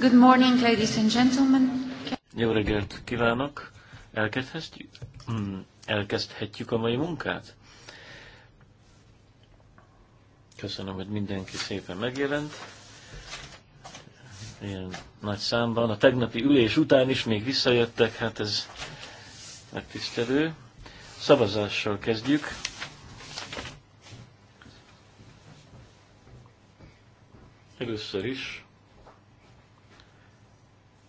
Good morning, ladies and gentlemen. Jó reggelt kívánok! Elkezdhetjük, hmm, elkezdhetjük a mai munkát? Köszönöm, hogy mindenki szépen megjelent. Ilyen nagy számban. A tegnapi ülés után is még visszajöttek, hát ez megtisztelő. Szavazással kezdjük. Először is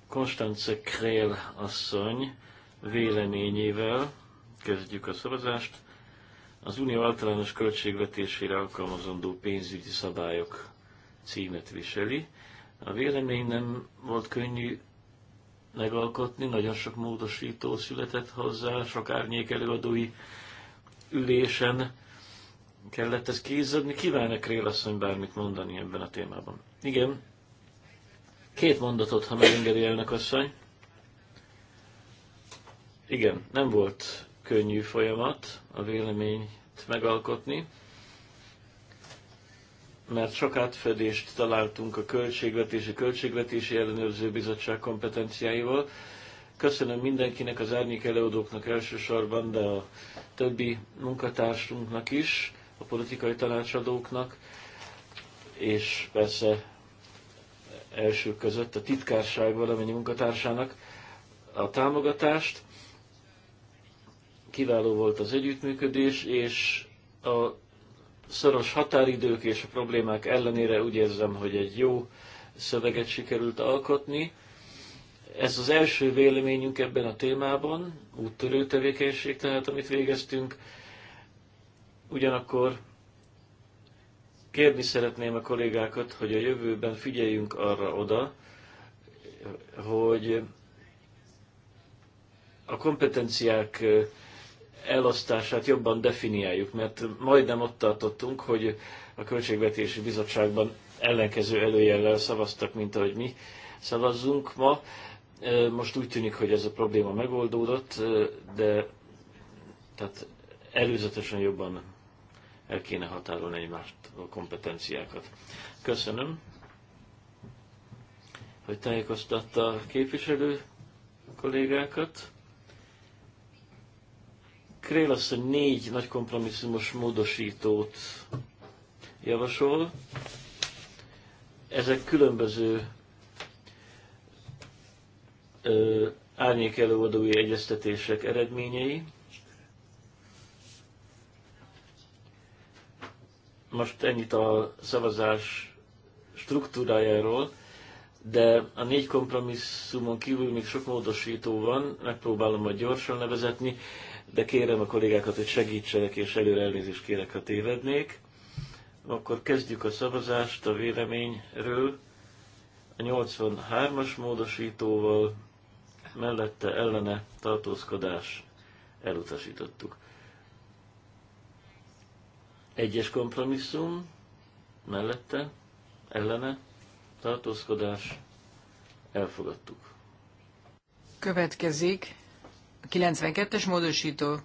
Konstance Krél asszony véleményével kezdjük a szavazást. Az Unió általános költségvetésére alkalmazandó pénzügyi szabályok címet viseli. A vélemény nem volt könnyű megalkotni, nagyon sok módosító született hozzá, sok árnyék előadói ülésen kellett ezt kézzedni. Kívánok Krél asszony bármit mondani ebben a témában? Igen. Két mondatot, ha megengedi elnök asszony. Igen, nem volt könnyű folyamat a véleményt megalkotni, mert sok átfedést találtunk a Költségvetési Költségvetési Ellenőrző Bizottság kompetenciáival. Köszönöm mindenkinek, az árnyék előadóknak elsősorban, de a többi munkatársunknak is, a politikai tanácsadóknak, és persze elsők között a titkárság valamennyi munkatársának a támogatást. Kiváló volt az együttműködés, és a szoros határidők és a problémák ellenére úgy érzem, hogy egy jó szöveget sikerült alkotni. Ez az első véleményünk ebben a témában, úttörő tevékenység tehát, amit végeztünk. Ugyanakkor Kérni szeretném a kollégákat, hogy a jövőben figyeljünk arra oda, hogy a kompetenciák elosztását jobban definiáljuk, mert majdnem ott tartottunk, hogy a Költségvetési Bizottságban ellenkező előjellel szavaztak, mint ahogy mi szavazzunk ma. Most úgy tűnik, hogy ez a probléma megoldódott, de tehát előzetesen jobban el kéne határolni a kompetenciákat. Köszönöm, hogy tájékoztatta a képviselő kollégákat. Krél hogy négy nagy kompromisszumos módosítót javasol. Ezek különböző ö, árnyékelőadói egyeztetések eredményei. Most ennyit a szavazás struktúrájáról, de a négy kompromisszumon kívül még sok módosító van, megpróbálom majd gyorsan nevezetni, de kérem a kollégákat, hogy segítsenek, és előre elnézést kérek, ha tévednék. Akkor kezdjük a szavazást a véleményről a 83-as módosítóval, mellette ellene tartózkodás elutasítottuk. Egyes kompromisszum mellette, ellene, tartózkodás, elfogadtuk. Következik a 92-es módosító,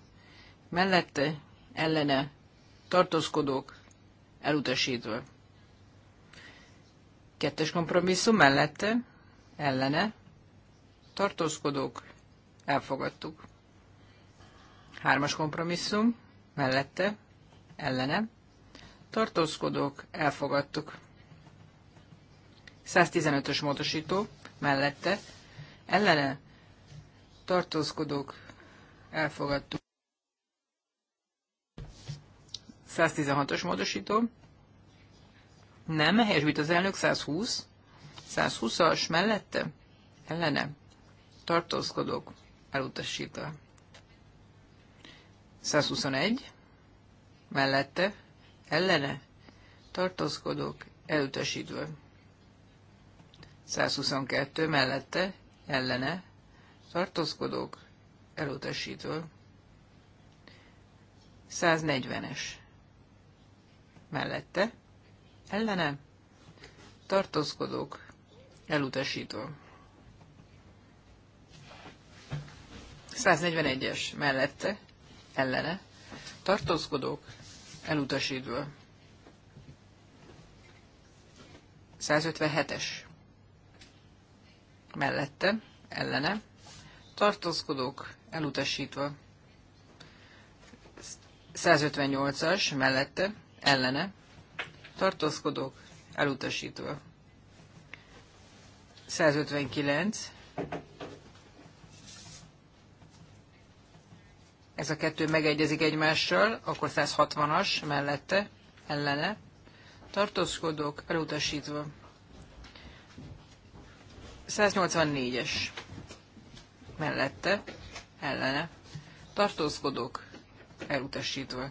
mellette, ellene, tartózkodók, elutasítva. Kettes kompromisszum mellette, ellene, tartózkodók, elfogadtuk. Hármas kompromisszum mellette, ellene, tartózkodók, elfogadtuk. 115-ös módosító, mellette, ellene, tartózkodók, elfogadtuk. 116-os módosító, nem, helyesbít az elnök, 120, 120-as mellette, ellene, tartózkodók, elutasítva. 121, mellette, ellene, tartózkodók elutasítva. 122 mellette, ellene, tartózkodók elutasítva. 140-es mellette, ellene, tartózkodók elutasítva. 141-es mellette, ellene, tartózkodók elutasítva. 157-es mellette, ellene, tartózkodók elutasítva. 158-as mellette, ellene, tartózkodók elutasítva. 159 ez a kettő megegyezik egymással, akkor 160-as mellette, ellene, tartózkodók elutasítva. 184-es mellette, ellene, tartózkodók elutasítva.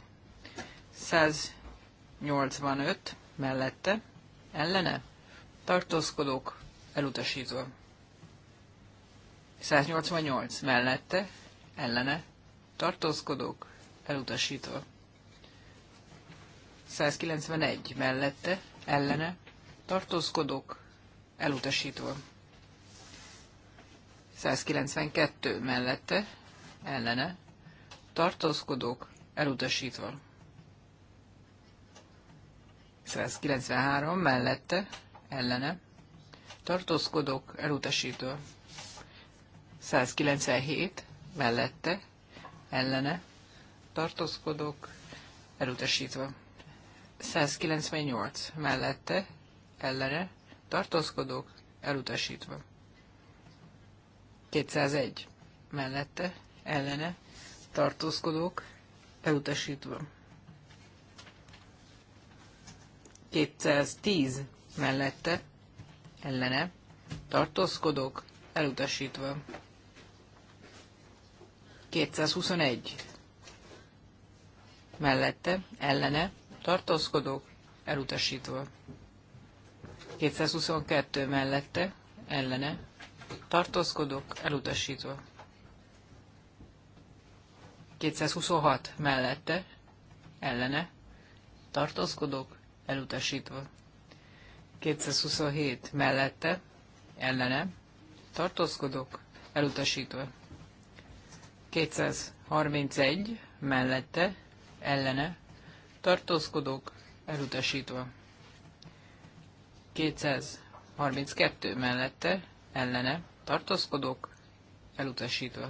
185 mellette, ellene, tartózkodók elutasítva. 188 mellette, ellene, tartózkodók, elutasítva. 191 mellette, ellene, tartózkodók, elutasítva. 192 mellette, ellene, tartózkodók, elutasítva. 193 mellette, ellene, tartózkodók, elutasítva. 197 mellette, ellene tartózkodok, elutasítva. 198 mellette ellene tartózkodok, elutasítva. 201 mellette ellene tartózkodok, elutasítva. 210 mellette ellene tartózkodok, elutasítva. 221 mellette, ellene, tartózkodók, elutasítva. 222 mellette, ellene, tartózkodók, elutasítva. 226 mellette, ellene, tartózkodók, elutasítva. 227 mellette, ellene, tartózkodók, elutasítva. 231 mellette ellene tartózkodók elutasítva. 232 mellette ellene tartózkodók elutasítva.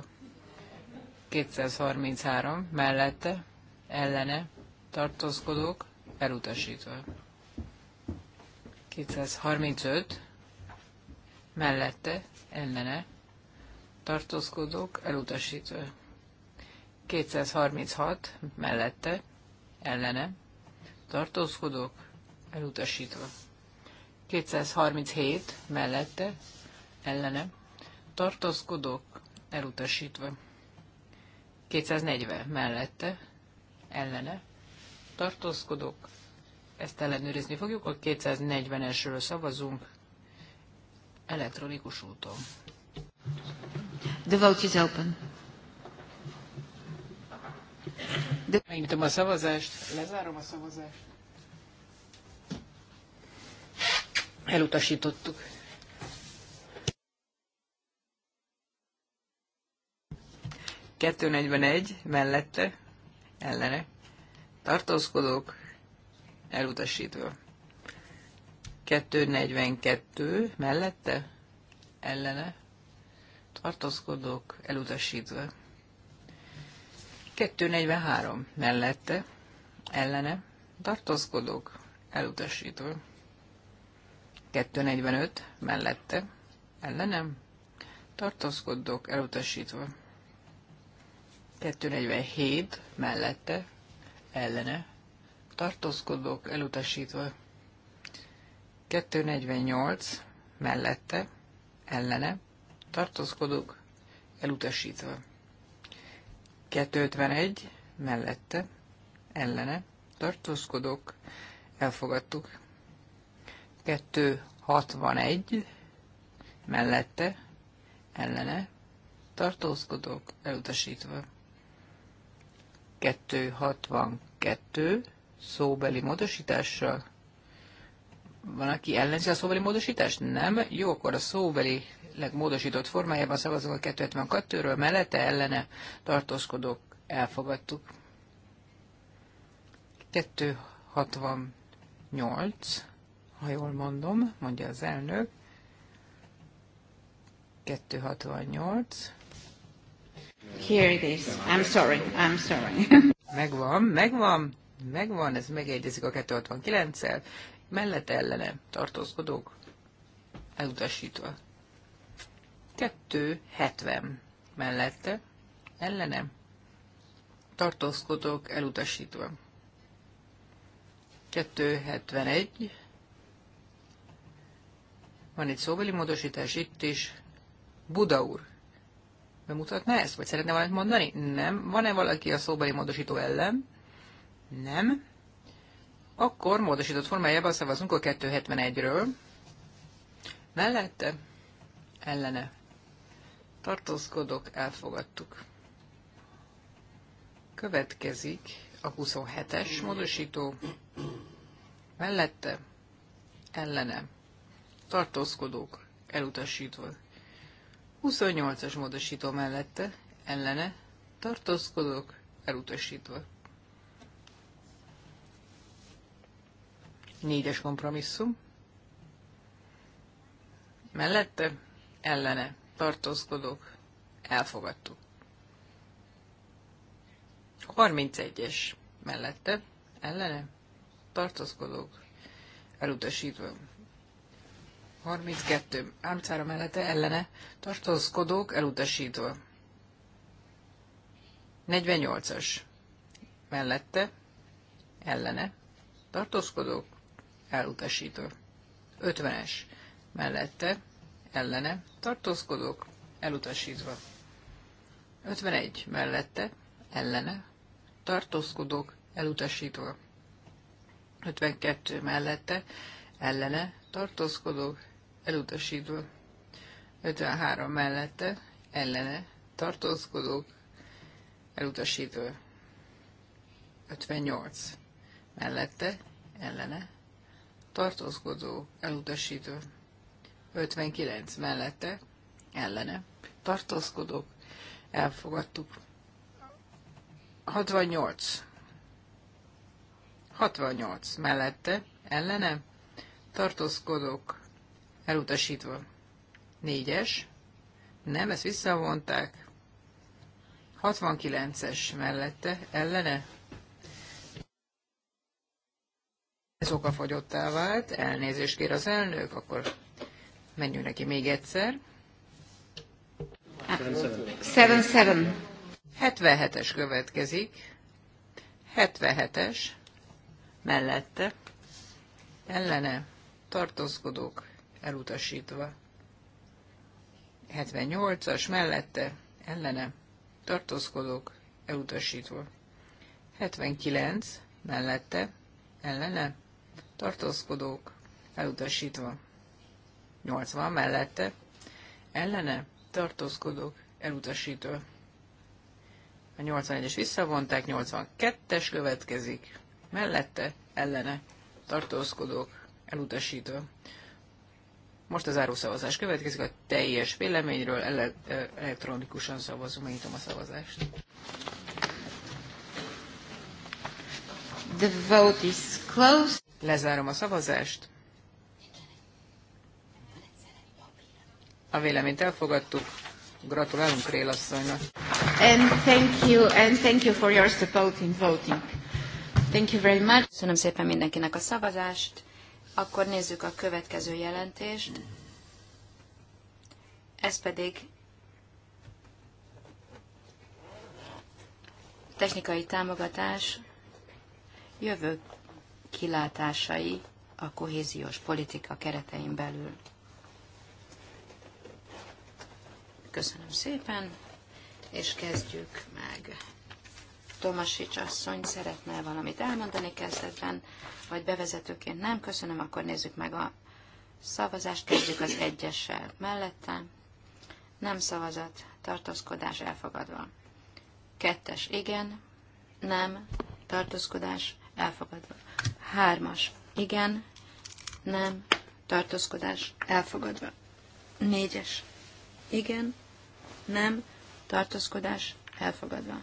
233 mellette ellene tartózkodók elutasítva. 235 mellette ellene tartózkodók elutasítva. 236 mellette, ellene, tartózkodók elutasítva. 237 mellette, ellene, tartózkodók elutasítva. 240 mellette, ellene, tartózkodók, ezt ellenőrizni fogjuk, a 240-esről szavazunk elektronikus úton. The vote is open. De... Megnyitom a szavazást, lezárom a szavazást. Elutasítottuk. egy mellette, ellene. Tartózkodók, elutasítva. 242 mellette, ellene tartózkodók elutasítva. 243 mellette, ellene, tartózkodók elutasítva. 245 mellette, ellenem, tartózkodók elutasítva. 247 mellette, ellene, tartózkodók elutasítva. 248 mellette, ellene, tartózkodók elutasítva. 251 mellette, ellene, tartózkodók, elfogadtuk. 261 mellette, ellene, tartózkodók, elutasítva. 262 szóbeli módosítással van, aki ellenzi a szóbeli módosítást? Nem. Jó, akkor a szóbeli legmódosított formájában szavazunk a 272-ről, mellette ellene tartózkodók elfogadtuk. 268, ha jól mondom, mondja az elnök. 268. Here it is. I'm sorry, I'm sorry. megvan, megvan, megvan, ez megegyezik a 269-el mellette ellene tartózkodók elutasítva. 270 mellette ellene tartózkodók elutasítva. 271 van egy szóbeli módosítás itt is. Buda úr, bemutatná ezt? Vagy szeretne valamit mondani? Nem. Van-e valaki a szóbeli módosító ellen? Nem. Akkor módosított formájában szavazunk a 271-ről. Mellette ellene tartózkodok, elfogadtuk. Következik a 27-es módosító. Mellette ellene tartózkodók, elutasítva. 28-as módosító mellette ellene tartózkodók, elutasítva. Négyes kompromisszum. Mellette, ellene, tartózkodók, elfogadtuk. 31-es mellette, ellene, tartózkodók, elutasítva. 32. Ámcára mellette ellene, tartózkodók, elutasítva. 48-as mellette, ellene, tartózkodók, elutasító. 50-es mellette, ellene, tartózkodok, elutasítva. 51 mellette, ellene, tartózkodok, elutasítva. 52 mellette, ellene, tartózkodok, elutasítva. 53 mellette, ellene, tartózkodok, elutasítva. 58 mellette, ellene, tartózkodó, elutasító 59 mellette, ellene, tartózkodók, elfogadtuk. 68. 68 mellette, ellene, tartózkodók, elutasítva. 4-es, nem, ezt visszavonták. 69-es mellette, ellene, ez okafogyottá vált, elnézést kér az elnök, akkor menjünk neki még egyszer. 77. 77-es következik. 77-es mellette ellene tartózkodók elutasítva. 78-as mellette ellene tartózkodók elutasítva. 79 mellette ellene tartózkodók, elutasítva. 80 mellette, ellene, tartózkodók, elutasítva. A 81-es visszavonták, 82-es következik, mellette, ellene, tartózkodók, elutasítva. Most az árószavazás következik, a teljes véleményről ele- elektronikusan szavazunk, megnyitom a szavazást. The vote is closed. Lezárom a szavazást. A véleményt elfogadtuk. Gratulálunk Rél asszonynak. And thank you, and thank you for your support in voting. Thank you very much. Köszönöm szépen mindenkinek a szavazást. Akkor nézzük a következő jelentést. Ez pedig technikai támogatás jövő kilátásai a kohéziós politika keretein belül. Köszönöm szépen, és kezdjük meg. Tomasics asszony szeretne valamit elmondani kezdetben, vagy bevezetőként nem. Köszönöm, akkor nézzük meg a szavazást. Kezdjük az egyessel mellette. Nem szavazat, tartózkodás elfogadva. Kettes, igen, nem, tartózkodás elfogadva. Hármas. Igen, nem, tartózkodás, elfogadva. Négyes. Igen, nem, tartózkodás, elfogadva.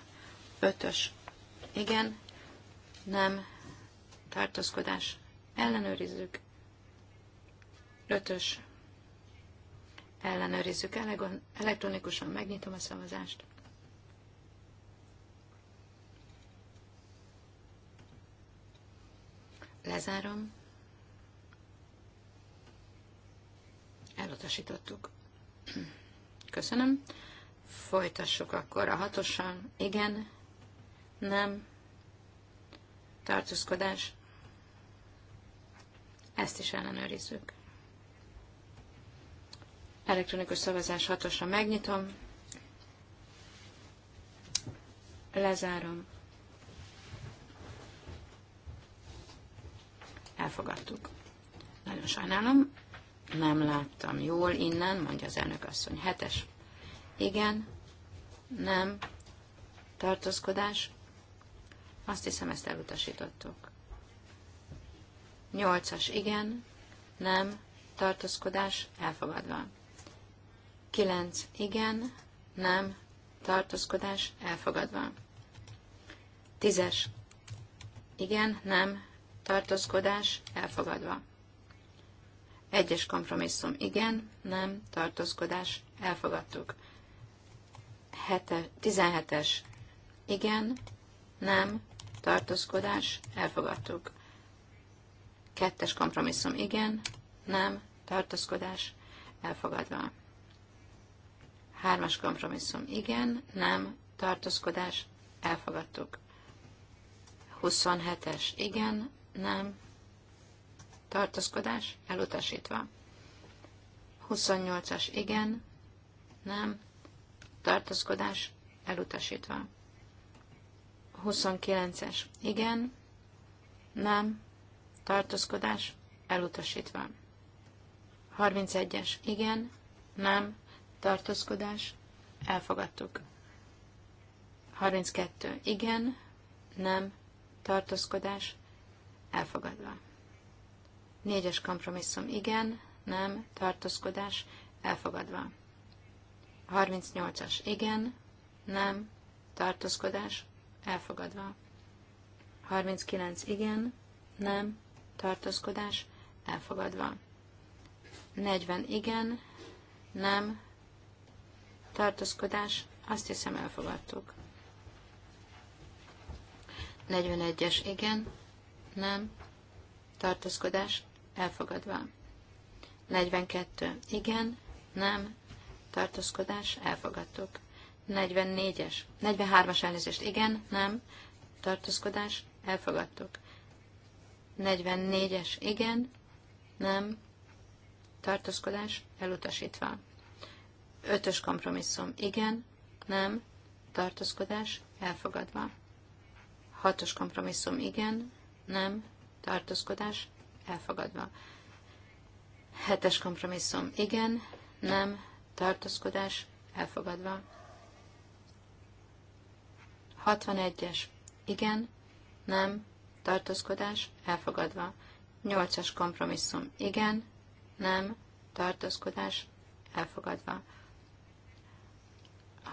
Ötös. Igen, nem, tartózkodás, ellenőrizzük. Ötös. Ellenőrizzük. elektronikusan megnyitom a szavazást. Lezárom. Elutasítottuk. Köszönöm. Folytassuk akkor a hatossal. Igen. Nem. Tartózkodás. Ezt is ellenőrizzük. Elektronikus szavazás hatosra megnyitom. Lezárom. elfogadtuk. Nagyon sajnálom, nem láttam jól innen, mondja az elnök asszony. Hetes. Igen, nem, tartózkodás. Azt hiszem, ezt elutasítottuk. Nyolcas. Igen, nem, tartózkodás, elfogadva. Kilenc. Igen, nem, tartózkodás, elfogadva. Tízes. Igen, nem, tartózkodás elfogadva. Egyes kompromisszum igen, nem, tartózkodás elfogadtuk. 17-es igen, nem, tartózkodás elfogadtuk. Kettes kompromisszum igen, nem, tartózkodás elfogadva. Hármas kompromisszum igen, nem, tartózkodás elfogadtuk. 27-es igen, nem, tartózkodás elutasítva. 28-as igen, nem, tartózkodás elutasítva. 29-es igen, nem, tartózkodás elutasítva. 31-es igen, nem, tartózkodás elfogadtuk. 32 igen, nem, tartózkodás elfogadva. Négyes kompromisszum igen, nem, tartózkodás, elfogadva. 38-as igen, nem, tartózkodás, elfogadva. 39 igen, nem, tartózkodás, elfogadva. 40 igen, nem, tartózkodás, azt hiszem elfogadtuk. 41-es igen, nem, tartózkodás, elfogadva. 42. Igen, nem, tartózkodás, elfogadtuk. 44-es, 43-as elnézést, igen, nem, tartózkodás, elfogadtuk. 44-es, igen, nem, tartózkodás, elutasítva. 5-ös kompromisszum, igen, nem, tartózkodás, elfogadva. 6-os kompromisszum, igen, nem, tartózkodás, elfogadva. Hetes kompromisszum, igen, nem, tartózkodás, elfogadva. 61-es, igen, nem, tartózkodás, elfogadva. 8-as kompromisszum, igen, nem, tartózkodás, elfogadva.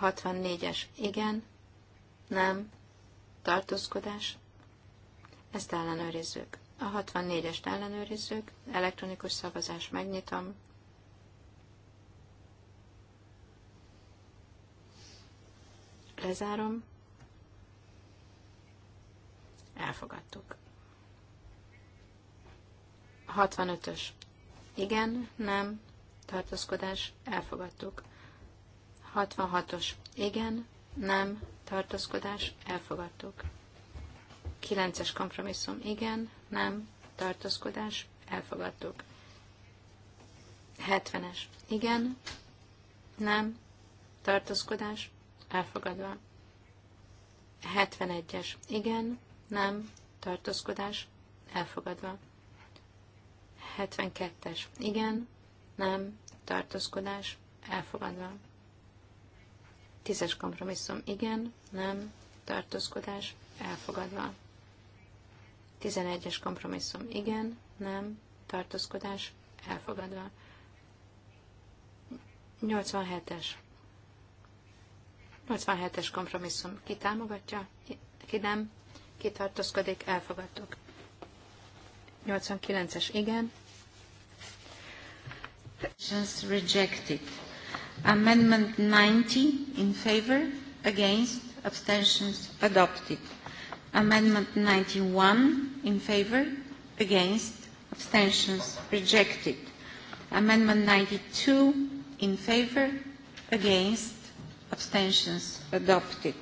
64-es, igen, nem, tartózkodás, ezt ellenőrizzük. A 64-est ellenőrizzük, elektronikus szavazás megnyitom. Lezárom. Elfogadtuk. 65-ös. Igen, nem, tartózkodás, elfogadtuk. 66-os. Igen, nem, tartózkodás, elfogadtuk kilences kompromisszum igen, nem, tartózkodás, elfogadtuk. 70-es igen, nem, tartózkodás, elfogadva. 71-es igen, nem, tartózkodás, elfogadva. 72-es igen, nem, tartózkodás, elfogadva. Tízes kompromisszum, igen, nem, tartózkodás, elfogadva. 11-es kompromisszum igen, nem, tartózkodás elfogadva. 87-es. 87-es kompromisszum. Ki támogatja, ki nem, ki tartózkodik, elfogadtuk. 89-es igen. Just rejected. Amendment 90 in favor, against, abstentions adopted. Amendment 91 in favor, against, abstentions, rejected. Amendment 92 in favor, against, abstentions, adopted.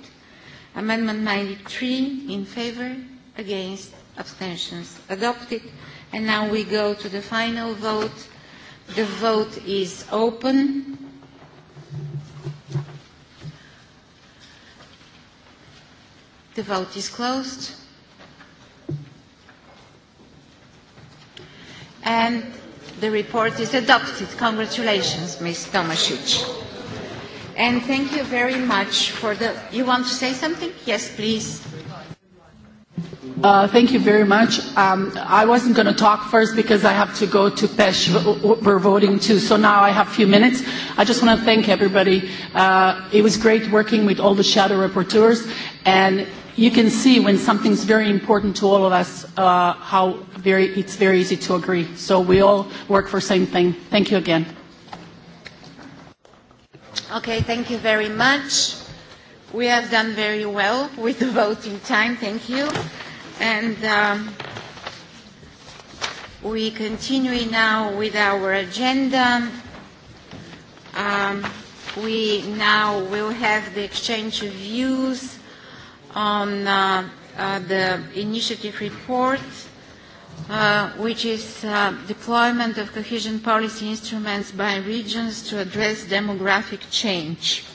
Amendment 93 in favor, against, abstentions, adopted. And now we go to the final vote. The vote is open. The vote is closed. And the report is adopted. Congratulations, Ms. Tomasic. And thank you very much for the... You want to say something? Yes, please. Uh, thank you very much. Um, I wasn't going to talk first because I have to go to PESH. We're voting too, so now I have a few minutes. I just want to thank everybody. Uh, it was great working with all the shadow rapporteurs, and you can see when something's very important to all of us uh, how very, it's very easy to agree. So we all work for the same thing. Thank you again. Okay, thank you very much. We have done very well with the voting time. Thank you. And um, we continue now with our agenda. Um, we now will have the exchange of views on uh, uh, the initiative report, uh, which is uh, deployment of cohesion policy instruments by regions to address demographic change.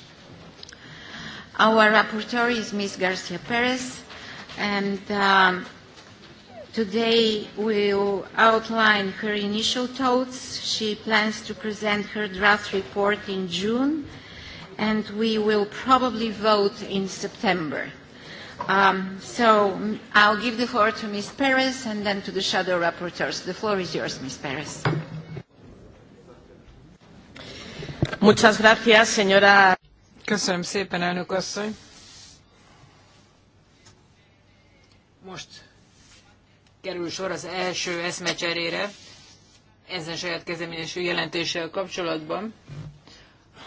Our rapporteur is Ms. Garcia Perez, and um, today will outline her initial thoughts. She plans to present her draft report in June, and we will probably vote in September. Um, so I'll give the floor to Ms. Perez and then to the shadow rapporteurs. The floor is yours, Ms. Perez. Muchas gracias, señora. Köszönöm szépen, elnök asszony. Most kerül sor az első eszmecserére ezen saját kezdeményező jelentéssel kapcsolatban.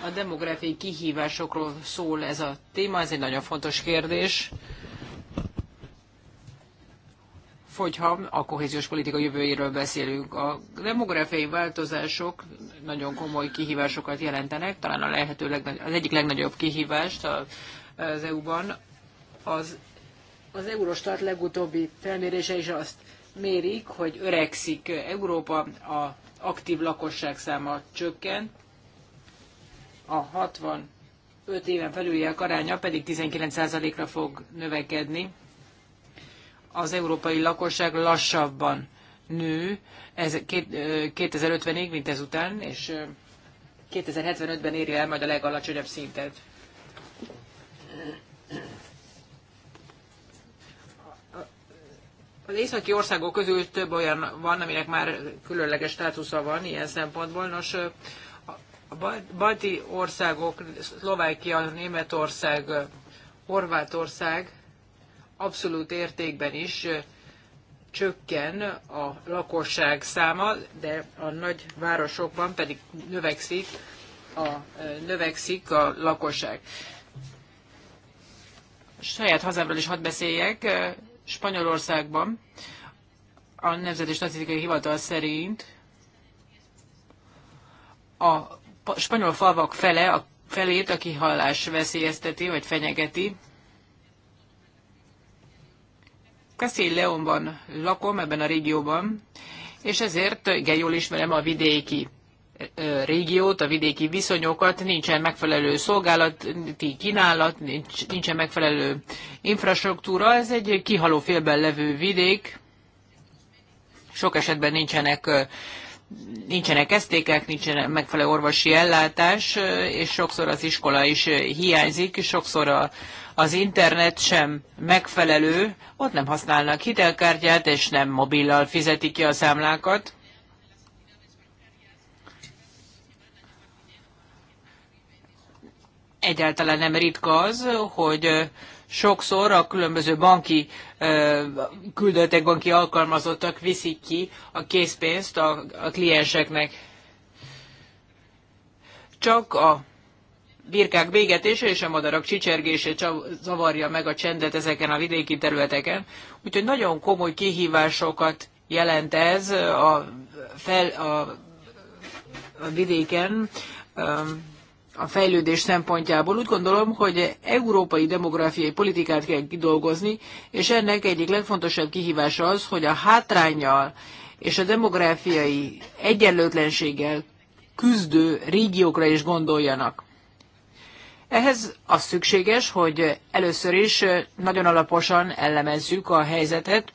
A demográfiai kihívásokról szól ez a téma, ez egy nagyon fontos kérdés. Fogyha a kohéziós politika jövőjéről beszélünk, a demográfiai változások nagyon komoly kihívásokat jelentenek, talán a lehető legnagy, az egyik legnagyobb kihívást az EU-ban. Az, az Eurostat legutóbbi felmérése is azt mérik, hogy öregszik Európa, a aktív lakosság száma csökken, a 65 éven felüliek aránya pedig 19%-ra fog növekedni. Az európai lakosság lassabban nő ez 2050-ig, mint ezután, és 2075-ben éri el majd a legalacsonyabb szintet. Az északi országok közül több olyan van, aminek már különleges státusza van ilyen szempontból. Nos, a balti országok, Szlovákia, Németország, Horvátország abszolút értékben is csökken a lakosság száma, de a nagy városokban pedig növekszik a, növekszik a lakosság. Saját hazámról is hadd beszéljek. Spanyolországban a Nemzeti Statisztikai Hivatal szerint a spanyol falvak fele, a felét, aki hallás veszélyezteti, vagy fenyegeti. Castile Leonban lakom, ebben a régióban, és ezért igen jól ismerem a vidéki régiót, a vidéki viszonyokat, nincsen megfelelő szolgálati kínálat, nincs, nincsen megfelelő infrastruktúra, ez egy kihaló félben levő vidék, sok esetben nincsenek nincsenek esztékek, nincsen megfelelő orvosi ellátás, és sokszor az iskola is hiányzik, és sokszor a, az internet sem megfelelő, ott nem használnak hitelkártyát, és nem mobillal fizetik ki a számlákat. Egyáltalán nem ritka az, hogy sokszor a különböző banki küldöttek, banki alkalmazottak viszik ki a készpénzt a, a klienseknek. Csak a birkák végetése és a madarak csicsergése zavarja meg a csendet ezeken a vidéki területeken, úgyhogy nagyon komoly kihívásokat jelent ez a, fel, a, a vidéken. Um, a fejlődés szempontjából. Úgy gondolom, hogy európai demográfiai politikát kell kidolgozni, és ennek egyik legfontosabb kihívása az, hogy a hátrányjal és a demográfiai egyenlőtlenséggel küzdő régiókra is gondoljanak. Ehhez az szükséges, hogy először is nagyon alaposan elemezzük a helyzetet.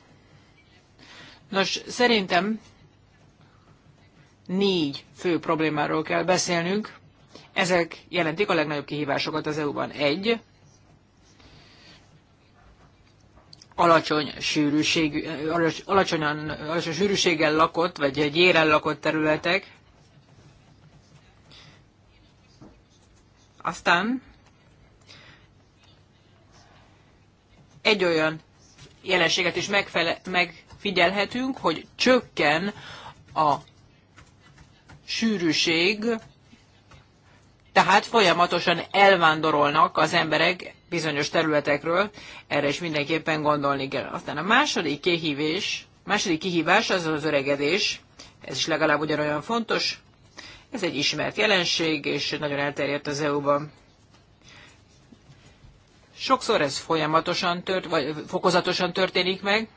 Nos, szerintem négy fő problémáról kell beszélnünk. Ezek jelentik a legnagyobb kihívásokat az EU-ban. Egy, alacsony, sűrűség, alacsonyan, alacsony sűrűséggel lakott, vagy gyéren lakott területek. Aztán egy olyan jelenséget is megfele, megfigyelhetünk, hogy csökken a sűrűség tehát folyamatosan elvándorolnak az emberek bizonyos területekről, erre is mindenképpen gondolni kell. Aztán a második kihívás, második kihívás az az öregedés, ez is legalább ugyanolyan fontos. Ez egy ismert jelenség, és nagyon elterjedt az EU-ban. Sokszor ez folyamatosan tört, vagy fokozatosan történik meg,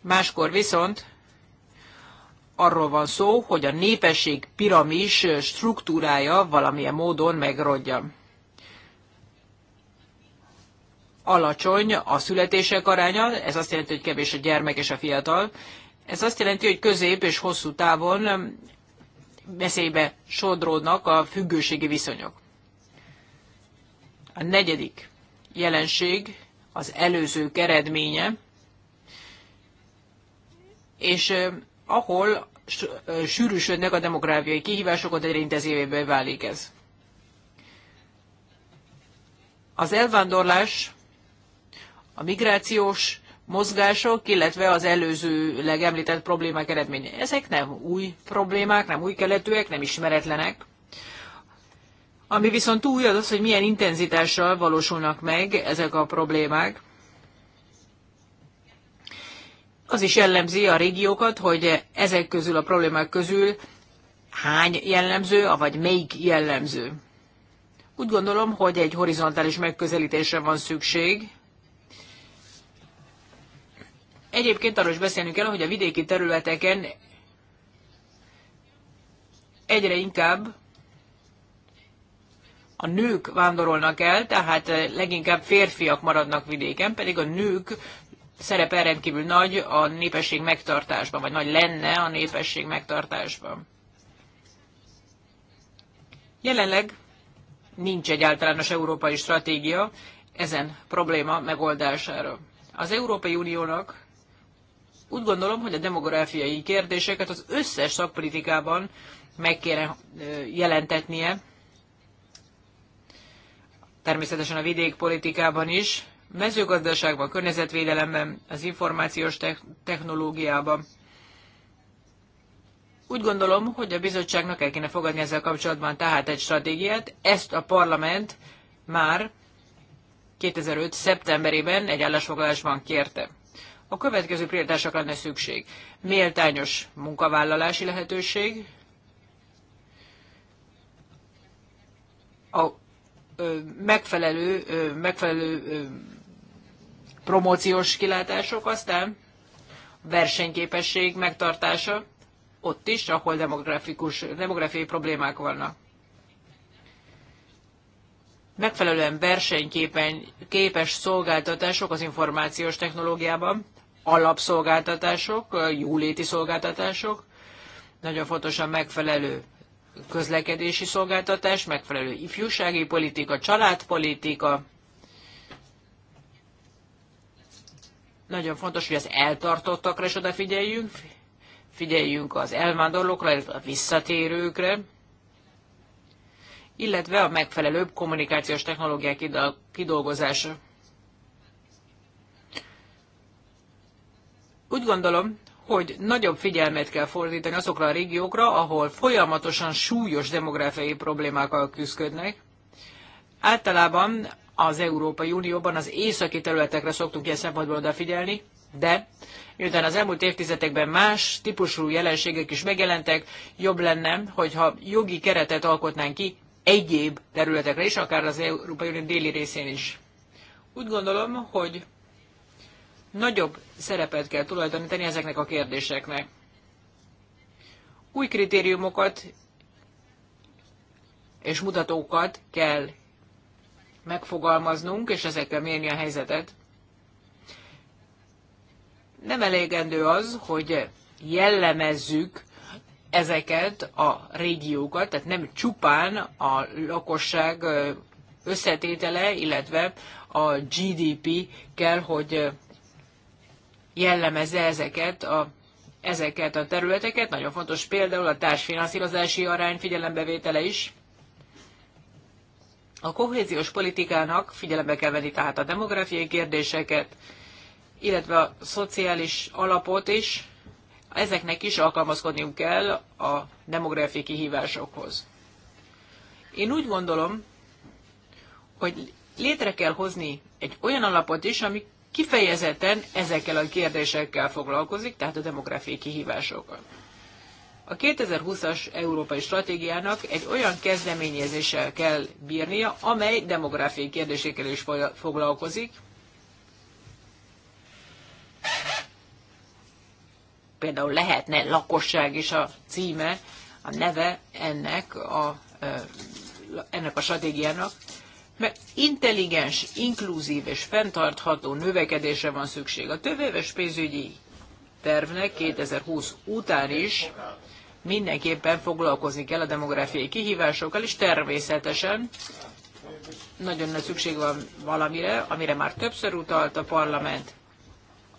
máskor viszont arról van szó, hogy a népesség piramis struktúrája valamilyen módon megrodja. Alacsony a születések aránya, ez azt jelenti, hogy kevés a gyermek és a fiatal. Ez azt jelenti, hogy közép és hosszú távon veszélybe sodródnak a függőségi viszonyok. A negyedik jelenség az előzők eredménye, és eh, ahol sűrűsödnek a demográfiai kihívásokat, egyre intenzívébbé válik ez. Az elvándorlás, a migrációs mozgások, illetve az előzőleg említett problémák eredménye. Ezek nem új problémák, nem új keletűek, nem ismeretlenek. Ami viszont új az az, hogy milyen intenzitással valósulnak meg ezek a problémák az is jellemzi a régiókat, hogy ezek közül a problémák közül hány jellemző, vagy melyik jellemző. Úgy gondolom, hogy egy horizontális megközelítésre van szükség. Egyébként arról is beszélnünk kell, hogy a vidéki területeken egyre inkább a nők vándorolnak el, tehát leginkább férfiak maradnak vidéken, pedig a nők szerepe rendkívül nagy a népesség megtartásban, vagy nagy lenne a népesség megtartásban. Jelenleg nincs egy általános európai stratégia ezen probléma megoldására. Az Európai Uniónak úgy gondolom, hogy a demográfiai kérdéseket az összes szakpolitikában meg kéne jelentetnie, természetesen a vidékpolitikában is, mezőgazdaságban, környezetvédelemben, az információs technológiában. Úgy gondolom, hogy a bizottságnak el kéne fogadni ezzel kapcsolatban tehát egy stratégiát. Ezt a parlament már 2005. szeptemberében egy állásfoglalásban kérte. A következő prioritások lenne szükség. Méltányos munkavállalási lehetőség, a megfelelő, megfelelő promóciós kilátások, aztán versenyképesség megtartása ott is, ahol demografikus, demográfiai problémák vannak. Megfelelően versenyképen képes szolgáltatások az információs technológiában, alapszolgáltatások, jóléti szolgáltatások, nagyon fontos a megfelelő közlekedési szolgáltatás, megfelelő ifjúsági politika, családpolitika, Nagyon fontos, hogy az eltartottakra is odafigyeljünk, figyeljünk az elvándorlókra, illetve a visszatérőkre, illetve a megfelelőbb kommunikációs technológiák kidolgozása. Úgy gondolom, hogy nagyobb figyelmet kell fordítani azokra a régiókra, ahol folyamatosan súlyos demográfiai problémákkal küzdködnek. Általában az Európai Unióban az északi területekre szoktunk ilyen szempontból odafigyelni, de miután az elmúlt évtizedekben más típusú jelenségek is megjelentek, jobb lenne, hogyha jogi keretet alkotnánk ki egyéb területekre is, akár az Európai Unió déli részén is. Úgy gondolom, hogy nagyobb szerepet kell tulajdonítani ezeknek a kérdéseknek. Új kritériumokat és mutatókat kell megfogalmaznunk, és ezekkel mérni a helyzetet. Nem elégendő az, hogy jellemezzük ezeket a régiókat, tehát nem csupán a lakosság összetétele, illetve a GDP kell, hogy jellemezze ezeket a, ezeket a területeket. Nagyon fontos például a társfinanszírozási arány figyelembevétele is. A kohéziós politikának figyelembe kell venni tehát a demográfiai kérdéseket, illetve a szociális alapot is, ezeknek is alkalmazkodniuk kell a demográfiai kihívásokhoz. Én úgy gondolom, hogy létre kell hozni egy olyan alapot is, ami kifejezetten ezekkel a kérdésekkel foglalkozik, tehát a demográfiai kihívásokkal. A 2020-as európai stratégiának egy olyan kezdeményezéssel kell bírnia, amely demográfiai kérdésekkel is foglalkozik, például lehetne lakosság is a címe, a neve ennek a, ennek a stratégiának, mert intelligens, inkluzív és fenntartható növekedésre van szükség. A tövéves pénzügyi tervnek 2020 után is mindenképpen foglalkozni kell a demográfiai kihívásokkal, és természetesen nagyon nagy szükség van valamire, amire már többször utalt a parlament.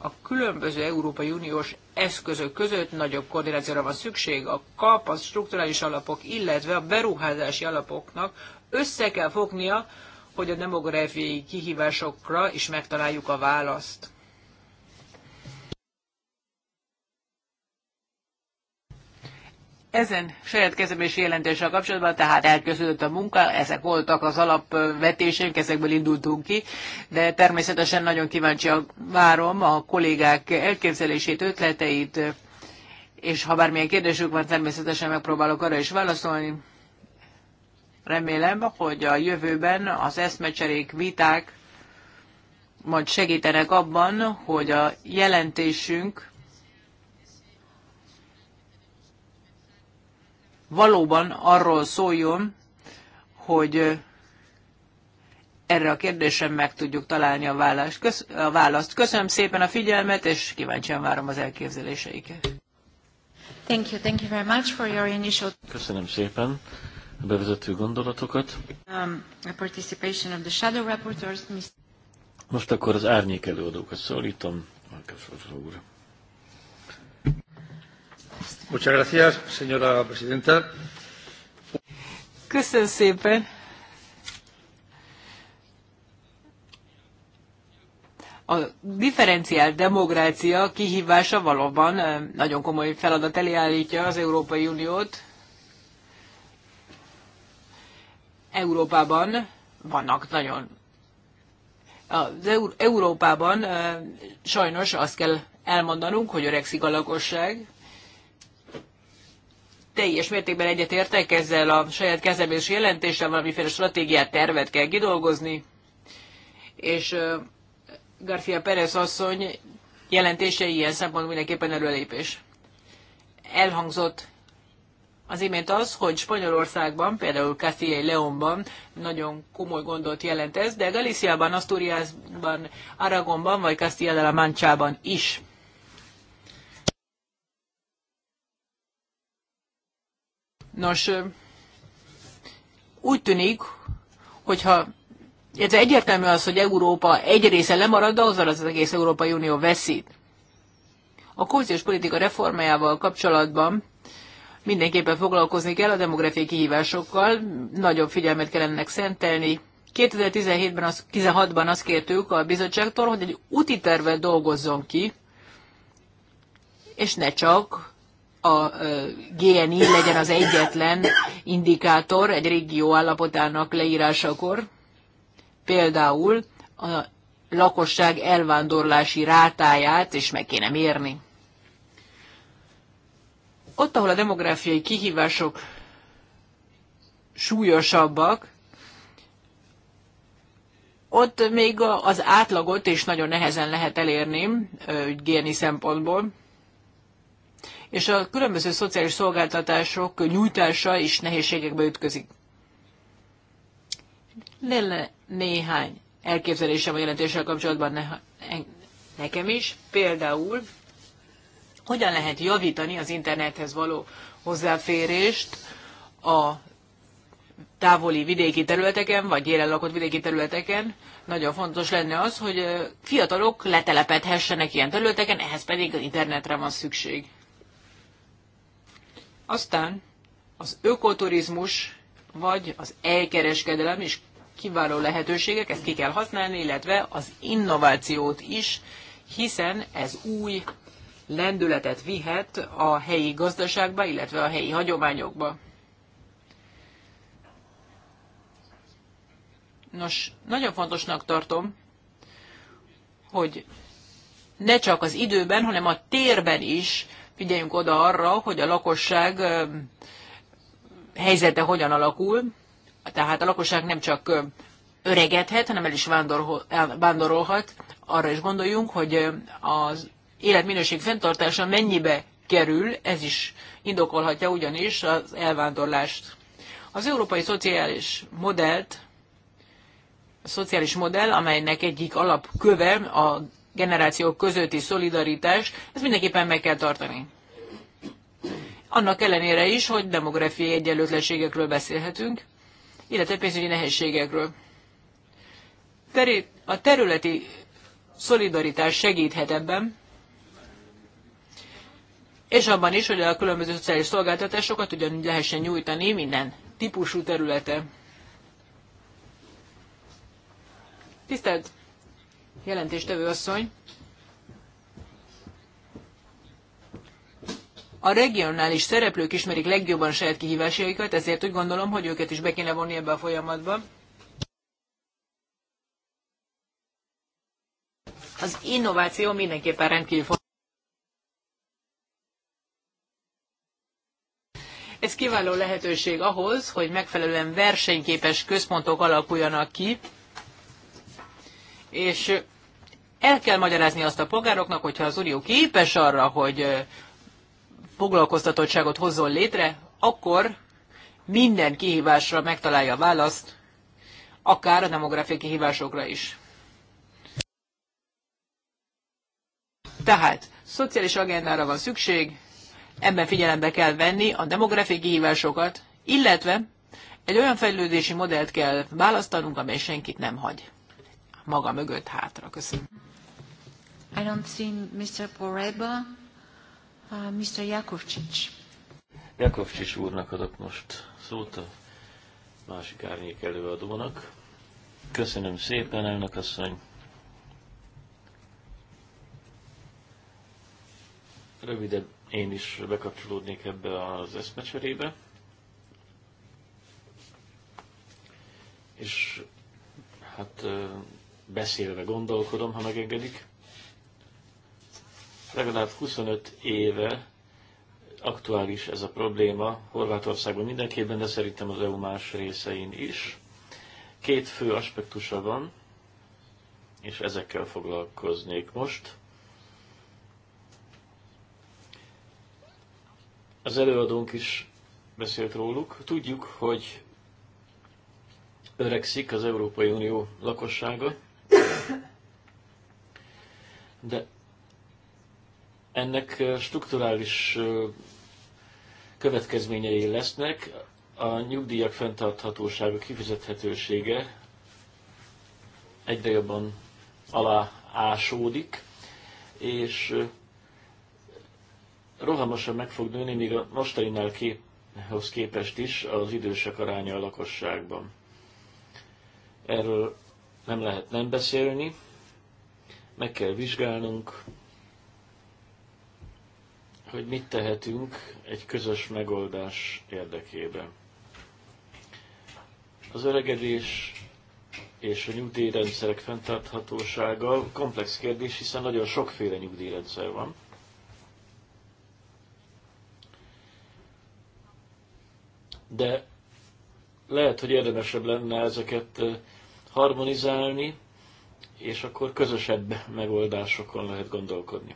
A különböző Európai Uniós eszközök között nagyobb koordinációra van szükség, a kap, a strukturális alapok, illetve a beruházási alapoknak össze kell fognia, hogy a demográfiai kihívásokra is megtaláljuk a választ. Ezen saját és jelentéssel kapcsolatban tehát elköszönött a munka, ezek voltak az alapvetéseink, ezekből indultunk ki, de természetesen nagyon kíváncsi a várom a kollégák elképzelését, ötleteit, és ha bármilyen kérdésük van, természetesen megpróbálok arra is válaszolni. Remélem, hogy a jövőben az eszmecserék, viták majd segítenek abban, hogy a jelentésünk valóban arról szóljon, hogy erre a kérdésre meg tudjuk találni a választ. a választ. Köszönöm szépen a figyelmet, és kíváncsian várom az elképzeléseiket. Thank you, thank you very much for your initial... Köszönöm szépen a bevezető gondolatokat. Um, a of the shadow Most akkor az árnyék előadókat szólítom. Köszönöm, úr. Köszönöm szépen. A differenciált demokrácia kihívása valóban nagyon komoly feladat elé álltja az Európai Uniót. Európában vannak nagyon az Európában sajnos azt kell elmondanunk, hogy öregszik a lakosság, teljes mértékben egyetértek ezzel a saját kezelés jelentéssel, valamiféle stratégiát, tervet kell kidolgozni, és Garcia Perez asszony jelentése ilyen szempontból mindenképpen előlépés. Elhangzott az imént az, hogy Spanyolországban, például Castilla y Leónban nagyon komoly gondot jelent ez, de Galiciában, Asturiasban, Aragonban vagy Castilla de la Manchában is. Nos, úgy tűnik, hogyha ez egyértelmű az, hogy Európa egy része lemarad, de azzal az egész Európai Unió veszít. A kohéziós politika reformájával kapcsolatban mindenképpen foglalkozni kell a demográfiai kihívásokkal, nagyobb figyelmet kell ennek szentelni. 2017-ben, az, 16-ban azt kértük a bizottságtól, hogy egy úti tervet dolgozzon ki, és ne csak a GNI legyen az egyetlen indikátor egy régió állapotának leírásakor. Például a lakosság elvándorlási rátáját is meg kéne mérni. Ott, ahol a demográfiai kihívások súlyosabbak, ott még az átlagot is nagyon nehezen lehet elérni GNI szempontból és a különböző szociális szolgáltatások nyújtása is nehézségekbe ütközik. Lenne néhány elképzelésem a jelentéssel kapcsolatban ne, nekem is, például hogyan lehet javítani az internethez való hozzáférést a távoli vidéki területeken, vagy élen lakott vidéki területeken, nagyon fontos lenne az, hogy fiatalok letelepedhessenek ilyen területeken, ehhez pedig az internetre van szükség. Aztán az ökoturizmus vagy az elkereskedelem is kiváló lehetőségek, ezt ki kell használni, illetve az innovációt is, hiszen ez új lendületet vihet a helyi gazdaságba, illetve a helyi hagyományokba. Nos, nagyon fontosnak tartom, hogy ne csak az időben, hanem a térben is figyeljünk oda arra, hogy a lakosság helyzete hogyan alakul, tehát a lakosság nem csak öregedhet, hanem el is vándorolhat. Arra is gondoljunk, hogy az életminőség fenntartása mennyibe kerül, ez is indokolhatja ugyanis az elvándorlást. Az európai szociális modellt, a szociális modell, amelynek egyik alapköve a generációk közötti szolidaritás, ezt mindenképpen meg kell tartani. Annak ellenére is, hogy demográfiai egyenlőtlenségekről beszélhetünk, illetve pénzügyi nehézségekről. A területi szolidaritás segíthet ebben, és abban is, hogy a különböző szociális szolgáltatásokat ugyanúgy lehessen nyújtani minden típusú területe. Tisztelt jelentéstevő asszony. A regionális szereplők ismerik legjobban saját kihívásaikat, ezért úgy gondolom, hogy őket is be kéne vonni ebbe a folyamatba. Az innováció mindenképpen rendkívül fontos. Ez kiváló lehetőség ahhoz, hogy megfelelően versenyképes központok alakuljanak ki, és el kell magyarázni azt a polgároknak, hogyha az Unió képes arra, hogy foglalkoztatottságot hozzon létre, akkor minden kihívásra megtalálja a választ, akár a demográfiai kihívásokra is. Tehát szociális agendára van szükség, ebben figyelembe kell venni a demográfiai kihívásokat, illetve egy olyan fejlődési modellt kell választanunk, amely senkit nem hagy maga mögött hátra. Köszönöm. I don't see Mr. Poreba, uh, Mr. Jakovcsics. Jakovcsics úrnak adok most szót a másik árnyék előadónak. Köszönöm szépen, elnök asszony. Röviden én is bekapcsolódnék ebbe az eszmecserébe. És hát beszélve gondolkodom, ha megengedik. Legalább 25 éve aktuális ez a probléma Horvátországban mindenképpen, de szerintem az EU más részein is. Két fő aspektusa van, és ezekkel foglalkoznék most. Az előadónk is beszélt róluk. Tudjuk, hogy öregszik az Európai Unió lakossága, de ennek strukturális következményei lesznek, a nyugdíjak fenntarthatósága, kifizethetősége egyre jobban ásódik, és rohamosan meg fog nőni, még a mostaninál képhez képest is az idősek aránya a lakosságban. Erről nem lehet nem beszélni meg kell vizsgálnunk, hogy mit tehetünk egy közös megoldás érdekében. Az öregedés és a nyugdíjrendszerek fenntarthatósága komplex kérdés, hiszen nagyon sokféle nyugdíjrendszer van. De lehet, hogy érdemesebb lenne ezeket eh, harmonizálni, és akkor közösebb megoldásokon lehet gondolkodni.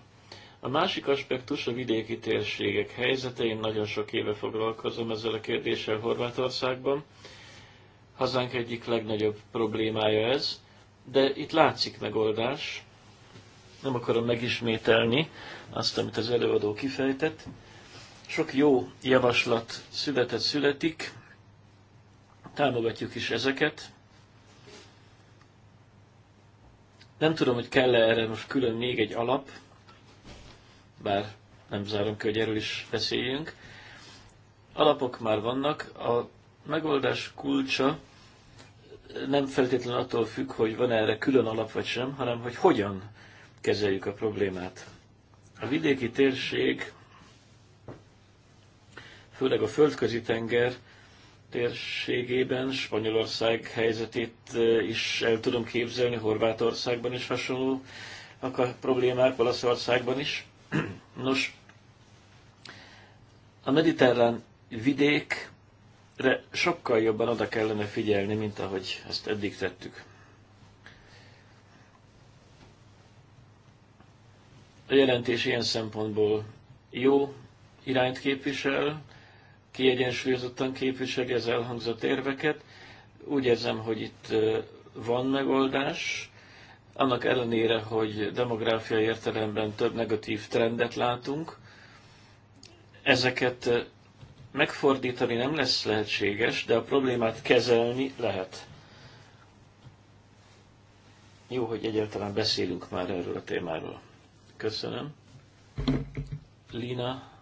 A másik aspektus a vidéki térségek helyzete. Én nagyon sok éve foglalkozom ezzel a kérdéssel Horvátországban. Hazánk egyik legnagyobb problémája ez, de itt látszik megoldás. Nem akarom megismételni azt, amit az előadó kifejtett. Sok jó javaslat született, születik, támogatjuk is ezeket, Nem tudom, hogy kell-e erre most külön még egy alap, bár nem zárom ki, hogy erről is beszéljünk. Alapok már vannak, a megoldás kulcsa nem feltétlenül attól függ, hogy van -e erre külön alap vagy sem, hanem hogy hogyan kezeljük a problémát. A vidéki térség, főleg a földközi tenger térségében, Spanyolország helyzetét eh, is el tudom képzelni, Horvátországban is hasonló a problémák, Olaszországban is. Nos, a mediterrán vidékre sokkal jobban oda kellene figyelni, mint ahogy ezt eddig tettük. A jelentés ilyen szempontból jó irányt képvisel, kiegyensúlyozottan képviseli az elhangzott érveket. Úgy érzem, hogy itt van megoldás, annak ellenére, hogy demográfiai értelemben több negatív trendet látunk, ezeket megfordítani nem lesz lehetséges, de a problémát kezelni lehet. Jó, hogy egyáltalán beszélünk már erről a témáról. Köszönöm. Lina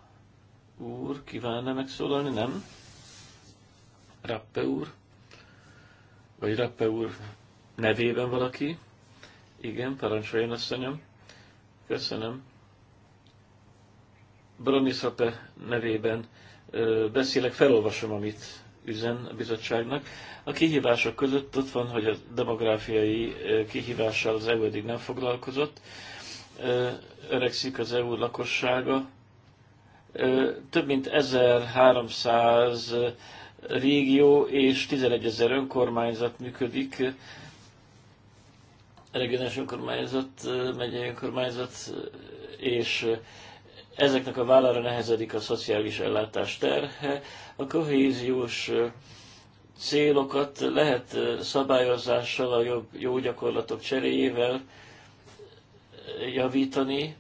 úr kívánna megszólalni, nem? Rappe úr? Vagy Rappe úr nevében valaki? Igen, parancsoljon, asszonyom. Köszönöm. Bronis Rappe nevében ö, beszélek, felolvasom, amit üzen a bizottságnak. A kihívások között ott van, hogy a demográfiai kihívással az EU eddig nem foglalkozott. Öregszik az EU lakossága, több mint 1300 régió és 11 ezer önkormányzat működik, regionális önkormányzat, megyei önkormányzat, és ezeknek a vállára nehezedik a szociális ellátás terhe. A kohéziós célokat lehet szabályozással, a jobb, jó gyakorlatok cseréjével javítani,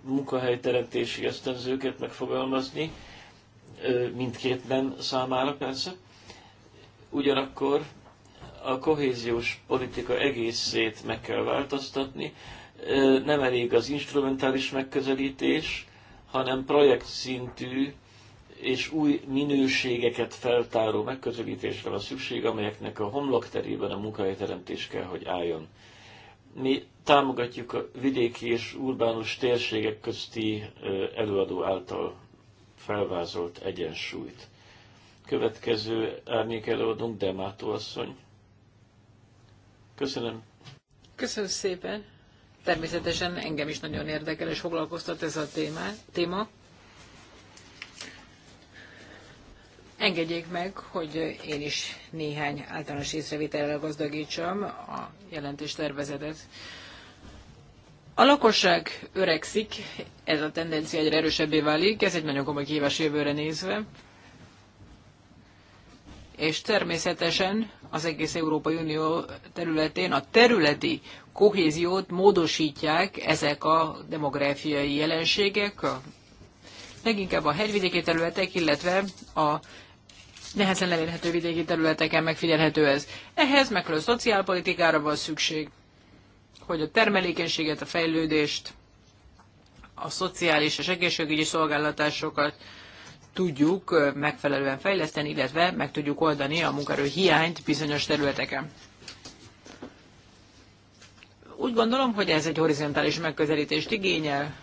munkahelyteremtési ösztönzőket megfogalmazni, mindkétben számára persze. Ugyanakkor a kohéziós politika egészét meg kell változtatni. Nem elég az instrumentális megközelítés, hanem projektszintű és új minőségeket feltáró megközelítésre van szükség, amelyeknek a homlokterében a munkahelyteremtés kell, hogy álljon. Mi támogatjuk a vidéki és urbánus térségek közti előadó által felvázolt egyensúlyt. Következő árnyék előadónk Demátó asszony. Köszönöm. Köszönöm szépen. Természetesen engem is nagyon érdekel és foglalkoztat ez a témá, téma. Engedjék meg, hogy én is néhány általános észrevételrel gazdagítsam a jelentés tervezetet. A lakosság öregszik, ez a tendencia egyre erősebbé válik, ez egy nagyon komoly kihívás jövőre nézve. És természetesen az egész Európai Unió területén a területi kohéziót módosítják ezek a demográfiai jelenségek, leginkább a hegyvidéki területek, illetve a nehezen elérhető vidéki területeken megfigyelhető ez. Ehhez megfelelő szociálpolitikára van szükség, hogy a termelékenységet, a fejlődést, a szociális és egészségügyi szolgáltatásokat tudjuk megfelelően fejleszteni, illetve meg tudjuk oldani a munkaerő hiányt bizonyos területeken. Úgy gondolom, hogy ez egy horizontális megközelítést igényel.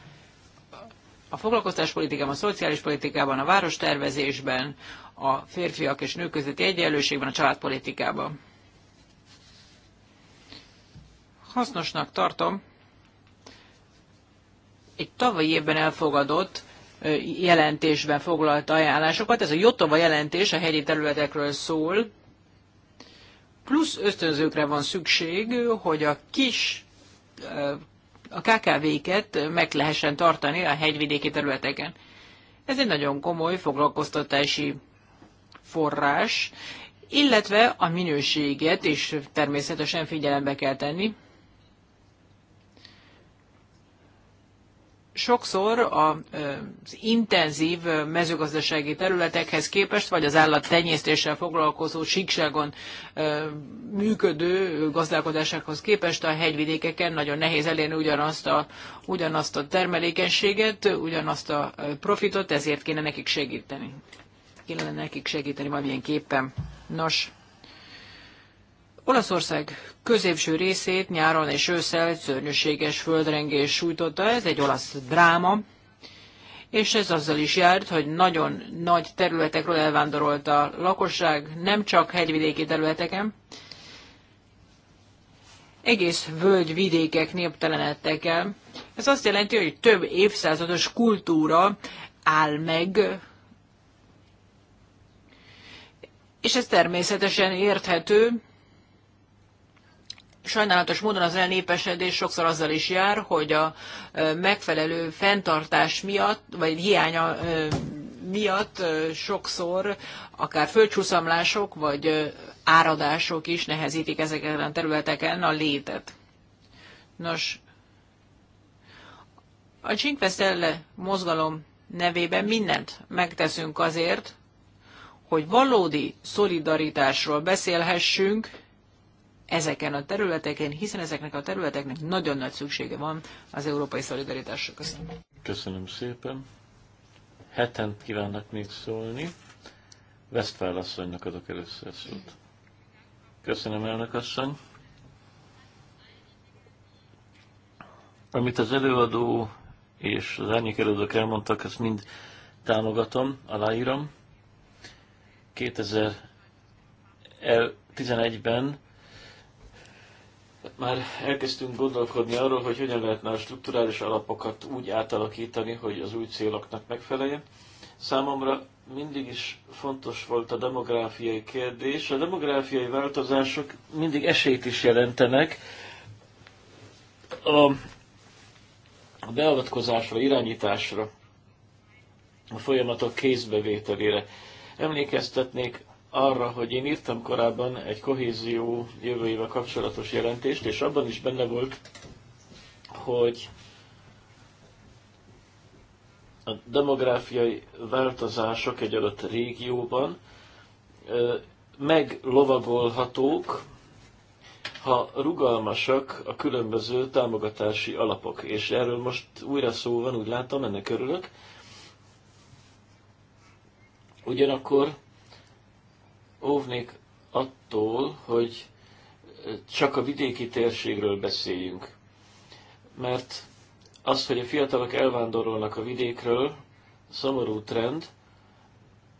A foglalkoztáspolitikában, a szociális politikában, a várostervezésben, a férfiak és nők közötti egyenlőségben, a családpolitikában hasznosnak tartom egy tavalyi évben elfogadott jelentésben foglalt ajánlásokat. Ez a Jotova jelentés a helyi területekről szól. Plusz ösztönzőkre van szükség, hogy a kis a KKV-ket meg lehessen tartani a hegyvidéki területeken. Ez egy nagyon komoly foglalkoztatási forrás, illetve a minőséget is természetesen figyelembe kell tenni. sokszor az intenzív mezőgazdasági területekhez képest, vagy az állattenyésztéssel foglalkozó síkságon működő gazdálkodásokhoz képest a hegyvidékeken nagyon nehéz elérni ugyanazt a, ugyanazt a termelékenységet, ugyanazt a profitot, ezért kéne nekik segíteni. Kéne nekik segíteni valamilyen képpen. Nos, Olaszország középső részét nyáron és ősszel szörnyűséges földrengés sújtotta, ez egy olasz dráma, és ez azzal is járt, hogy nagyon nagy területekről elvándorolt a lakosság, nem csak hegyvidéki területeken, egész völgyvidékek néptelenedtek el. Ez azt jelenti, hogy több évszázados kultúra áll meg, és ez természetesen érthető, sajnálatos módon az elnépesedés sokszor azzal is jár, hogy a megfelelő fenntartás miatt, vagy hiánya miatt sokszor akár földcsúszamlások, vagy áradások is nehezítik ezeken a területeken a létet. Nos, a Csinkveszelle mozgalom nevében mindent megteszünk azért, hogy valódi szolidaritásról beszélhessünk, ezeken a területeken, hiszen ezeknek a területeknek nagyon nagy szüksége van az európai szolidaritásra. Köszönöm. Köszönöm szépen. Heten kívánnak még szólni. Westphal asszonynak adok először szót. Köszönöm, elnök asszony. Amit az előadó és az árnyék előadók elmondtak, ezt mind támogatom, aláírom. 2011-ben már elkezdtünk gondolkodni arról, hogy hogyan lehetne a strukturális alapokat úgy átalakítani, hogy az új céloknak megfeleljen. Számomra mindig is fontos volt a demográfiai kérdés. A demográfiai változások mindig esélyt is jelentenek a beavatkozásra, irányításra, a folyamatok kézbevételére. Emlékeztetnék arra, hogy én írtam korábban egy kohézió jövőjével kapcsolatos jelentést, és abban is benne volt, hogy a demográfiai változások egy adott régióban meglovagolhatók, ha rugalmasak a különböző támogatási alapok. És erről most újra szó van, úgy látom, ennek örülök. Ugyanakkor óvnék attól, hogy csak a vidéki térségről beszéljünk. Mert az, hogy a fiatalok elvándorolnak a vidékről, szomorú trend,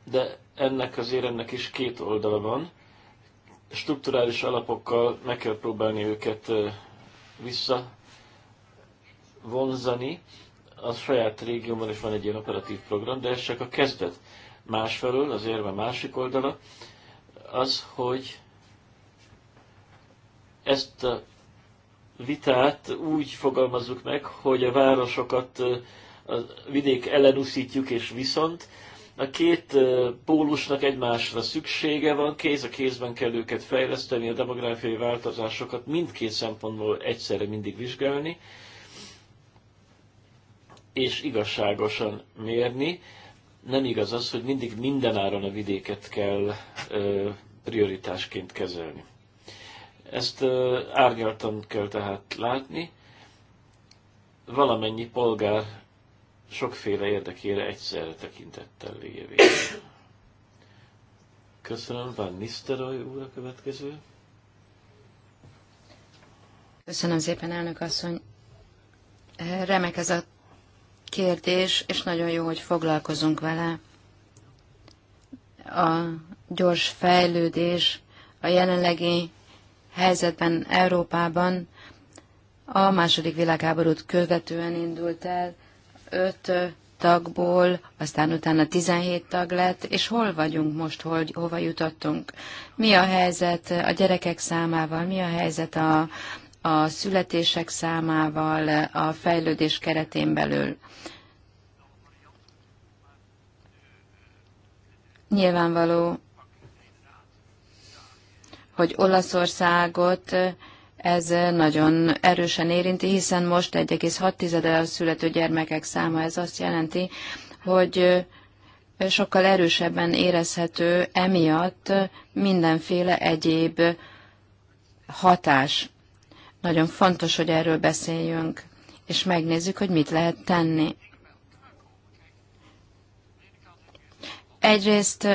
de ennek azért ennek is két oldala van. Strukturális alapokkal meg kell próbálni őket visszavonzani. A saját régióban is van egy ilyen operatív program, de ez csak a kezdet. Másfelől az érve másik oldala, az, hogy ezt a vitát úgy fogalmazzuk meg, hogy a városokat a vidék ellen és viszont a két pólusnak egymásra szüksége van, kéz a kézben kell őket fejleszteni, a demográfiai változásokat mindkét szempontból egyszerre mindig vizsgálni, és igazságosan mérni. Nem igaz az, hogy mindig mindenáron a vidéket kell ö, prioritásként kezelni. Ezt árnyaltan kell tehát látni, valamennyi polgár sokféle érdekére egyszerre tekintettel lévén. Köszönöm, Van Nisztelrooy úr a következő. Köszönöm szépen, elnök asszony. Remek ez a kérdés, és nagyon jó, hogy foglalkozunk vele. A gyors fejlődés a jelenlegi helyzetben Európában a második világháborút követően indult el, öt tagból, aztán utána 17 tag lett, és hol vagyunk most, hogy hova jutottunk? Mi a helyzet a gyerekek számával, mi a helyzet a, a születések számával a fejlődés keretén belül? Nyilvánvaló, hogy Olaszországot ez nagyon erősen érinti, hiszen most 1,6-e a születő gyermekek száma. Ez azt jelenti, hogy sokkal erősebben érezhető emiatt mindenféle egyéb hatás. Nagyon fontos, hogy erről beszéljünk, és megnézzük, hogy mit lehet tenni. Egyrészt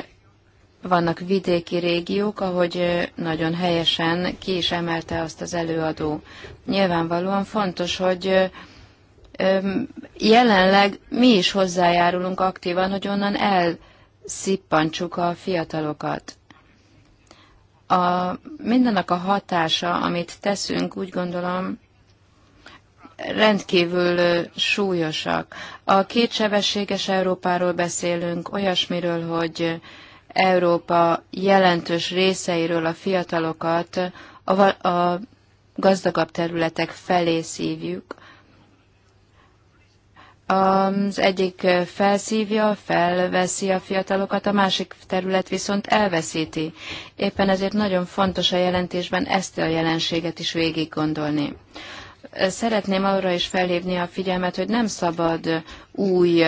vannak vidéki régiók, ahogy nagyon helyesen ki is emelte azt az előadó. Nyilvánvalóan fontos, hogy jelenleg mi is hozzájárulunk aktívan, hogy onnan elszippantsuk a fiatalokat. A, mindennek a hatása, amit teszünk, úgy gondolom, rendkívül súlyosak. A kétsebességes Európáról beszélünk, olyasmiről, hogy Európa jelentős részeiről a fiatalokat a, a gazdagabb területek felé szívjuk. Az egyik felszívja, felveszi a fiatalokat, a másik terület viszont elveszíti. Éppen ezért nagyon fontos a jelentésben ezt a jelenséget is végig gondolni. Szeretném arra is felhívni a figyelmet, hogy nem szabad új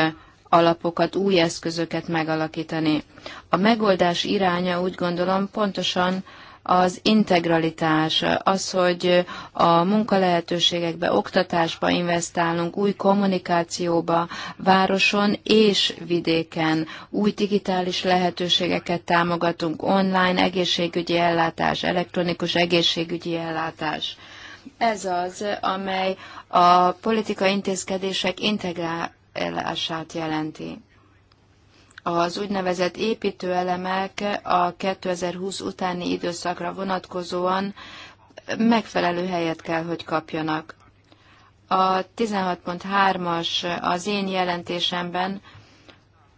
alapokat, új eszközöket megalakítani. A megoldás iránya úgy gondolom pontosan az integralitás, az, hogy a munkalehetőségekbe, oktatásba investálunk, új kommunikációba, városon és vidéken, új digitális lehetőségeket támogatunk, online egészségügyi ellátás, elektronikus egészségügyi ellátás. Ez az, amely a politika intézkedések integrál, elását jelenti. Az úgynevezett építőelemek a 2020 utáni időszakra vonatkozóan megfelelő helyet kell, hogy kapjanak. A 16.3-as az én jelentésemben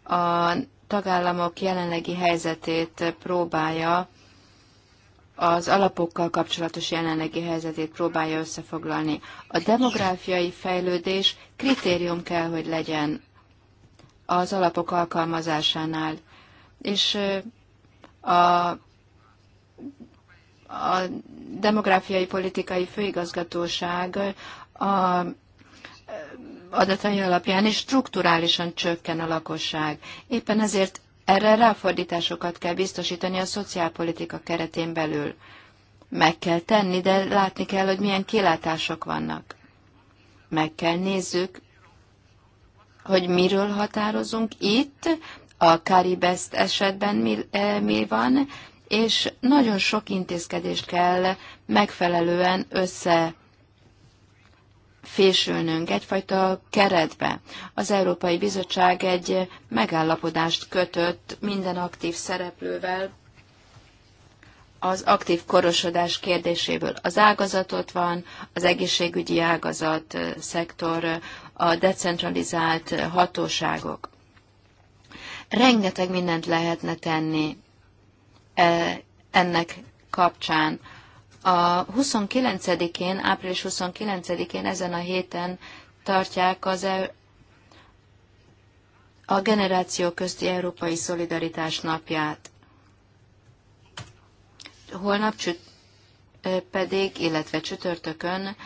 a tagállamok jelenlegi helyzetét próbálja az alapokkal kapcsolatos jelenlegi helyzetét próbálja összefoglalni. A demográfiai fejlődés kritérium kell, hogy legyen az alapok alkalmazásánál, és a, a demográfiai politikai főigazgatóság a adatai alapján is strukturálisan csökken a lakosság. Éppen ezért erre ráfordításokat kell biztosítani a szociálpolitika keretén belül. Meg kell tenni, de látni kell, hogy milyen kilátások vannak. Meg kell nézzük, hogy miről határozunk itt, a Caribest esetben mi, e, mi van, és nagyon sok intézkedést kell megfelelően össze fésülnünk egyfajta keretbe. Az Európai Bizottság egy megállapodást kötött minden aktív szereplővel az aktív korosodás kérdéséből. Az ágazatot van, az egészségügyi ágazat, szektor, a decentralizált hatóságok. Rengeteg mindent lehetne tenni eh, ennek kapcsán a 29-én, április 29-én ezen a héten tartják az e- a generáció közti európai szolidaritás napját. Holnap csüt, pedig, illetve csütörtökön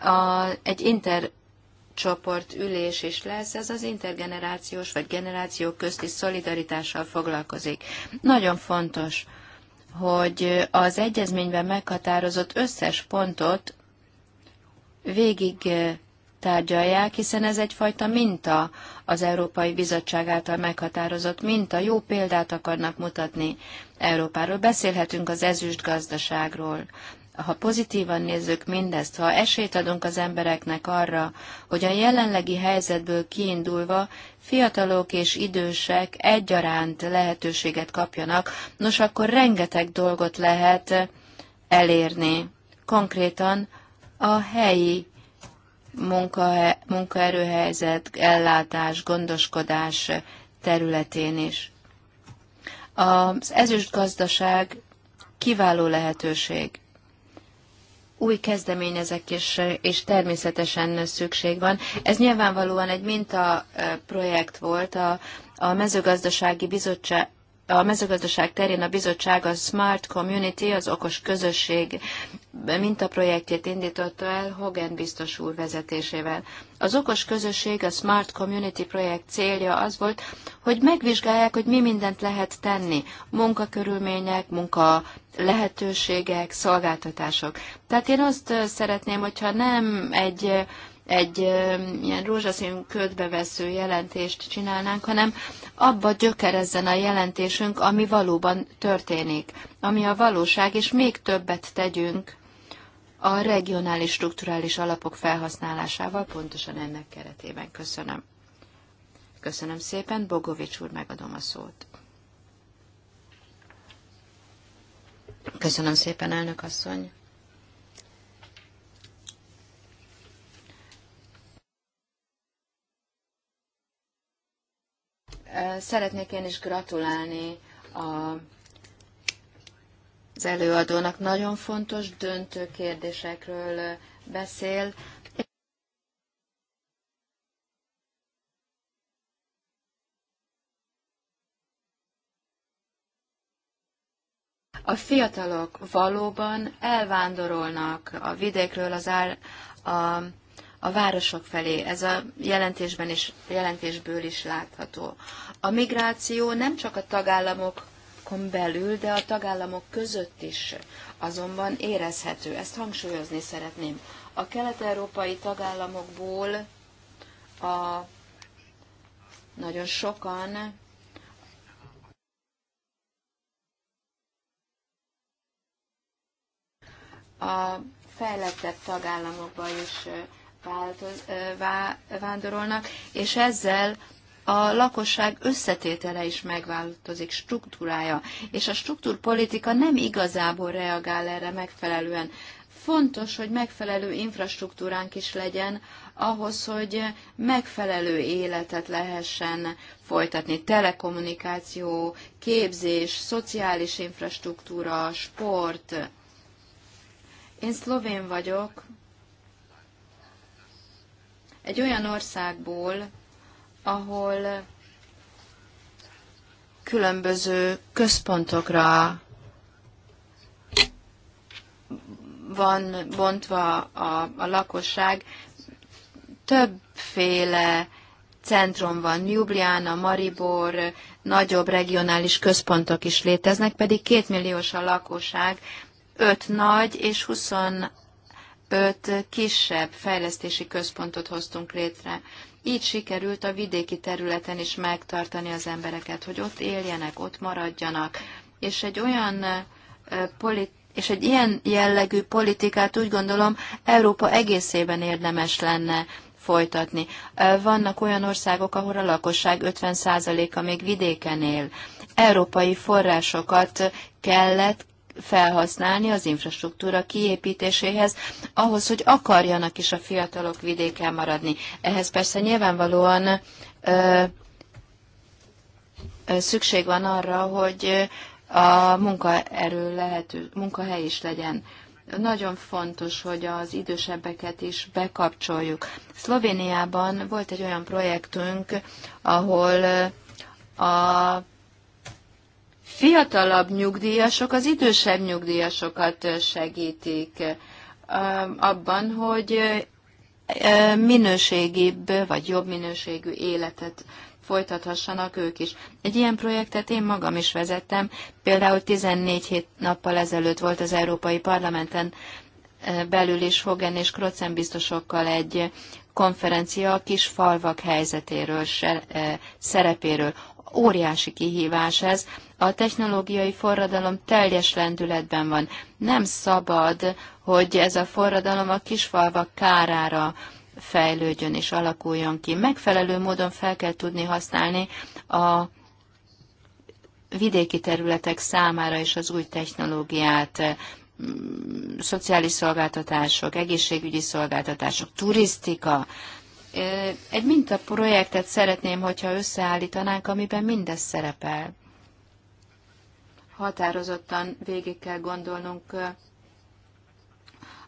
a, egy intercsoport ülés is lesz, ez az intergenerációs vagy generáció közti szolidaritással foglalkozik. Nagyon fontos, hogy az egyezményben meghatározott összes pontot végig eh, tárgyalják, hiszen ez egyfajta minta, az Európai Bizottság által meghatározott minta, jó példát akarnak mutatni Európáról. Beszélhetünk az ezüst gazdaságról, ha pozitívan nézzük mindezt, ha esélyt adunk az embereknek arra, hogy a jelenlegi helyzetből kiindulva fiatalok és idősek egyaránt lehetőséget kapjanak, nos akkor rengeteg dolgot lehet elérni. Konkrétan a helyi munka, munkaerőhelyzet, ellátás, gondoskodás területén is. Az ezüst gazdaság kiváló lehetőség új kezdeményezek is, és természetesen szükség van. Ez nyilvánvalóan egy minta eh, projekt volt a, a mezőgazdasági bizottság, a mezőgazdaság terén a bizottság a Smart Community, az okos közösség mintaprojektjét indította el Hogan biztos úr vezetésével. Az okos közösség, a Smart Community projekt célja az volt, hogy megvizsgálják, hogy mi mindent lehet tenni. Munkakörülmények, munka lehetőségek, szolgáltatások. Tehát én azt szeretném, hogyha nem egy egy ilyen rózsaszín ködbevesző jelentést csinálnánk, hanem abba gyökerezzen a jelentésünk, ami valóban történik, ami a valóság, és még többet tegyünk a regionális strukturális alapok felhasználásával, pontosan ennek keretében. Köszönöm. Köszönöm szépen, Bogovics úr, megadom a szót. Köszönöm szépen, elnök asszony. Szeretnék én is gratulálni a az előadónak nagyon fontos, döntő kérdésekről beszél. A fiatalok valóban elvándorolnak a vidékről az áll, a a városok felé. Ez a jelentésben is, jelentésből is látható. A migráció nem csak a tagállamokon belül, de a tagállamok között is azonban érezhető. Ezt hangsúlyozni szeretném. A kelet-európai tagállamokból a nagyon sokan a fejlettebb tagállamokba is változ, vándorolnak, és ezzel a lakosság összetétele is megváltozik, struktúrája, és a struktúrpolitika nem igazából reagál erre megfelelően. Fontos, hogy megfelelő infrastruktúránk is legyen, ahhoz, hogy megfelelő életet lehessen folytatni. Telekommunikáció, képzés, szociális infrastruktúra, sport. Én szlovén vagyok, egy olyan országból, ahol különböző központokra van bontva a, a lakosság, többféle centrum van, Ljubljana, Maribor, nagyobb regionális központok is léteznek, pedig kétmilliós a lakosság, öt nagy és 26 öt kisebb fejlesztési központot hoztunk létre. Így sikerült a vidéki területen is megtartani az embereket, hogy ott éljenek, ott maradjanak. És egy olyan politikai és egy ilyen jellegű politikát úgy gondolom Európa egészében érdemes lenne folytatni. Vannak olyan országok, ahol a lakosság 50%-a még vidéken él. Európai forrásokat kellett felhasználni az infrastruktúra kiépítéséhez, ahhoz, hogy akarjanak is a fiatalok vidéken maradni. Ehhez persze nyilvánvalóan ö, ö, szükség van arra, hogy a munkaerő lehető, munkahely is legyen. Nagyon fontos, hogy az idősebbeket is bekapcsoljuk. Szlovéniában volt egy olyan projektünk, ahol a fiatalabb nyugdíjasok az idősebb nyugdíjasokat segítik abban, hogy minőségibb vagy jobb minőségű életet folytathassanak ők is. Egy ilyen projektet én magam is vezettem, például 14 hét nappal ezelőtt volt az Európai Parlamenten belül is Hogan és Krocen biztosokkal egy konferencia a kis falvak helyzetéről, szerepéről. Óriási kihívás ez, a technológiai forradalom teljes lendületben van. Nem szabad, hogy ez a forradalom a kisfalvak kárára fejlődjön és alakuljon ki. Megfelelő módon fel kell tudni használni a vidéki területek számára és az új technológiát, szociális szolgáltatások, egészségügyi szolgáltatások, turisztika. Egy mintaprojektet szeretném, hogyha összeállítanánk, amiben mindez szerepel határozottan végig kell gondolnunk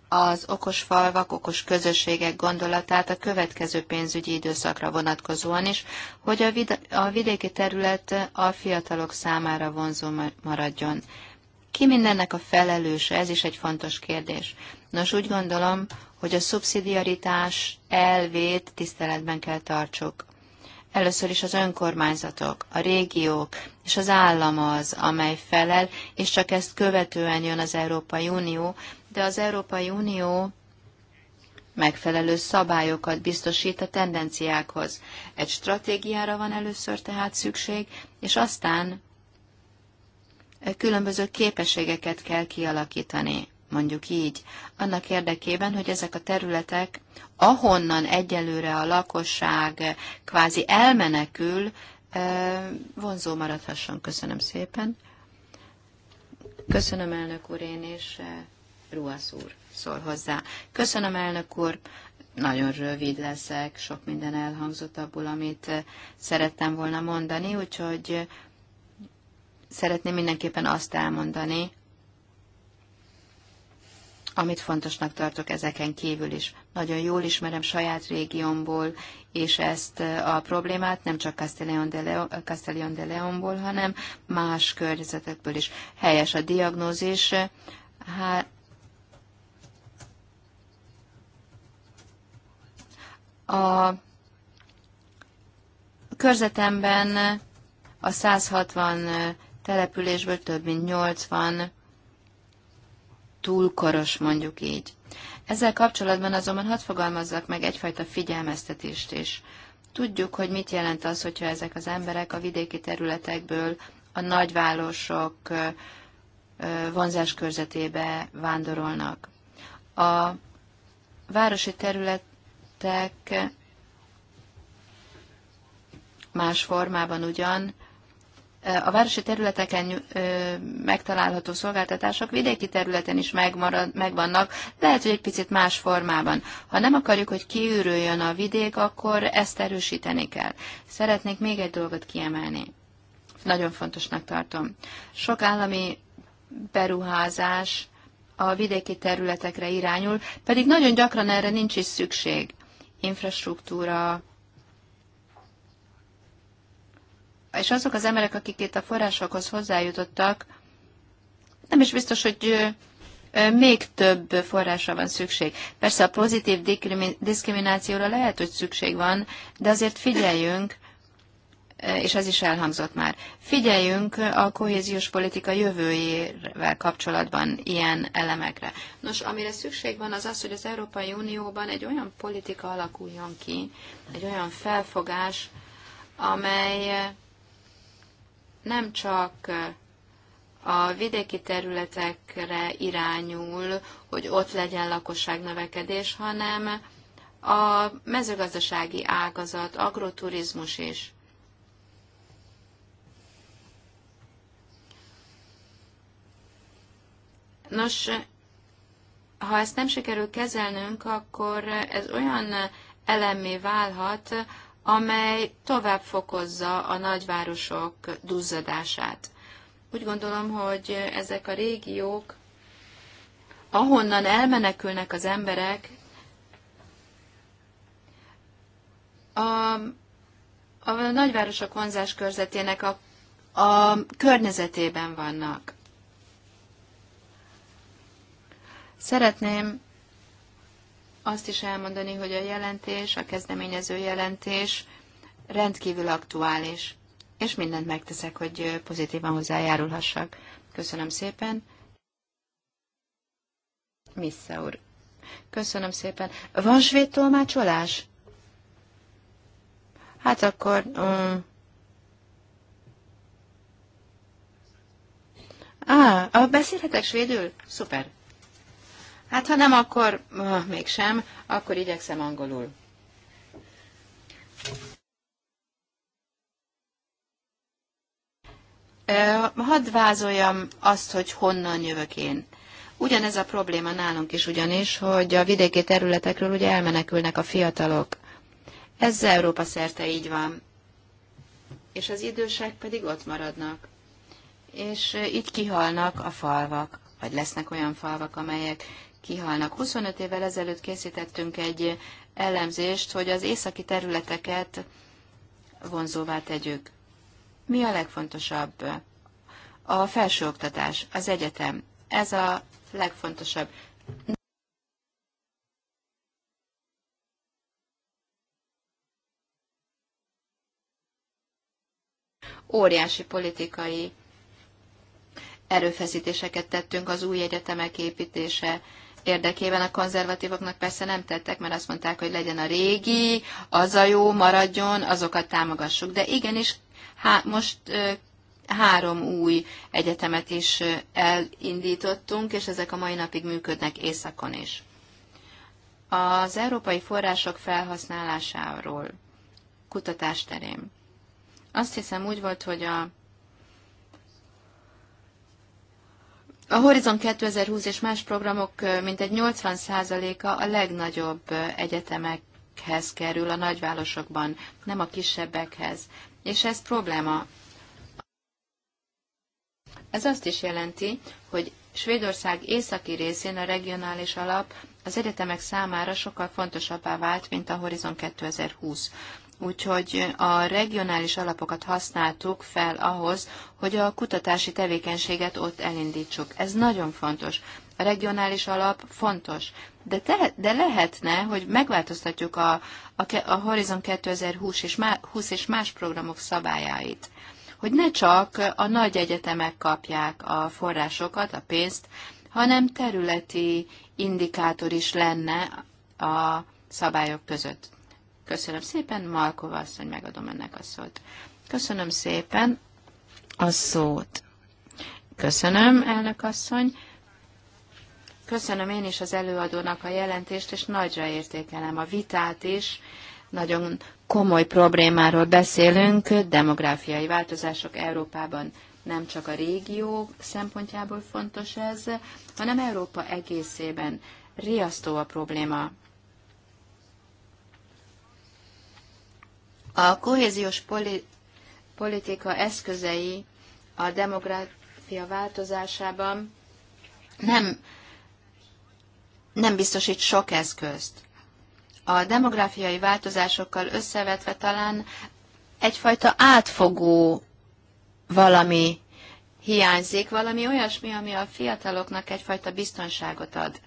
az okos falvak, okos közösségek gondolatát a következő pénzügyi időszakra vonatkozóan is, hogy a, vid- a vidéki terület a fiatalok számára vonzó maradjon. Ki mindennek a felelőse? Ez is egy fontos kérdés. Nos, úgy gondolom, hogy a szubszidiaritás elvét tiszteletben kell tartsuk. Először is az önkormányzatok, a régiók, és az állam az, amely felel, és csak ezt követően jön az Európai Unió, de az Európai Unió megfelelő szabályokat biztosít a tendenciákhoz. Egy stratégiára van először tehát szükség, és aztán különböző képességeket kell kialakítani, mondjuk így, annak érdekében, hogy ezek a területek, ahonnan egyelőre a lakosság kvázi elmenekül, vonzó maradhasson. Köszönöm szépen. Köszönöm, elnök úr, én és Ruasz úr szól hozzá. Köszönöm, elnök úr. Nagyon rövid leszek, sok minden elhangzott abból, amit szerettem volna mondani, úgyhogy szeretném mindenképpen azt elmondani, amit fontosnak tartok ezeken kívül is. Nagyon jól ismerem saját régiómból, és ezt eh, a problémát nem csak Castellion de, Leon, de Leonból, hanem más környezetekből is. Helyes a diagnózis. Hát, a körzetemben a 160 eh, településből több mint 80 túl koros, mondjuk így. Ezzel kapcsolatban azonban hadd fogalmazzak meg egyfajta figyelmeztetést is. Tudjuk, hogy mit jelent az, hogyha ezek az emberek a vidéki területekből a nagyvárosok vonzás körzetébe vándorolnak. A városi területek más formában ugyan, a városi területeken megtalálható szolgáltatások vidéki területen is megmarad, megvannak, lehet, hogy egy picit más formában. Ha nem akarjuk, hogy kiürüljön a vidék, akkor ezt erősíteni kell. Szeretnék még egy dolgot kiemelni. Nagyon fontosnak tartom. Sok állami beruházás a vidéki területekre irányul, pedig nagyon gyakran erre nincs is szükség. Infrastruktúra, és azok az emberek, akik itt a forrásokhoz hozzájutottak, nem is biztos, hogy még több forrásra van szükség. Persze a pozitív diszkriminációra lehet, hogy szükség van, de azért figyeljünk, és ez is elhangzott már, figyeljünk a kohéziós politika jövőjével kapcsolatban ilyen elemekre. Nos, amire szükség van az az, hogy az Európai Unióban egy olyan politika alakuljon ki, egy olyan felfogás, amely nem csak a vidéki területekre irányul, hogy ott legyen lakosságnövekedés, hanem a mezőgazdasági ágazat, agroturizmus is. Nos, ha ezt nem sikerül kezelnünk, akkor ez olyan elemmé válhat, amely tovább fokozza a nagyvárosok duzzadását. Úgy gondolom, hogy ezek a régiók, ahonnan elmenekülnek az emberek, a, a nagyvárosok vonzás körzetének a, a környezetében vannak. Szeretném azt is elmondani, hogy a jelentés, a kezdeményező jelentés rendkívül aktuális, és mindent megteszek, hogy pozitívan hozzájárulhassak. Köszönöm szépen. Missza úr. Köszönöm szépen. Van svéd tolmácsolás? Hát akkor... Um... Á, ah, beszélhetek svédül? Szuper. Hát ha nem, akkor ah, mégsem, akkor igyekszem angolul. Hadd vázoljam azt, hogy honnan jövök én. Ugyanez a probléma nálunk is ugyanis, hogy a vidéki területekről ugye elmenekülnek a fiatalok. Ez Európa szerte így van. És az idősek pedig ott maradnak. És így kihalnak a falvak, vagy lesznek olyan falvak, amelyek kihalnak. 25 évvel ezelőtt készítettünk egy elemzést, hogy az északi területeket vonzóvá tegyük. Mi a legfontosabb? A felsőoktatás, az egyetem. Ez a legfontosabb. Óriási politikai erőfeszítéseket tettünk az új egyetemek építése érdekében a konzervatívoknak persze nem tettek, mert azt mondták, hogy legyen a régi, az a jó, maradjon, azokat támogassuk. De igenis, há, most három új egyetemet is elindítottunk, és ezek a mai napig működnek északon is. Az európai források felhasználásáról kutatás terén. Azt hiszem úgy volt, hogy a A Horizon 2020 és más programok mintegy 80%-a a legnagyobb egyetemekhez kerül a nagyvárosokban, nem a kisebbekhez. És ez probléma. Ez azt is jelenti, hogy Svédország északi részén a regionális alap az egyetemek számára sokkal fontosabbá vált, mint a Horizon 2020. Úgyhogy a regionális alapokat használtuk fel ahhoz, hogy a kutatási tevékenységet ott elindítsuk. Ez nagyon fontos. A regionális alap fontos. De, te, de lehetne, hogy megváltoztatjuk a, a, a Horizon 2020 és, má, 20 és más programok szabályait. Hogy ne csak a nagy egyetemek kapják a forrásokat, a pénzt, hanem területi indikátor is lenne a szabályok között. Köszönöm szépen, Malkova asszony, megadom ennek a szót. Köszönöm szépen a szót. Köszönöm, elnök asszony. Köszönöm én is az előadónak a jelentést, és nagyra értékelem a vitát is. Nagyon komoly problémáról beszélünk, demográfiai változások Európában nem csak a régió szempontjából fontos ez, hanem Európa egészében riasztó a probléma. A kohéziós politika eszközei a demográfia változásában nem, nem biztosít sok eszközt. A demográfiai változásokkal összevetve talán egyfajta átfogó valami hiányzik, valami olyasmi, ami a fiataloknak egyfajta biztonságot ad.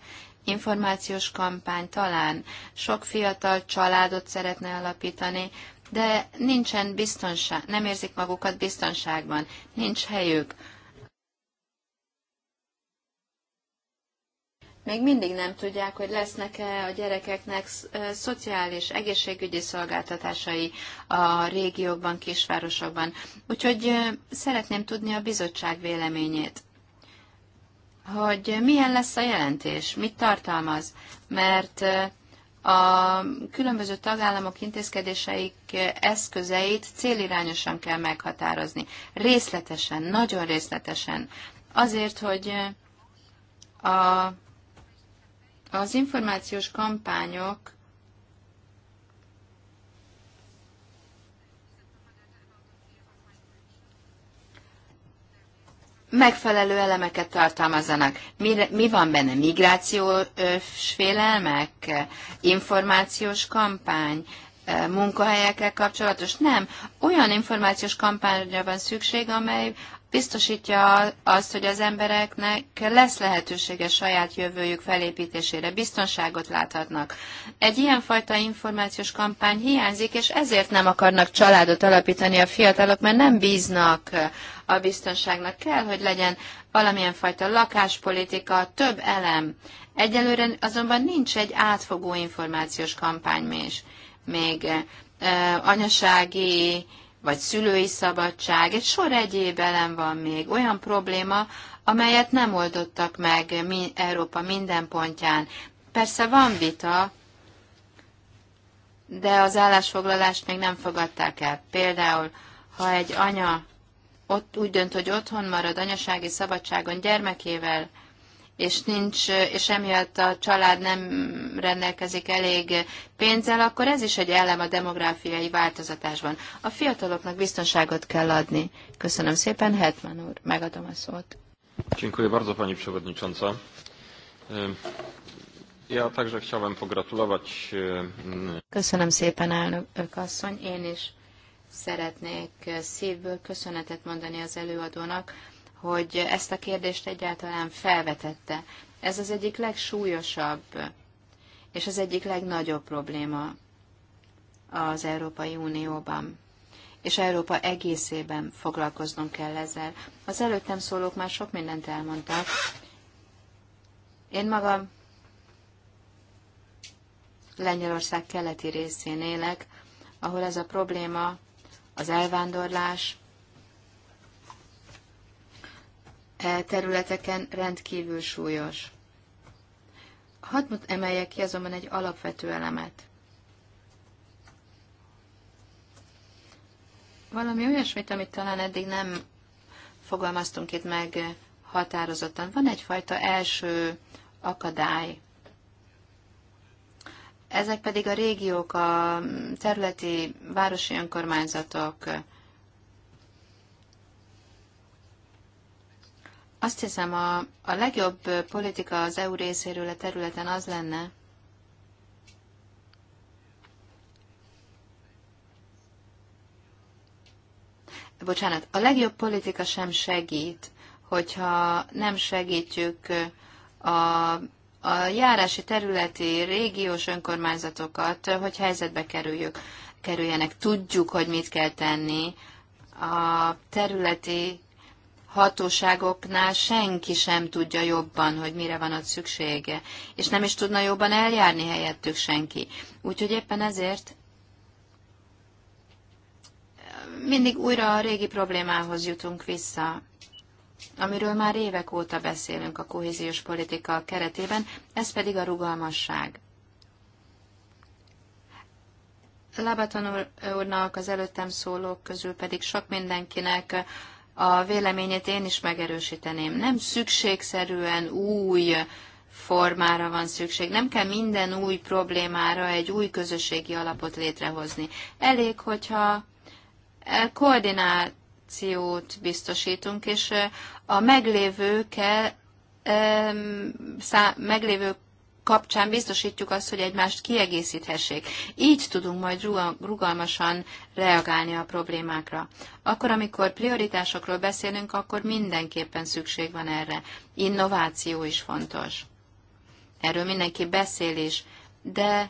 Információs kampány talán. Sok fiatal családot szeretne alapítani, de nincsen biztonság, nem érzik magukat biztonságban, nincs helyük. Még mindig nem tudják, hogy lesznek-e a gyerekeknek szociális, egészségügyi szolgáltatásai a régiókban, kisvárosokban. Úgyhogy szeretném tudni a bizottság véleményét hogy milyen lesz a jelentés, mit tartalmaz, mert a különböző tagállamok intézkedéseik eszközeit célirányosan kell meghatározni. Részletesen, nagyon részletesen. Azért, hogy a, az információs kampányok megfelelő elemeket tartalmazanak. Mi, mi van benne? Migrációs félelmek, információs kampány, munkahelyekkel kapcsolatos? Nem. Olyan információs kampányra van szükség, amely biztosítja azt, hogy az embereknek lesz lehetősége saját jövőjük felépítésére, biztonságot láthatnak. Egy ilyenfajta információs kampány hiányzik, és ezért nem akarnak családot alapítani a fiatalok, mert nem bíznak a biztonságnak. Kell, hogy legyen valamilyen fajta lakáspolitika, több elem. Egyelőre azonban nincs egy átfogó információs kampány még. Még eh, anyasági vagy szülői szabadság, egy sor egyéb elem van még, olyan probléma, amelyet nem oldottak meg Európa minden pontján. Persze van vita, de az állásfoglalást még nem fogadták el. Például, ha egy anya ott úgy dönt, hogy otthon marad anyasági szabadságon gyermekével, és nincs, és emiatt a család nem rendelkezik elég pénzzel, akkor ez is egy elem a demográfiai változatásban. A fiataloknak biztonságot kell adni. Köszönöm szépen, Hetman úr, megadom a szót. Dziękuję bardzo Pani Przewodnicząca. Ja także chciałem pogratulować. Köszönöm szépen, elnök asszony. Én is szeretnék szívből köszönetet mondani az előadónak hogy ezt a kérdést egyáltalán felvetette. Ez az egyik legsúlyosabb és az egyik legnagyobb probléma az Európai Unióban. És Európa egészében foglalkoznom kell ezzel. Az előttem szólók már sok mindent elmondtak. Én magam Lengyelország keleti részén élek, ahol ez a probléma, az elvándorlás, E, területeken rendkívül súlyos. Hadd emeljek ki azonban egy alapvető elemet. Valami olyasmit, amit talán eddig nem fogalmaztunk itt meg határozottan. Van egyfajta első akadály. Ezek pedig a régiók, a területi városi önkormányzatok, Azt hiszem, a, a legjobb politika az EU részéről a területen az lenne, bocsánat, a legjobb politika sem segít, hogyha nem segítjük a, a járási területi régiós önkormányzatokat, hogy helyzetbe kerüljük, kerüljenek. Tudjuk, hogy mit kell tenni. A területi hatóságoknál senki sem tudja jobban, hogy mire van ott szüksége, és nem is tudna jobban eljárni helyettük senki. Úgyhogy éppen ezért eh, mindig újra a régi problémához jutunk vissza, amiről már évek óta beszélünk a kohéziós politika keretében, ez pedig a rugalmasság. Labaton úrnak, az előttem szólók közül pedig sok mindenkinek a véleményét én is megerősíteném. Nem szükségszerűen új formára van szükség. Nem kell minden új problémára egy új közösségi alapot létrehozni. Elég, hogyha eh, koordinációt biztosítunk, és eh, a meglévőkkel meglévő kapcsán biztosítjuk azt, hogy egymást kiegészíthessék. Így tudunk majd rugalmasan reagálni a problémákra. Akkor, amikor prioritásokról beszélünk, akkor mindenképpen szükség van erre. Innováció is fontos. Erről mindenki beszél is, de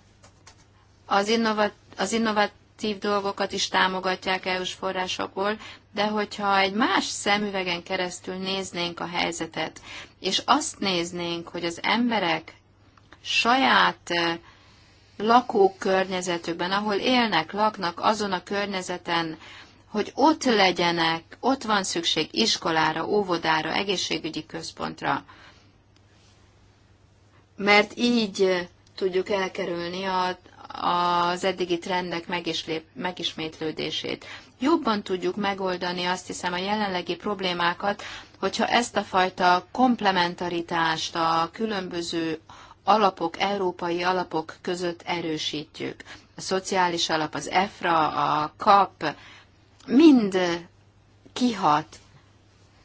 az, innovat, az innovatív dolgokat is támogatják EU-s forrásokból, de hogyha egy más szemüvegen keresztül néznénk a helyzetet, és azt néznénk, hogy az emberek saját eh, lakókörnyezetükben, ahol élnek, laknak, azon a környezeten, hogy ott legyenek, ott van szükség iskolára, óvodára, egészségügyi központra. Mert így eh, tudjuk elkerülni a, az eddigi trendek megislép, megismétlődését. Jobban tudjuk megoldani azt hiszem a jelenlegi problémákat, hogyha ezt a fajta komplementaritást, a különböző alapok, európai alapok között erősítjük. A szociális alap, az EFRA, a KAP, mind kihat,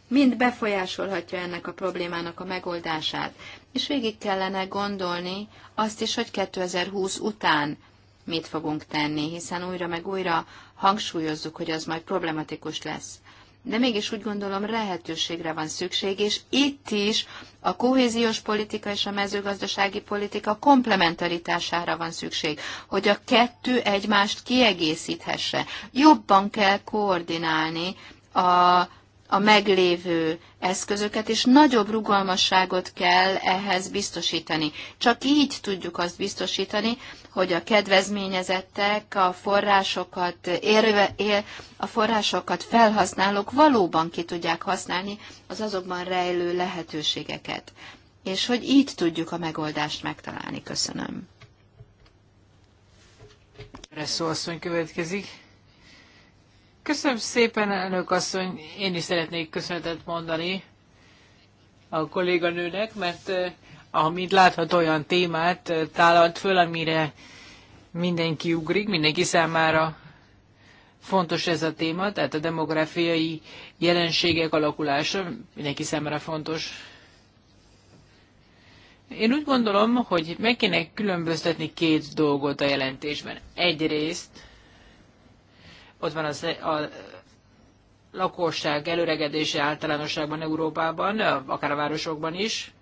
mind befolyásolhatja ennek a problémának a megoldását. És végig kellene gondolni azt is, hogy 2020 után mit fogunk tenni, hiszen újra meg újra hangsúlyozzuk, hogy az majd problematikus lesz de mégis úgy gondolom lehetőségre van szükség, és itt is a kohéziós politika és a mezőgazdasági politika komplementaritására van szükség, hogy a kettő egymást kiegészíthesse. Jobban kell koordinálni a a meglévő eszközöket, és nagyobb rugalmasságot kell ehhez biztosítani. Csak így tudjuk azt biztosítani, hogy a kedvezményezettek, a forrásokat, érve, ér, a forrásokat felhasználók valóban ki tudják használni az azokban rejlő lehetőségeket. És hogy így tudjuk a megoldást megtalálni. Köszönöm. Reszó asszony következik. Köszönöm szépen, elnök asszony. Én is szeretnék köszönetet mondani a kolléganőnek, mert eh, amit láthat olyan témát eh, tálalt föl, amire mindenki ugrik, mindenki számára fontos ez a téma, tehát a demográfiai jelenségek alakulása mindenki számára fontos. Én úgy gondolom, hogy meg kéne különböztetni két dolgot a jelentésben. Egyrészt ott van az, a lakosság előregedése általánosságban Európában, akár a városokban is.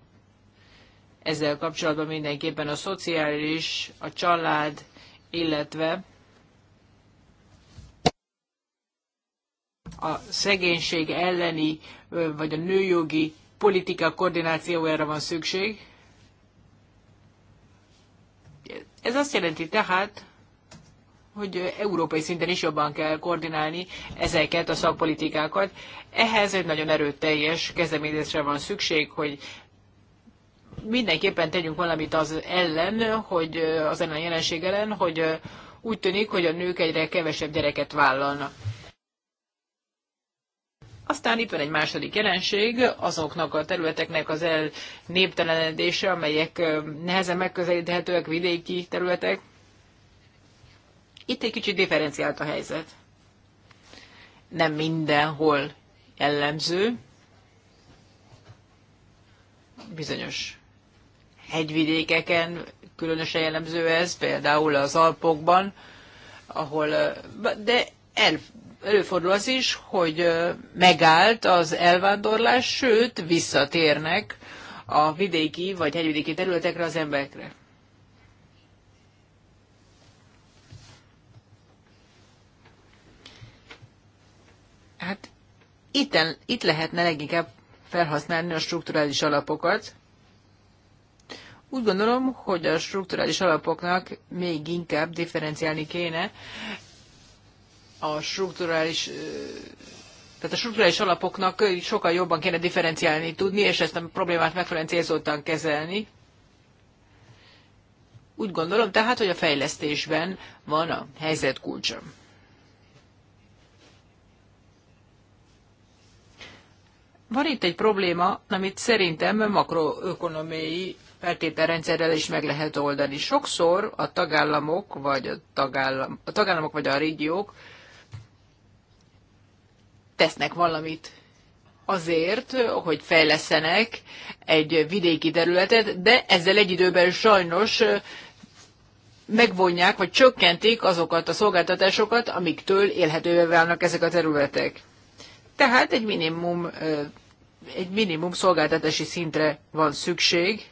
Ezzel kapcsolatban mindenképpen a szociális, a család, illetve a szegénység elleni, vagy a nőjogi politika koordinációjára van szükség. Ez azt jelenti tehát, hogy európai szinten is jobban kell koordinálni ezeket a szakpolitikákat. Ehhez egy nagyon erőteljes kezdeményezésre van szükség, hogy mindenképpen tegyünk valamit az ellen, hogy az ellen a jelenség ellen, hogy úgy tűnik, hogy a nők egyre kevesebb gyereket vállalnak. Aztán itt van egy második jelenség, azoknak a területeknek az elnéptelenedése, amelyek eh, nehezen megközelíthetőek vidéki területek. Itt egy kicsit differenciált a helyzet. Nem mindenhol jellemző. Bizonyos hegyvidékeken különösen jellemző ez, például az Alpokban, ahol, de el, előfordul az is, hogy megállt az elvándorlás, sőt, visszatérnek a vidéki vagy hegyvidéki területekre az emberekre. Hát itten, itt lehetne leginkább felhasználni a strukturális alapokat. Úgy gondolom, hogy a strukturális alapoknak még inkább differenciálni kéne a strukturális tehát a strukturális alapoknak sokkal jobban kéne differenciálni tudni, és ezt a problémát megfelelően célzottan kezelni. Úgy gondolom tehát, hogy a fejlesztésben van a helyzet kulcsa. Van itt egy probléma, amit szerintem makroökonomiai feltételrendszerrel is meg lehet oldani. Sokszor a tagállamok vagy a, tagállam, a tagállamok vagy a régiók tesznek valamit azért, hogy fejlesztenek egy vidéki területet, de ezzel egy időben sajnos megvonják vagy csökkentik azokat a szolgáltatásokat, amiktől élhetővé válnak ezek a területek. Tehát egy minimum, egy minimum szolgáltatási szintre van szükség,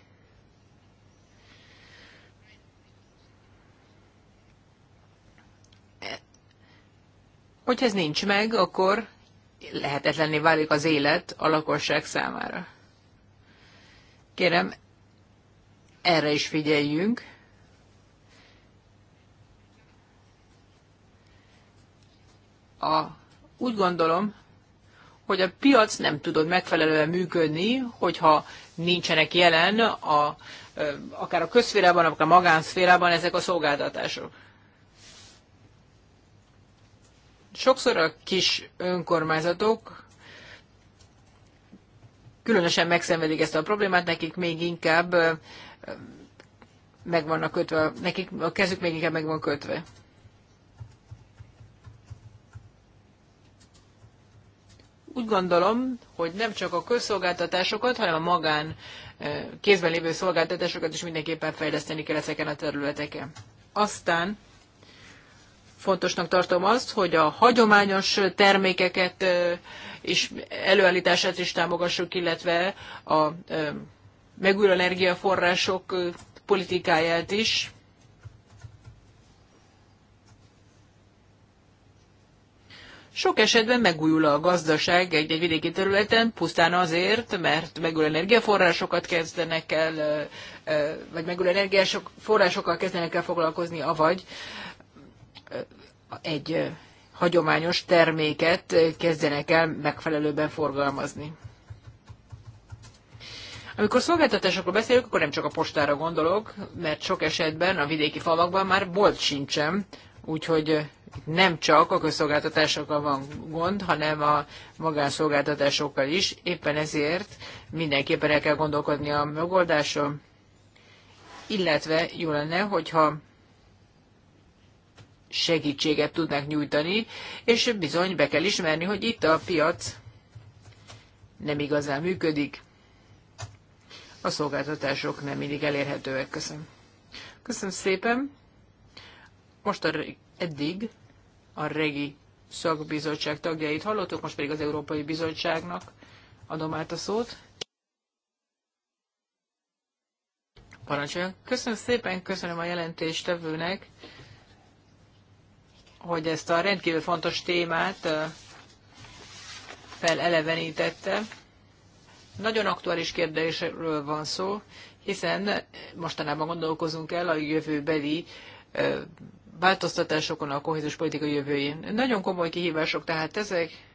Hogyha ez nincs meg, akkor lehetetlenné válik az élet a lakosság számára. Kérem, erre is figyeljünk. A, úgy gondolom, hogy a piac nem tudod megfelelően működni, hogyha nincsenek jelen a, akár a közszférában, akár a magánszférában ezek a szolgáltatások. Sokszor a kis önkormányzatok különösen megszenvedik ezt a problémát, nekik még inkább megvannak kötve, nekik a kezük még inkább meg van kötve. úgy gondolom, hogy nem csak a közszolgáltatásokat, hanem a magán eh, kézben lévő szolgáltatásokat is mindenképpen fejleszteni kell ezeken a területeken. Aztán fontosnak tartom azt, hogy a hagyományos termékeket eh, és előállítását is támogassuk, illetve a eh, megújuló energiaforrások politikáját is. Sok esetben megújul a gazdaság egy-egy vidéki területen, pusztán azért, mert megújuló energiaforrásokat kezdenek el, vagy megújuló energiaforrásokkal kezdenek el foglalkozni, avagy egy hagyományos terméket kezdenek el megfelelőben forgalmazni. Amikor szolgáltatásokról beszélünk, akkor nem csak a postára gondolok, mert sok esetben a vidéki falvakban már bolt sincsen, úgyhogy nem csak a közszolgáltatásokkal van gond, hanem a magánszolgáltatásokkal is. Éppen ezért mindenképpen el kell gondolkodni a megoldáson, illetve jó lenne, hogyha segítséget tudnak nyújtani, és bizony be kell ismerni, hogy itt a piac nem igazán működik. A szolgáltatások nem mindig elérhetőek. Köszönöm. Köszönöm szépen most a, eddig a regi szakbizottság tagjait hallottuk, most pedig az Európai Bizottságnak adom át a szót. Parancsoljon. Köszönöm szépen, köszönöm a jelentéstevőnek, hogy ezt a rendkívül fontos témát felelevenítette. Nagyon aktuális kérdésről van szó, hiszen mostanában gondolkozunk el a jövőbeli változtatásokon a kohéziós politika jövőjén. Nagyon komoly kihívások tehát ezek.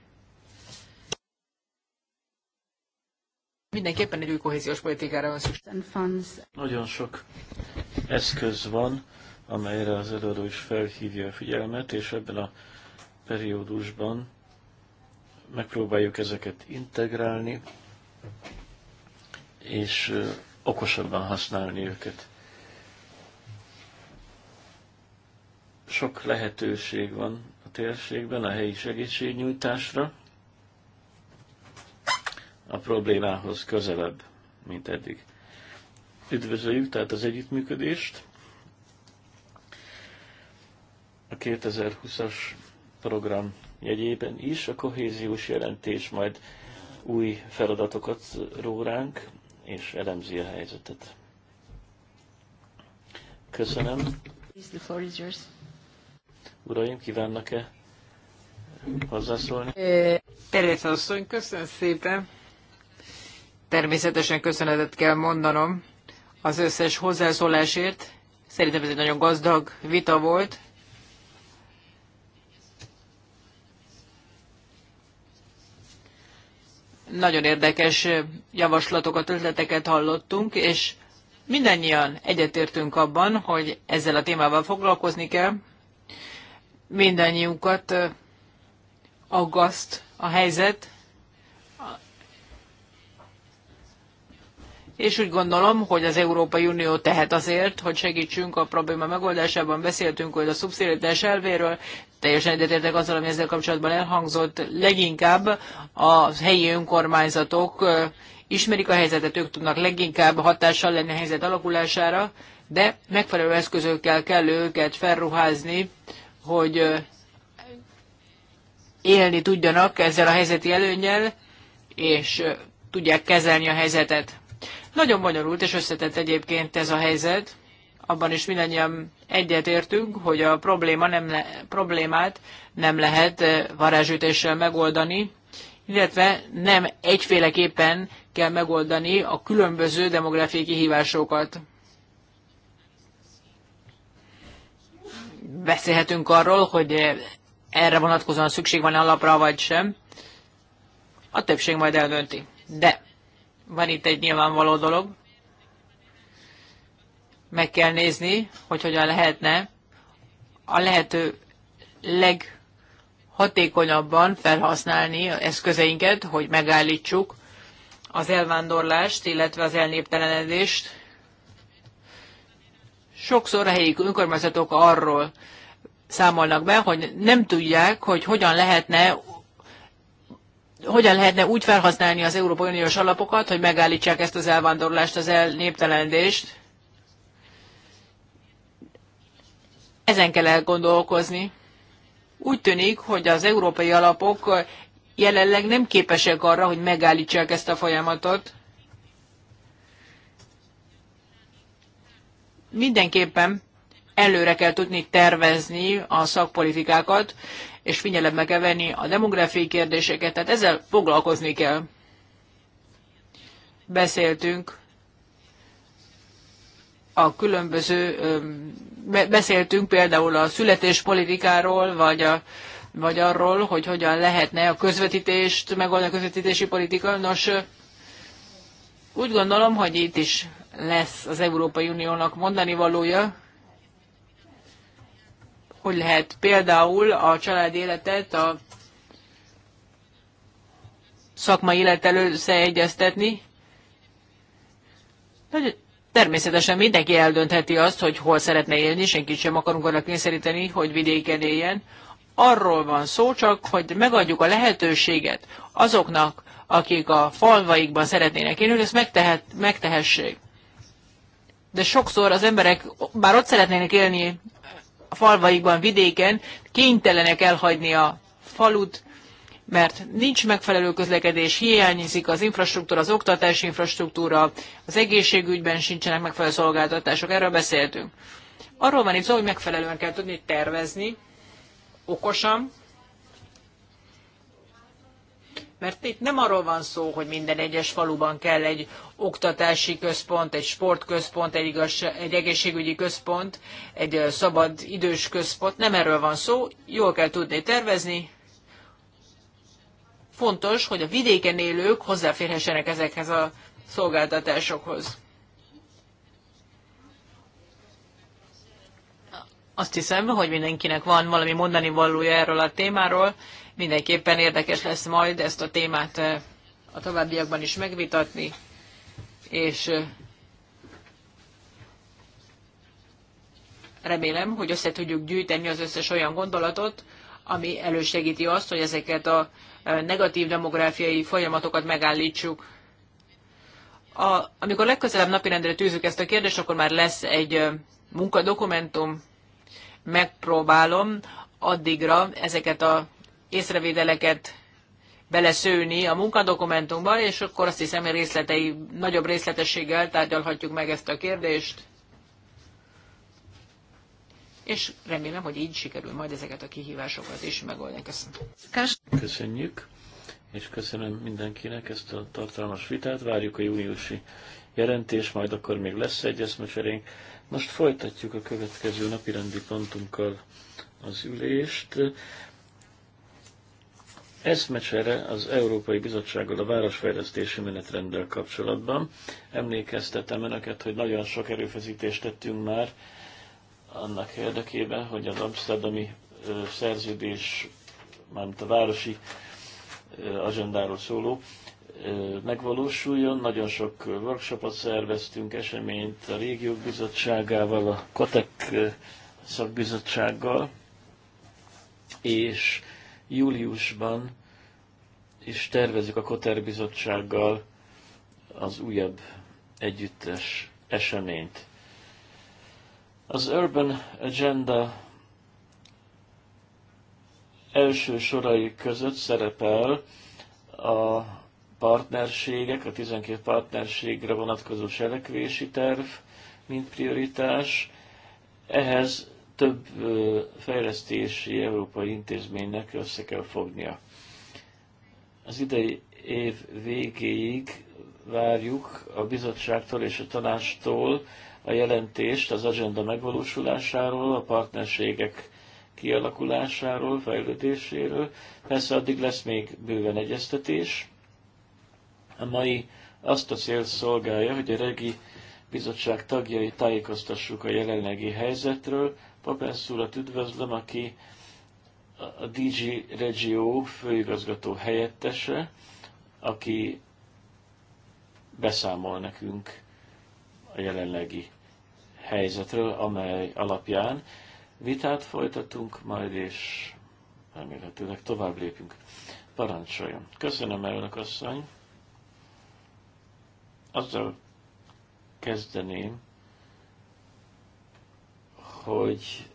Mindenképpen egy új kohéziós politikára van szükség. Nagyon sok eszköz van, amelyre az előadó is felhívja a figyelmet, és ebben a periódusban megpróbáljuk ezeket integrálni, és okosabban használni őket. sok lehetőség van a térségben a helyi segítségnyújtásra, a problémához közelebb, mint eddig. Üdvözöljük tehát az együttműködést. A 2020-as program jegyében is a kohéziós jelentés majd új feladatokat ró ránk, és elemzi a helyzetet. Köszönöm. Please, the floor is yours uraim, kívánnak-e hozzászólni? Terjesz asszony, köszönöm szépen. Természetesen köszönetet kell mondanom az összes hozzászólásért. Szerintem ez egy nagyon gazdag vita volt. Nagyon érdekes javaslatokat, ötleteket hallottunk, és mindannyian egyetértünk abban, hogy ezzel a témával foglalkozni kell, mindannyiunkat aggaszt a helyzet, és úgy gondolom, hogy az Európai Unió tehet azért, hogy segítsünk a probléma megoldásában. Beszéltünk hogy a szubszidiaritás elvéről, teljesen egyetértek azzal, ami ezzel kapcsolatban elhangzott. Leginkább a helyi önkormányzatok ismerik a helyzetet, ők tudnak leginkább hatással lenni a helyzet alakulására, de megfelelő eszközökkel kell őket felruházni hogy élni tudjanak ezzel a helyzeti előnyel, és tudják kezelni a helyzetet. Nagyon bonyolult és összetett egyébként ez a helyzet. Abban is mindannyian egyetértünk, hogy a probléma nem le, problémát nem lehet varázsütéssel megoldani, illetve nem egyféleképpen kell megoldani a különböző demográfiai kihívásokat. beszélhetünk arról, hogy erre vonatkozóan szükség van alapra, vagy sem. A többség majd eldönti. De van itt egy nyilvánvaló dolog. Meg kell nézni, hogy hogyan lehetne a lehető leghatékonyabban felhasználni eszközeinket, hogy megállítsuk az elvándorlást, illetve az elnéptelenedést sokszor a helyi önkormányzatok arról számolnak be, hogy nem tudják, hogy hogyan lehetne hogyan lehetne úgy felhasználni az Európai Uniós alapokat, hogy megállítsák ezt az elvándorlást, az elnéptelendést. Ezen kell elgondolkozni. Úgy tűnik, hogy az európai alapok jelenleg nem képesek arra, hogy megállítsák ezt a folyamatot. mindenképpen előre kell tudni tervezni a szakpolitikákat, és figyelembe kell venni a demográfiai kérdéseket, tehát ezzel foglalkozni kell. Beszéltünk a különböző, beszéltünk például a születéspolitikáról, vagy, a, vagy arról, hogy hogyan lehetne a közvetítést megoldani, a közvetítési politika. Nos, úgy gondolom, hogy itt is lesz az Európai Uniónak mondani valója, hogy lehet például a család életet a szakmai élet összeegyeztetni. Természetesen mindenki eldöntheti azt, hogy hol szeretne élni, senkit sem akarunk arra kényszeríteni, hogy vidéken éljen. Arról van szó csak, hogy megadjuk a lehetőséget azoknak, akik a falvaikban szeretnének élni, hogy ezt megtehet, megtehessék de sokszor az emberek, bár ott szeretnének élni a falvaikban, vidéken, kénytelenek elhagyni a falut, mert nincs megfelelő közlekedés, hiányzik az infrastruktúra, az oktatási infrastruktúra, az egészségügyben sincsenek megfelelő szolgáltatások, erről beszéltünk. Arról van itt szó, hogy megfelelően kell tudni tervezni, okosan, mert itt nem arról van szó, hogy minden egyes faluban kell egy oktatási központ, egy sportközpont, egy, igaz, egy egészségügyi központ, egy szabad idős központ. Nem erről van szó, jól kell tudni tervezni. Fontos, hogy a vidéken élők hozzáférhessenek ezekhez a szolgáltatásokhoz. azt hiszem, hogy mindenkinek van valami mondani valója erről a témáról, Mindenképpen érdekes lesz majd ezt a témát eh, a továbbiakban is megvitatni, és eh, remélem, hogy össze tudjuk gyűjteni az összes olyan gondolatot, ami elősegíti azt, hogy ezeket a eh, negatív demográfiai folyamatokat megállítsuk. A, amikor legközelebb napirendre tűzük ezt a kérdést, akkor már lesz egy munkadokumentum, megpróbálom addigra ezeket a észrevételeket beleszőni a munkadokumentumba és akkor azt hiszem, hogy részletei, nagyobb részletességgel tárgyalhatjuk meg ezt a kérdést. És remélem, hogy így sikerül majd ezeket a kihívásokat is megoldani. Köszönöm. Köszönjük, és köszönöm mindenkinek ezt a tartalmas vitát. Várjuk a júniusi jelentés, majd akkor még lesz egy eszmecserénk. Most folytatjuk a következő napirendi pontunkkal az ülést eszmecsere az Európai Bizottsággal a városfejlesztési menetrenddel kapcsolatban. Emlékeztetem önöket, hogy nagyon sok erőfeszítést tettünk már annak érdekében, hogy az Amsterdami szerződés, mármint a városi agendáról szóló, megvalósuljon. Nagyon sok workshopot szerveztünk, eseményt a régiók bizottságával, a Kotek szakbizottsággal, és Júliusban is tervezik a Koter Bizottsággal az újabb együttes eseményt. Az Urban Agenda első sorai között szerepel a partnerségek, a 12 partnerségre vonatkozó cselekvési terv, mint prioritás. Ehhez több fejlesztési európai intézménynek össze kell fognia. Az idei év végéig várjuk a bizottságtól és a tanástól a jelentést az agenda megvalósulásáról, a partnerségek kialakulásáról, fejlődéséről. Persze addig lesz még bőven egyeztetés. A mai azt a cél szolgálja, hogy a regi bizottság tagjai tájékoztassuk a jelenlegi helyzetről, Papensz urat üdvözlöm, aki a DG Regio főigazgató helyettese, aki beszámol nekünk a jelenlegi helyzetről, amely alapján vitát folytatunk majd, és remélhetőleg tovább lépünk. Parancsoljon. Köszönöm, elnök asszony. Azzal kezdeném, hogy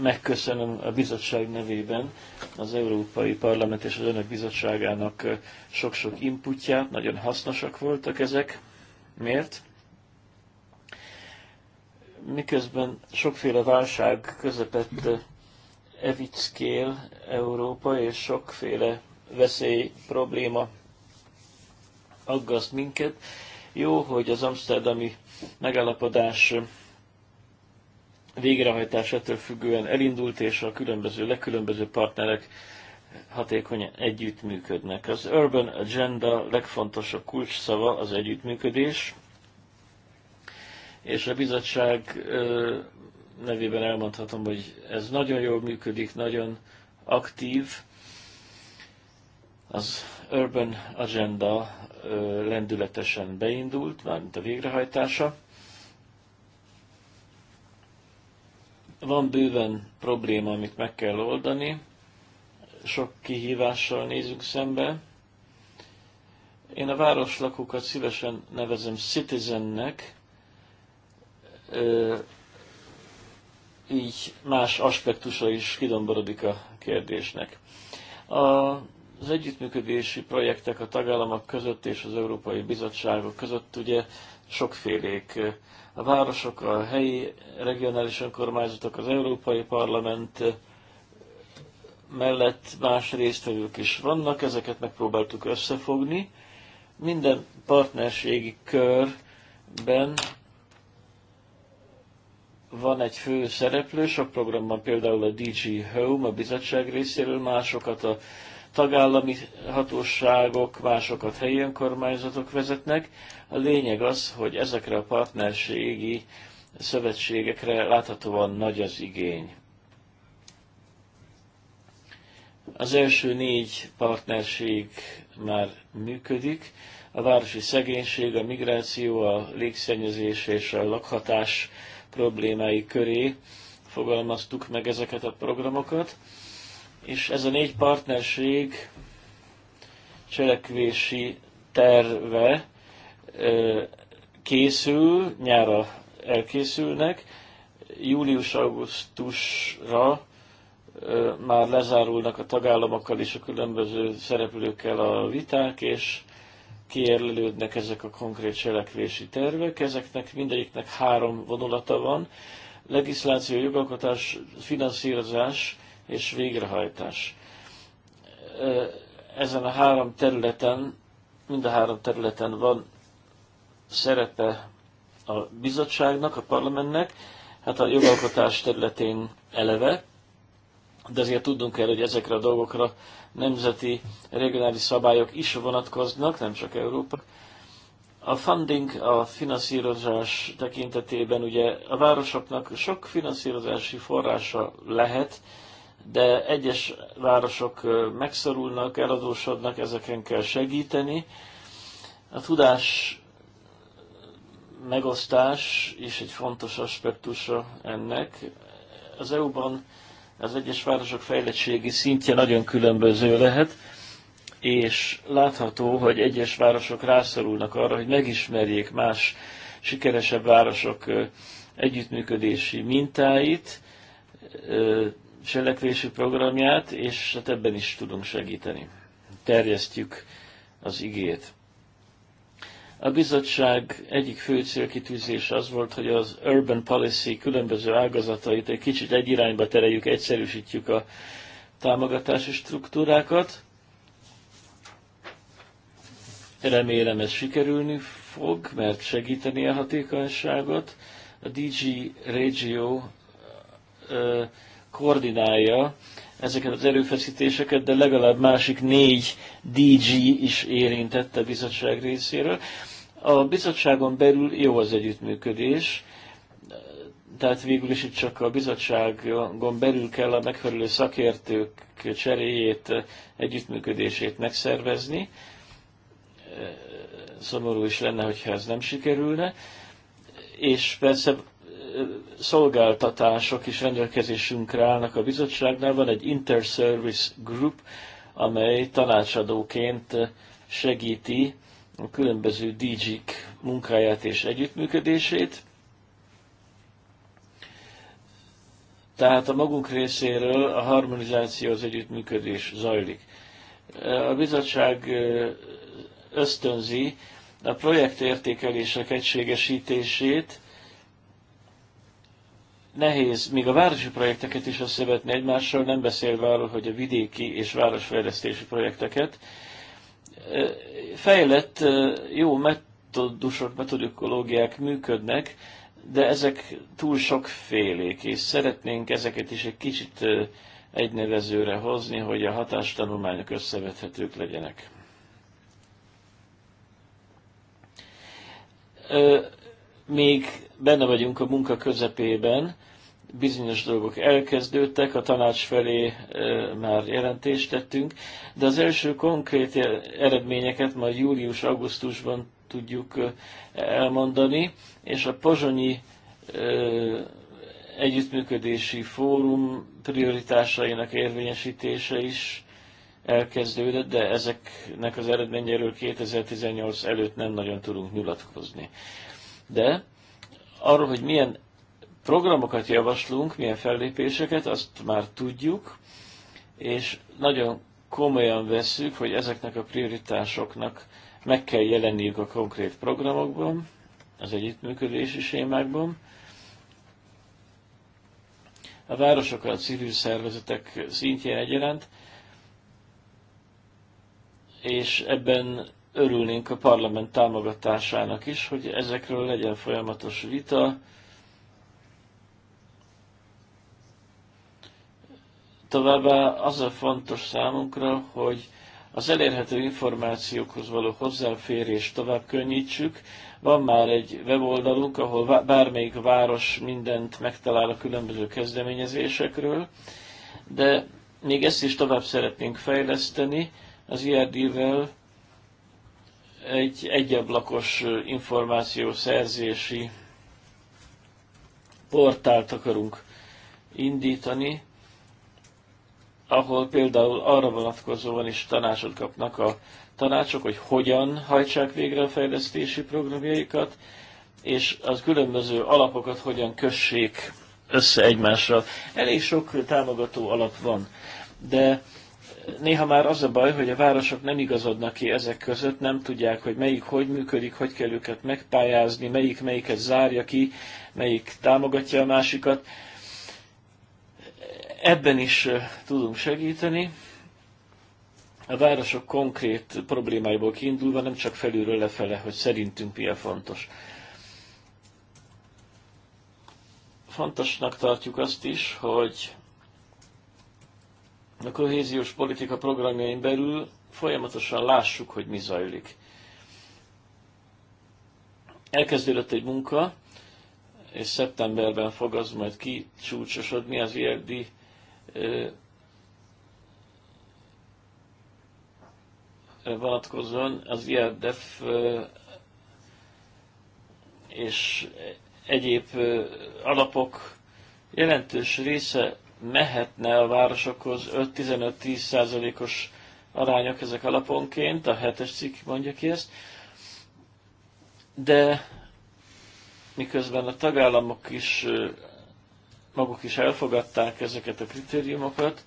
megköszönöm a bizottság nevében az Európai Parlament és az Önök Bizottságának sok-sok inputját, nagyon hasznosak voltak ezek. Miért? Miközben sokféle válság közepette evickél Európa, és sokféle veszély, probléma aggaszt minket. Jó, hogy az amsterdami megállapodás végrehajtásától függően elindult, és a különböző, legkülönböző partnerek hatékonyan együttműködnek. Az Urban Agenda legfontosabb kulcsszava az együttműködés, és a bizottság nevében elmondhatom, hogy ez nagyon jól működik, nagyon aktív. Az Urban Agenda lendületesen beindult, mármint a végrehajtása Van bőven probléma, amit meg kell oldani, sok kihívással nézünk szembe. Én a városlakókat szívesen nevezem citizennek, így más aspektusa is kidomborodik a kérdésnek. Az együttműködési projektek a tagállamok között és az Európai Bizottságok között ugye sokfélék a városok, a helyi regionális önkormányzatok, az Európai Parlament mellett más résztvevők is vannak, ezeket megpróbáltuk összefogni. Minden partnerségi körben van egy fő szereplős, a programban például a DG Home, a bizottság részéről, másokat a tagállami hatóságok, másokat helyi önkormányzatok vezetnek. A lényeg az, hogy ezekre a partnerségi szövetségekre láthatóan nagy az igény. Az első négy partnerség már működik. A városi szegénység, a migráció, a légszennyezés és a lakhatás problémái köré fogalmaztuk meg ezeket a programokat és ez a négy partnerség cselekvési terve készül, nyára elkészülnek, július-augusztusra már lezárulnak a tagállamokkal és a különböző szereplőkkel a viták, és kijelölődnek ezek a konkrét cselekvési tervek. Ezeknek mindegyiknek három vonulata van. Legisláció, jogalkotás, finanszírozás és végrehajtás. Ezen a három területen, mind a három területen van szerepe a bizottságnak, a parlamentnek, hát a jogalkotás területén eleve, de azért tudnunk kell, hogy ezekre a dolgokra nemzeti, regionális szabályok is vonatkoznak, nem csak Európa. A funding, a finanszírozás tekintetében ugye a városoknak sok finanszírozási forrása lehet, de egyes városok megszorulnak, eladósodnak, ezeken kell segíteni. A tudás megosztás is egy fontos aspektusa ennek. Az EU-ban az egyes városok fejlettségi szintje nagyon különböző lehet, és látható, hogy egyes városok rászorulnak arra, hogy megismerjék más sikeresebb városok együttműködési mintáit, cselekvési programját, és hát ebben is tudunk segíteni. Terjesztjük az igét. A bizottság egyik fő célkitűzése az volt, hogy az urban policy különböző ágazatait egy kicsit egy irányba tereljük, egyszerűsítjük a támogatási struktúrákat. Remélem ez sikerülni fog, mert segíteni a hatékonyságot. A DG Regio uh, koordinálja ezeket az erőfeszítéseket, de legalább másik négy DG is érintette a bizottság részéről. A bizottságon belül jó az együttműködés, tehát végül is itt csak a bizottságon belül kell a megfelelő szakértők cseréjét, együttműködését megszervezni. Szomorú is lenne, hogyha ez nem sikerülne. És persze szolgáltatások is rendelkezésünkre állnak a bizottságnál. Van egy inter-service Group, amely tanácsadóként segíti a különböző dg munkáját és együttműködését. Tehát a magunk részéről a harmonizáció az együttműködés zajlik. A bizottság ösztönzi a projektértékelések egységesítését, nehéz még a városi projekteket is összevetni egymással, nem beszélve arról, hogy a vidéki és városfejlesztési projekteket. Fejlett jó metodusok, metodikológiák működnek, de ezek túl sokfélék, és szeretnénk ezeket is egy kicsit egynevezőre hozni, hogy a hatástanulmányok összevethetők legyenek. Még benne vagyunk a munka közepében, bizonyos dolgok elkezdődtek, a tanács felé már jelentést tettünk, de az első konkrét eredményeket majd július-augusztusban tudjuk elmondani, és a pozsonyi együttműködési fórum prioritásainak érvényesítése is elkezdődött, de ezeknek az eredményéről 2018 előtt nem nagyon tudunk nyilatkozni. De arról, hogy milyen Programokat javaslunk, milyen fellépéseket, azt már tudjuk, és nagyon komolyan vesszük, hogy ezeknek a prioritásoknak meg kell jelenniük a konkrét programokban, az együttműködési sémákban. A városokkal a civil szervezetek szintjén egyaránt, és ebben örülnénk a parlament támogatásának is, hogy ezekről legyen folyamatos vita, Továbbá az a fontos számunkra, hogy az elérhető információkhoz való hozzáférést tovább könnyítsük. Van már egy weboldalunk, ahol bármelyik város mindent megtalál a különböző kezdeményezésekről, de még ezt is tovább szeretnénk fejleszteni az IRD-vel egy egyablakos információszerzési portált akarunk indítani, ahol például arra vonatkozóan is tanácsot kapnak a tanácsok, hogy hogyan hajtsák végre a fejlesztési programjaikat, és az különböző alapokat hogyan kössék össze egymással. Elég sok támogató alap van, de néha már az a baj, hogy a városok nem igazodnak ki ezek között, nem tudják, hogy melyik hogy működik, hogy kell őket megpályázni, melyik melyiket zárja ki, melyik támogatja a másikat. Ebben is tudunk segíteni. A városok konkrét problémáiból kiindulva nem csak felülről lefele, hogy szerintünk mi a fontos. Fontosnak tartjuk azt is, hogy a kohéziós politika programjain belül folyamatosan lássuk, hogy mi zajlik. Elkezdődött egy munka, és szeptemberben fog az majd kicsúcsosodni az érdi vonatkozóan az IRDF és egyéb alapok jelentős része mehetne a városokhoz 5-15-10 százalékos arányok ezek alaponként, a hetes cikk mondja ki ezt, de miközben a tagállamok is maguk is elfogadták ezeket a kritériumokat.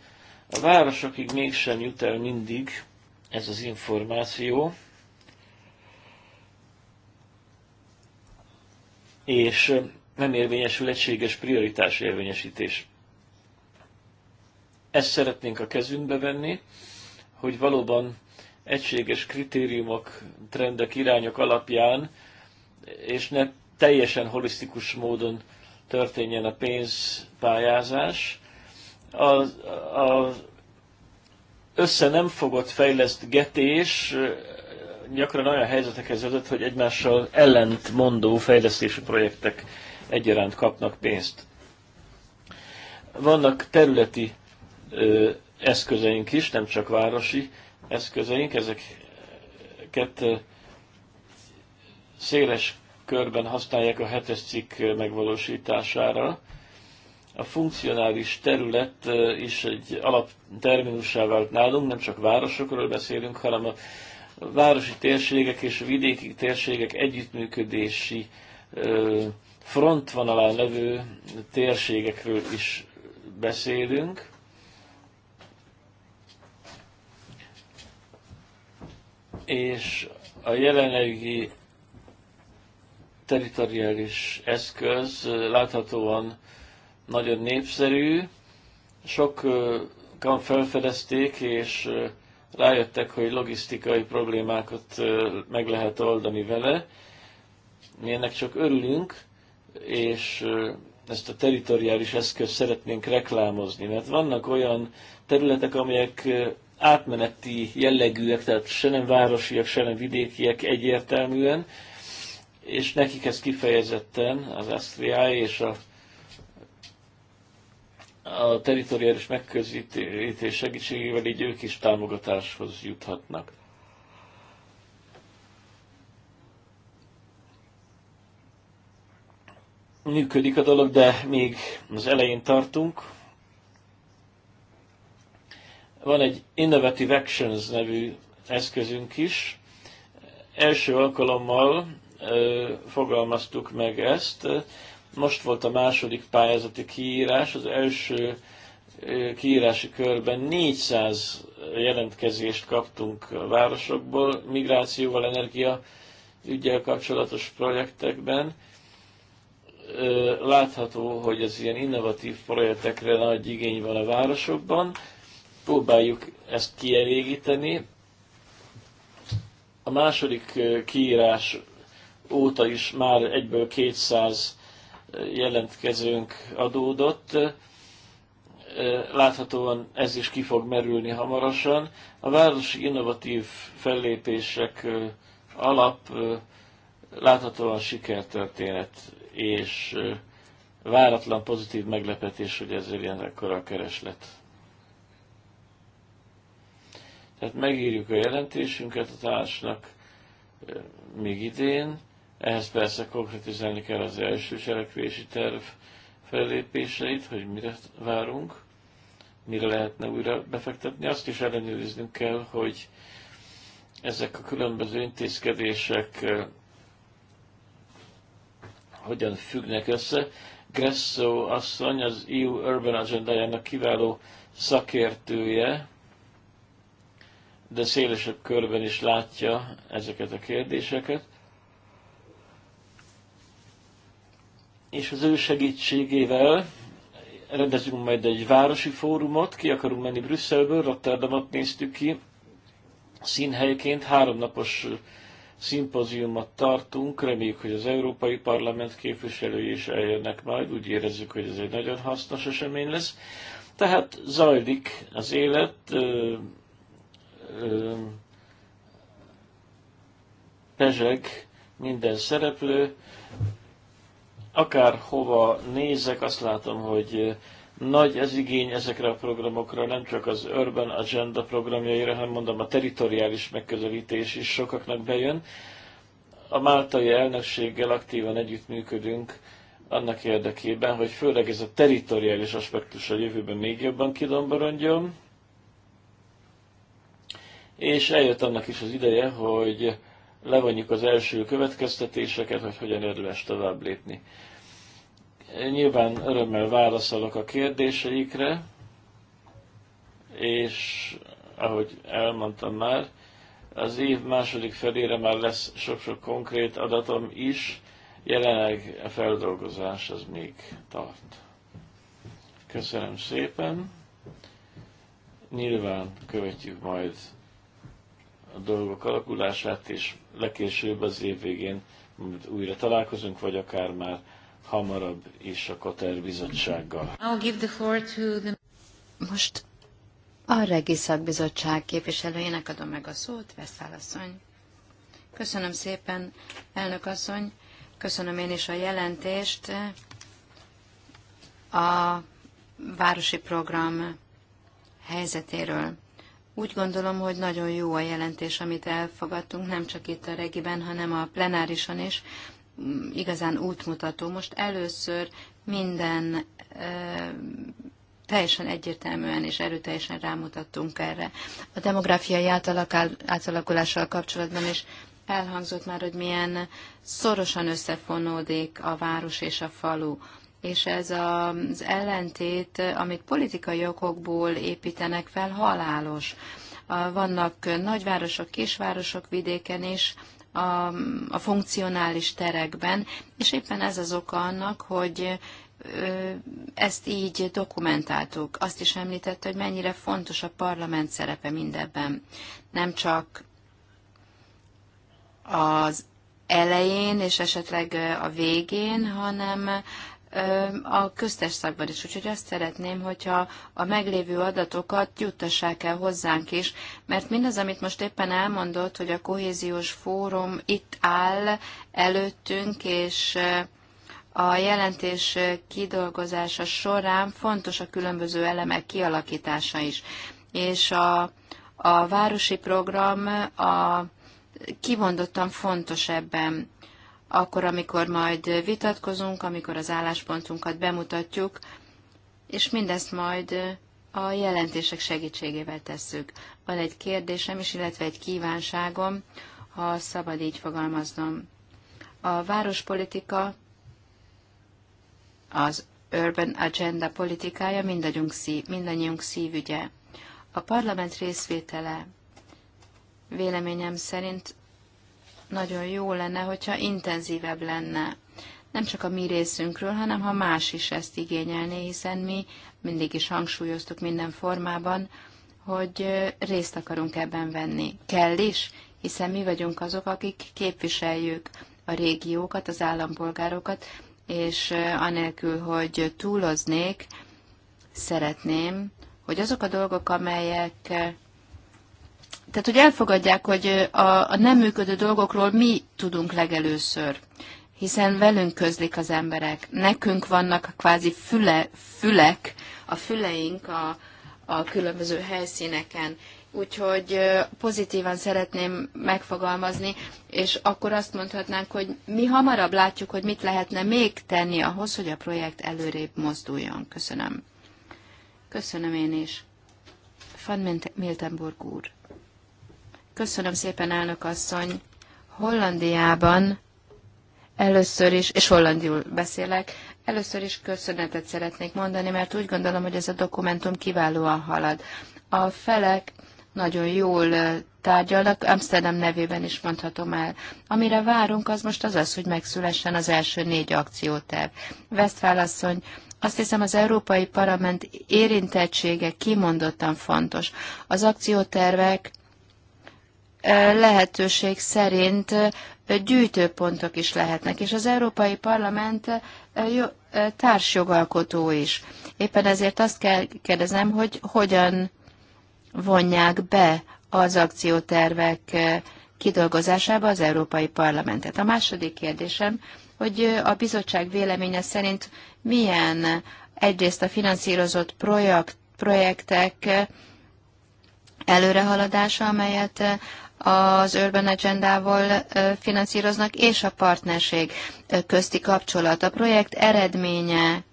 A városokig mégsem jut el mindig ez az információ, és nem érvényesül egységes prioritás érvényesítés. Ezt szeretnénk a kezünkbe venni, hogy valóban egységes kritériumok, trendek, irányok alapján, és ne teljesen holisztikus módon történjen a pénzpályázás. Az, az össze nem fogott fejlesztgetés gyakran olyan helyzetekhez vezet, hogy egymással ellentmondó fejlesztési projektek egyaránt kapnak pénzt. Vannak területi ö, eszközeink is, nem csak városi eszközeink, ezeket széles körben használják a hetes cikk megvalósítására. A funkcionális terület is egy alapterminussá vált nálunk, nem csak városokról beszélünk, hanem a városi térségek és a vidéki térségek együttműködési frontvonalán levő térségekről is beszélünk. És a jelenlegi teritoriális eszköz láthatóan nagyon népszerű. Sokan felfedezték, és rájöttek, hogy logisztikai problémákat meg lehet oldani vele. Mi ennek csak örülünk, és ezt a teritoriális eszközt szeretnénk reklámozni, mert vannak olyan területek, amelyek átmeneti jellegűek, tehát se nem városiak, se nem vidékiek egyértelműen, és nekik ez kifejezetten az Astria és a, a teritoriális megközelítés segítségével így ők is támogatáshoz juthatnak. Működik a dolog, de még az elején tartunk. Van egy Innovative Actions nevű eszközünk is. Első alkalommal fogalmaztuk meg ezt. Most volt a második pályázati kiírás, az első kiírási körben 400 jelentkezést kaptunk a városokból, migrációval, energia ügyel kapcsolatos projektekben. Látható, hogy az ilyen innovatív projektekre nagy igény van a városokban. Próbáljuk ezt kielégíteni. A második kiírás óta is már egyből 200 jelentkezőnk adódott. Láthatóan ez is ki fog merülni hamarosan. A városi innovatív fellépések alap láthatóan sikertörténet, és váratlan pozitív meglepetés, hogy ezért ilyen ekkora a kereslet. Tehát megírjuk a jelentésünket a társnak még idén, ehhez persze konkrétizálni kell az első cselekvési terv fellépéseit, hogy mire várunk, mire lehetne újra befektetni. Azt is ellenőriznünk kell, hogy ezek a különböző intézkedések eh, hogyan függnek össze. Gresso asszony az EU Urban Agendájának kiváló szakértője, de szélesebb körben is látja ezeket a kérdéseket. és az ő segítségével rendezünk majd egy városi fórumot, ki akarunk menni Brüsszelből, Rotterdamot néztük ki, színhelyként háromnapos szimpóziumot tartunk, reméljük, hogy az Európai Parlament képviselői is eljönnek majd, úgy érezzük, hogy ez egy nagyon hasznos esemény lesz. Tehát zajlik az élet, pezseg minden szereplő, akárhova nézek, azt látom, hogy eh, nagy ez igény ezekre a programokra, nem csak az Urban Agenda programjaira, hanem mondom a teritoriális megközelítés is sokaknak bejön. A máltai elnökséggel aktívan együttműködünk annak érdekében, hogy főleg ez a teritoriális aspektus a jövőben még jobban kidomborodjon. És eljött annak is az ideje, hogy levonjuk az első következtetéseket, hogy hogyan érdemes tovább lépni. Nyilván örömmel válaszolok a kérdéseikre, és ahogy elmondtam már, az év második felére már lesz sok-sok konkrét adatom is, jelenleg a feldolgozás az még tart. Köszönöm szépen! Nyilván követjük majd a dolgok alakulását, és legkésőbb az év végén újra találkozunk, vagy akár már hamarabb is a Kater bizottsággal. The... Most a Regi Szakbizottság képviselőjének adom meg a szót, Veszál asszony. Köszönöm szépen, elnök asszony. Köszönöm én is a jelentést. A városi program helyzetéről. Úgy gondolom, hogy nagyon jó a jelentés, amit elfogadtunk, nem csak itt a regiben, hanem a plenárison is. Mm, igazán útmutató. Most először minden teljesen egyértelműen és erőteljesen rámutattunk erre. A demográfiai átalakulással kapcsolatban is elhangzott már, hogy milyen szorosan összefonódik a város és a falu és ez az ellentét, amit politikai okokból építenek fel, halálos. Vannak nagyvárosok, kisvárosok vidéken is, a, a funkcionális terekben, és éppen ez az oka annak, hogy ezt így dokumentáltuk. Azt is említette, hogy mennyire fontos a parlament szerepe mindebben. Nem csak az elején és esetleg a végén, hanem a köztes szakban is. Úgyhogy azt szeretném, hogyha a meglévő adatokat juttassák el hozzánk is, mert mindaz, amit most éppen elmondott, hogy a kohéziós fórum itt áll előttünk, és a jelentés kidolgozása során fontos a különböző elemek kialakítása is. És a, a városi program a, kivondottan fontos ebben akkor, amikor majd vitatkozunk, amikor az álláspontunkat bemutatjuk, és mindezt majd a jelentések segítségével tesszük. Van egy kérdésem is, illetve egy kívánságom, ha szabad így fogalmaznom. A várospolitika, az Urban Agenda politikája mindannyiunk, szív, mindannyiunk szívügye. A parlament részvétele véleményem szerint nagyon jó lenne, hogyha intenzívebb lenne. Nem csak a mi részünkről, hanem ha más is ezt igényelné, hiszen mi mindig is hangsúlyoztuk minden formában, hogy részt akarunk ebben venni. Kell is, hiszen mi vagyunk azok, akik képviseljük a régiókat, az állampolgárokat, és anélkül, hogy túloznék, szeretném, hogy azok a dolgok, amelyek tehát, hogy elfogadják, hogy a, a nem működő dolgokról mi tudunk legelőször, hiszen velünk közlik az emberek. Nekünk vannak a kvázi füle, fülek, a füleink a, a különböző helyszíneken. Úgyhogy pozitívan szeretném megfogalmazni, és akkor azt mondhatnánk, hogy mi hamarabb látjuk, hogy mit lehetne még tenni ahhoz, hogy a projekt előrébb mozduljon. Köszönöm. Köszönöm én is. Van Miltenburg úr. Köszönöm szépen, elnök asszony. Hollandiában először is, és hollandiul beszélek, először is köszönetet szeretnék mondani, mert úgy gondolom, hogy ez a dokumentum kiválóan halad. A felek nagyon jól tárgyalnak, Amsterdam nevében is mondhatom el. Amire várunk, az most az az, hogy megszülessen az első négy akcióterv. Vesztválasszony, azt hiszem az Európai Parlament érintettsége kimondottan fontos. Az akciótervek lehetőség szerint gyűjtőpontok is lehetnek, és az Európai Parlament társjogalkotó is. Éppen ezért azt kell kérdezem, hogy hogyan vonják be az akciótervek kidolgozásába az Európai Parlamentet. A második kérdésem, hogy a bizottság véleménye szerint milyen egyrészt a finanszírozott projekt, projektek előrehaladása, amelyet az Urban Agendával finanszíroznak, és a partnerség közti kapcsolat. A projekt eredménye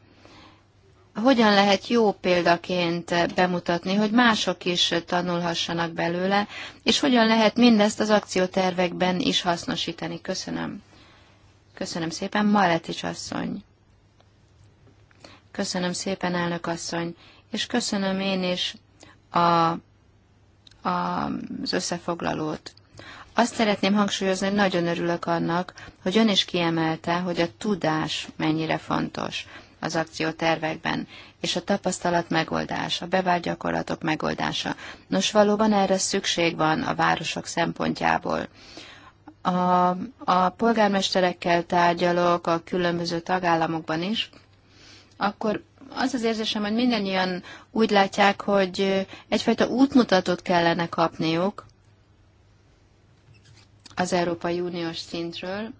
hogyan lehet jó példaként bemutatni, hogy mások is tanulhassanak belőle, és hogyan lehet mindezt az akciótervekben is hasznosítani. Köszönöm. Köszönöm szépen, Maletics asszony. Köszönöm szépen, elnök asszony, és köszönöm én is a az összefoglalót. Azt szeretném hangsúlyozni, hogy nagyon örülök annak, hogy ön is kiemelte, hogy a tudás mennyire fontos az akciótervekben, és a tapasztalat megoldása, a bevált gyakorlatok megoldása. Nos, valóban erre szükség van a városok szempontjából. A, a polgármesterekkel tárgyalok a különböző tagállamokban is, akkor az az érzésem, hogy mindannyian úgy látják, hogy egyfajta útmutatót kellene kapniuk az Európai Uniós szintről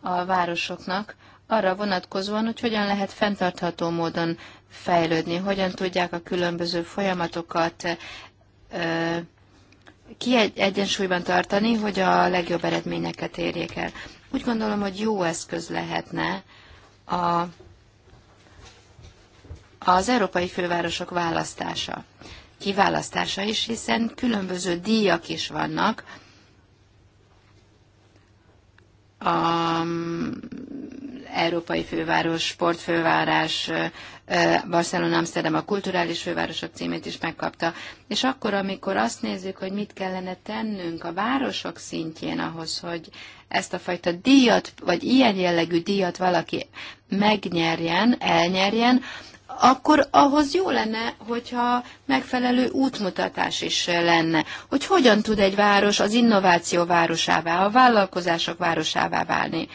a városoknak, arra vonatkozóan, hogy hogyan lehet fenntartható módon fejlődni, hogyan tudják a különböző folyamatokat ö, ki egy, egyensúlyban tartani, hogy a legjobb eredményeket érjék el. Úgy gondolom, hogy jó eszköz lehetne a az európai fővárosok választása, kiválasztása is, hiszen különböző díjak is vannak, a mm, Európai Főváros, Sportfővárás, Barcelona, Amsterdam a kulturális fővárosok címét is megkapta. És akkor, amikor azt nézzük, hogy mit kellene tennünk a városok szintjén ahhoz, hogy ezt a fajta díjat, vagy ilyen jellegű díjat valaki megnyerjen, elnyerjen, akkor ahhoz jó lenne, hogyha megfelelő útmutatás is lenne, hogy hogyan tud egy város az innováció városává, a vállalkozások városává válni.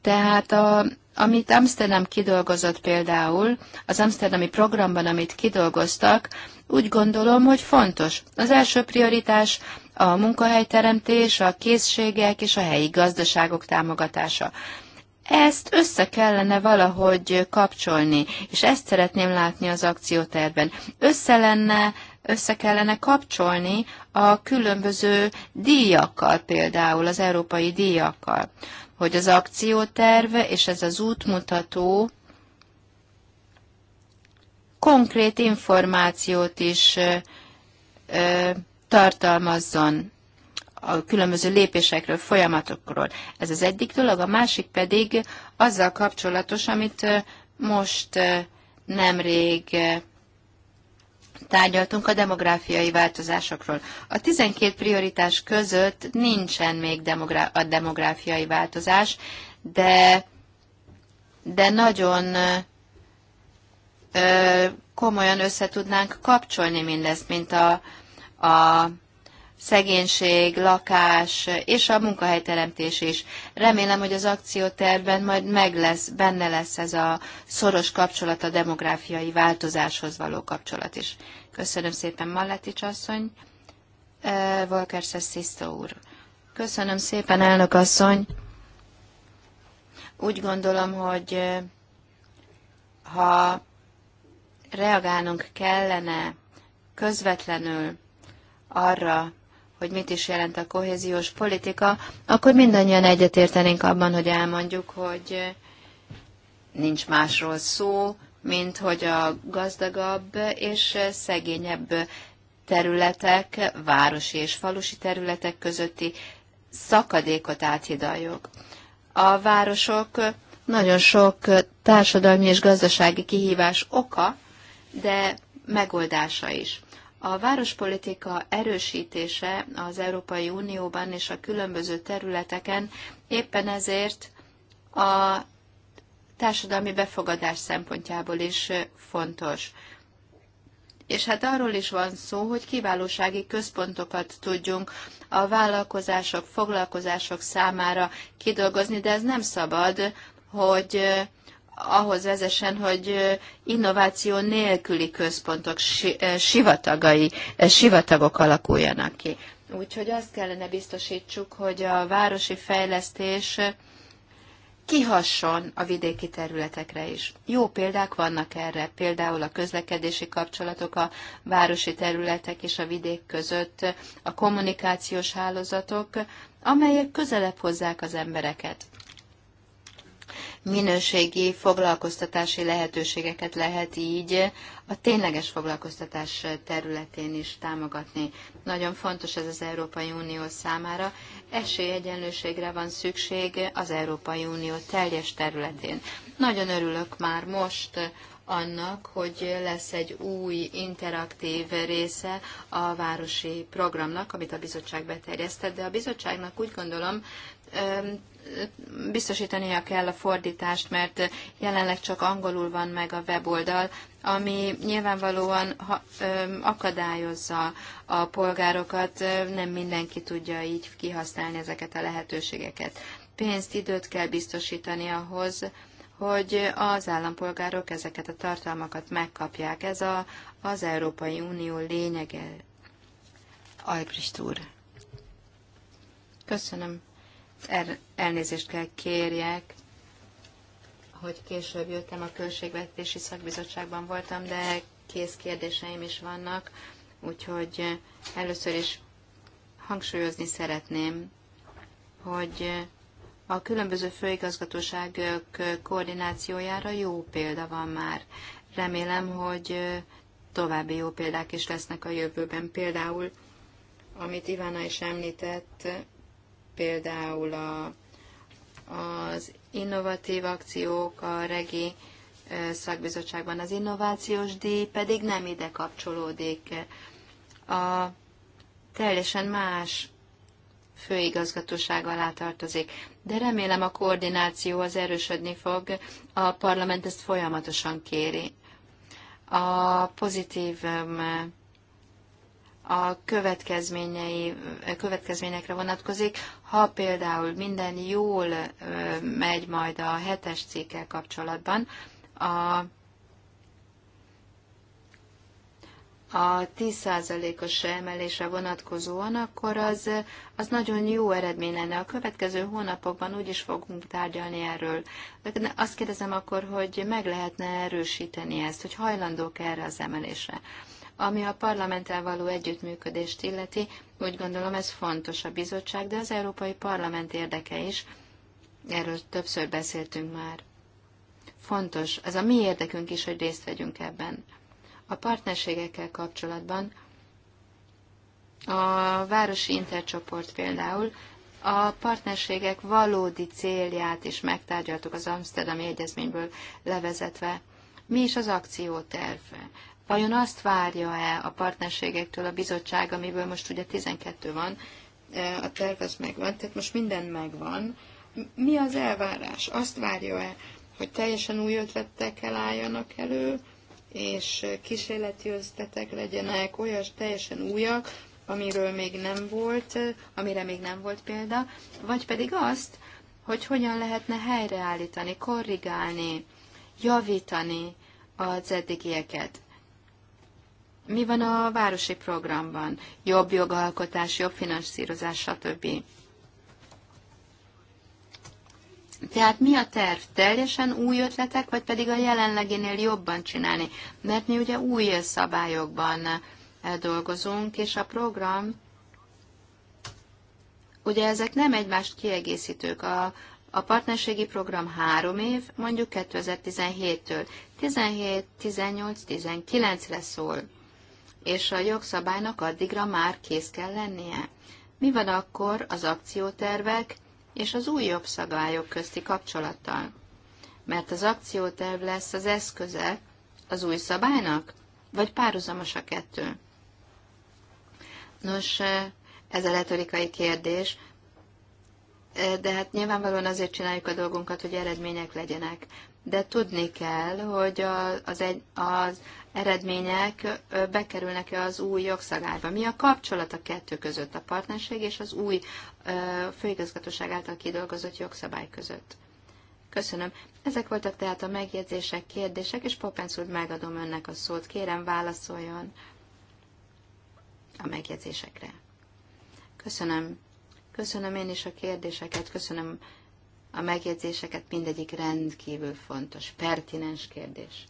Tehát a, amit Amsterdam kidolgozott például, az amsterdami programban, amit kidolgoztak, úgy gondolom, hogy fontos. Az első prioritás a munkahelyteremtés, a készségek és a helyi gazdaságok támogatása. Ezt össze kellene valahogy kapcsolni, és ezt szeretném látni az akcióterben. Össze lenne össze kellene kapcsolni a különböző díjakkal, például az európai díjakkal, hogy az akcióterv és ez az útmutató konkrét információt is ö, tartalmazzon a különböző lépésekről, folyamatokról. Ez az egyik dolog, a másik pedig azzal kapcsolatos, amit most nemrég tárgyaltunk a demográfiai változásokról. A 12 prioritás között nincsen még a demográfiai változás, de, de nagyon komolyan összetudnánk kapcsolni mindezt, mint a, a szegénység, lakás és a munkahelyteremtés is. Remélem, hogy az akciótervben majd meg lesz, benne lesz ez a szoros kapcsolat a demográfiai változáshoz való kapcsolat is. Köszönöm szépen Malletics asszony, Volker Sziszta úr. Köszönöm szépen, elnök asszony. Úgy gondolom, hogy ha reagálnunk kellene közvetlenül arra, hogy mit is jelent a kohéziós politika, akkor mindannyian egyetértenénk abban, hogy elmondjuk, hogy nincs másról szó, mint hogy a gazdagabb és szegényebb területek, városi és falusi területek közötti szakadékot áthidaljuk. A városok nagyon sok társadalmi és gazdasági kihívás oka, de megoldása is. A várospolitika erősítése az Európai Unióban és a különböző területeken éppen ezért a társadalmi befogadás szempontjából is fontos. És hát arról is van szó, hogy kiválósági központokat tudjunk a vállalkozások, foglalkozások számára kidolgozni, de ez nem szabad, hogy ahhoz vezessen, hogy innováció nélküli központok sivatagai, sivatagok alakuljanak ki. Úgyhogy azt kellene biztosítsuk, hogy a városi fejlesztés kihasson a vidéki területekre is. Jó példák vannak erre, például a közlekedési kapcsolatok a városi területek és a vidék között, a kommunikációs hálózatok, amelyek közelebb hozzák az embereket minőségi foglalkoztatási lehetőségeket lehet így a tényleges foglalkoztatás területén is támogatni. Nagyon fontos ez az Európai Unió számára. Esélyegyenlőségre van szükség az Európai Unió teljes területén. Nagyon örülök már most annak, hogy lesz egy új interaktív része a városi programnak, amit a bizottság beterjesztett, de a bizottságnak úgy gondolom biztosítania kell a fordítást, mert jelenleg csak angolul van meg a weboldal, ami nyilvánvalóan ha, ö, akadályozza a polgárokat, nem mindenki tudja így kihasználni ezeket a lehetőségeket. Pénzt, időt kell biztosítani ahhoz, hogy az állampolgárok ezeket a tartalmakat megkapják. Ez a, az Európai Unió lényege. Albrecht úr. Köszönöm el, elnézést kell kérjek, hogy később jöttem, a Költségvetési Szakbizottságban voltam, de kész kérdéseim is vannak, úgyhogy először is hangsúlyozni szeretném, hogy a különböző főigazgatóságok koordinációjára jó példa van már. Remélem, hogy további jó példák is lesznek a jövőben. Például, amit Ivana is említett, például a, az innovatív akciók, a regi szakbizottságban az innovációs díj pedig nem ide kapcsolódik. A teljesen más főigazgatóság alá tartozik. De remélem a koordináció az erősödni fog, a parlament ezt folyamatosan kéri. A pozitív a következményei, következményekre vonatkozik, ha például minden jól megy majd a hetes cikkel kapcsolatban, a a 10%-os emelésre vonatkozóan, akkor az, az nagyon jó eredmény lenne. A következő hónapokban úgy is fogunk tárgyalni erről. De azt kérdezem akkor, hogy meg lehetne erősíteni ezt, hogy hajlandók erre az emelésre. Ami a parlamenttel való együttműködést illeti, úgy gondolom ez fontos a bizottság, de az Európai Parlament érdeke is. Erről többször beszéltünk már. Fontos, ez a mi érdekünk is, hogy részt vegyünk ebben. A partnerségekkel kapcsolatban a városi intercsoport például a partnerségek valódi célját is megtárgyaltuk az Amsterdami Egyezményből levezetve. Mi is az akcióterv? Vajon azt várja-e a partnerségektől a bizottság, amiből most ugye 12 van, a terv az megvan, tehát most minden megvan. Mi az elvárás? Azt várja-e, hogy teljesen új ötletekkel álljanak elő, és kísérleti ötletek legyenek, olyas teljesen újak, amiről még nem volt, amire még nem volt példa, vagy pedig azt, hogy hogyan lehetne helyreállítani, korrigálni, javítani az eddigieket mi van a városi programban? Jobb jogalkotás, jobb finanszírozás, stb. Tehát mi a terv? Teljesen új ötletek, vagy pedig a jelenleginél jobban csinálni? Mert mi ugye új szabályokban eh, dolgozunk, és a program, ugye ezek nem egymást kiegészítők. A, a partnerségi program három év, mondjuk 2017-től. 17, 18, 19-re szól és a jogszabálynak addigra már kész kell lennie. Mi van akkor az akciótervek és az új jogszabályok közti kapcsolattal? Mert az akcióterv lesz az eszköze az új szabálynak, vagy párhuzamos a kettő? Nos, ez a retorikai kérdés, de hát nyilvánvalóan azért csináljuk a dolgunkat, hogy eredmények legyenek de tudni kell, hogy az, egy, az eredmények bekerülnek-e az új jogszabályba. Mi a kapcsolat a kettő között, a partnerség és az új főigazgatóság által kidolgozott jogszabály között? Köszönöm. Ezek voltak tehát a megjegyzések, kérdések, és Popensz úr, megadom önnek a szót. Kérem, válaszoljon a megjegyzésekre. Köszönöm. Köszönöm én is a kérdéseket, köszönöm a megjegyzéseket, mindegyik rendkívül fontos, pertinens kérdés.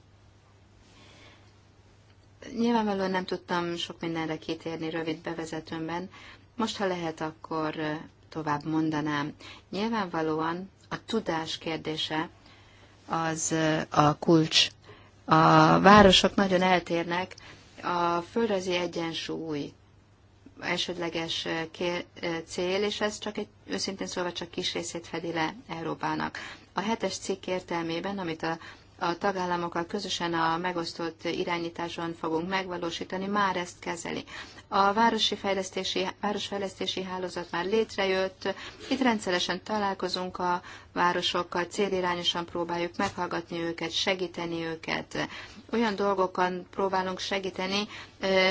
Nyilvánvalóan nem tudtam sok mindenre kitérni rövid bevezetőmben, most, ha lehet, akkor tovább mondanám. Nyilvánvalóan a tudás kérdése az a kulcs. A városok nagyon eltérnek, a földrajzi egyensúly elsődleges cél, és ez csak egy, őszintén szólva csak kis részét fedi le Európának. A hetes cikk értelmében, amit a a tagállamokkal közösen a megosztott irányításon fogunk megvalósítani, már ezt kezeli. A városi fejlesztési, városfejlesztési hálózat már létrejött, itt rendszeresen találkozunk a, városokkal célirányosan próbáljuk meghallgatni őket, segíteni őket. Olyan dolgokon próbálunk segíteni,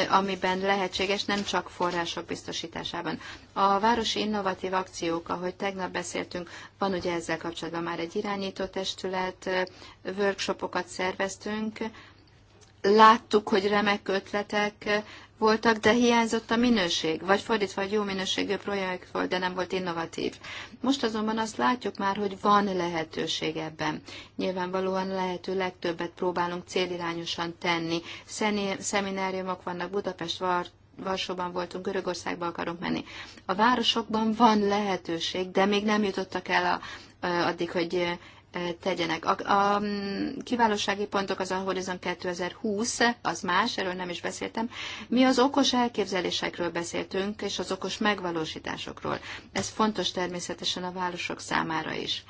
amiben lehetséges, nem csak források biztosításában. A városi innovatív akciók, ahogy tegnap beszéltünk, van ugye ezzel kapcsolatban már egy irányító testület, workshopokat szerveztünk, láttuk, hogy remek ötletek voltak, de hiányzott a minőség, vagy fordítva, hogy jó minőségű projekt volt, de nem volt innovatív. Most azonban azt látjuk már, hogy van lehetőség ebben. Nyilvánvalóan lehető legtöbbet próbálunk célirányosan tenni. Szemináriumok vannak Budapest, Vart, Varsóban voltunk, Görögországba akarunk menni. A városokban van lehetőség, de még nem jutottak el a, addig, hogy tegyenek. A, a mm, kiválósági pontok az a Horizon 2020, az más, erről nem is beszéltem. Mi az okos elképzelésekről beszéltünk, és az okos megvalósításokról. Ez fontos természetesen a városok számára is.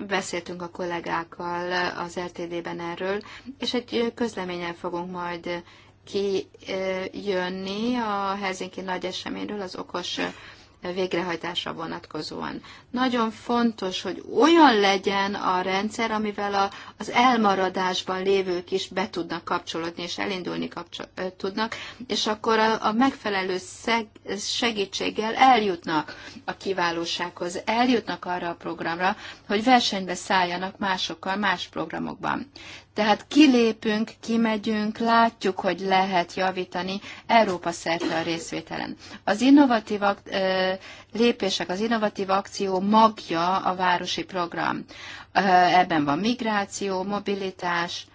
Beszéltünk a kollégákkal az RTD-ben erről, és egy közleményen fogunk majd kijönni a Helsinki nagy eseményről, az okos végrehajtásra vonatkozóan. Nagyon fontos, hogy olyan legyen a rendszer, amivel a, az elmaradásban lévők is be tudnak kapcsolódni, és elindulni kapcsol, tudnak, és akkor a, a megfelelő szeg, segítséggel eljutnak a kiválósághoz, eljutnak arra a programra, hogy versenybe szálljanak másokkal más programokban. Tehát kilépünk, kimegyünk, látjuk, hogy lehet javítani Európa szerte a részvételen. Az innovatív lépések, az innovatív akció magja a városi program. Ebben van migráció, mobilitás,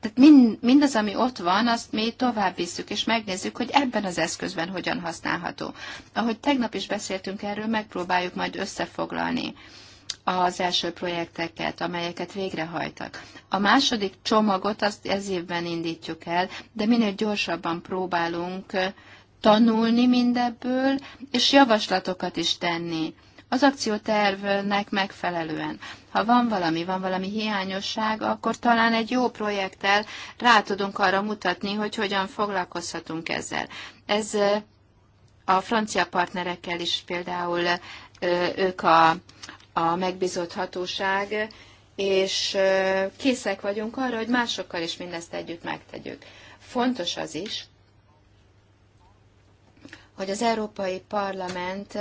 tehát mind, mindaz, ami ott van, azt mi tovább visszük, és megnézzük, hogy ebben az eszközben hogyan használható. Ahogy tegnap is beszéltünk erről, megpróbáljuk majd összefoglalni az első projekteket, amelyeket végrehajtak. A második csomagot azt ez évben indítjuk el, de minél gyorsabban próbálunk tanulni mindebből, és javaslatokat is tenni az akciótervnek megfelelően. Ha van valami, van valami hiányosság, akkor talán egy jó projekttel rá tudunk arra mutatni, hogy hogyan foglalkozhatunk ezzel. Ez a francia partnerekkel is például ők a, a megbízott hatóság, és készek vagyunk arra, hogy másokkal is mindezt együtt megtegyük. Fontos az is, hogy az Európai Parlament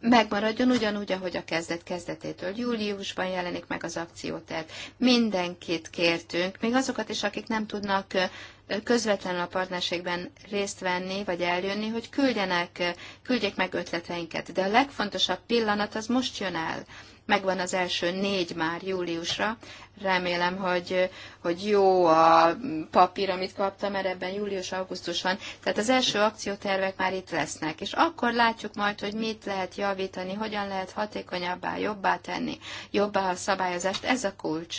megmaradjon ugyanúgy, ahogy a kezdet kezdetétől. Júliusban jelenik meg az akcióterv. Mindenkit kértünk, még azokat is, akik nem tudnak közvetlenül a partnerségben részt venni, vagy eljönni, hogy küldjenek, küldjék meg ötleteinket. De a legfontosabb pillanat az most jön el. Megvan az első négy már júliusra. Remélem, hogy, hogy jó a papír, amit kaptam, mert ebben július-augusztus van. Tehát az első akciótervek már itt lesznek, és akkor látjuk majd, hogy mit lehet javítani, hogyan lehet hatékonyabbá, jobbá tenni, jobbá a szabályozást. Ez a kulcs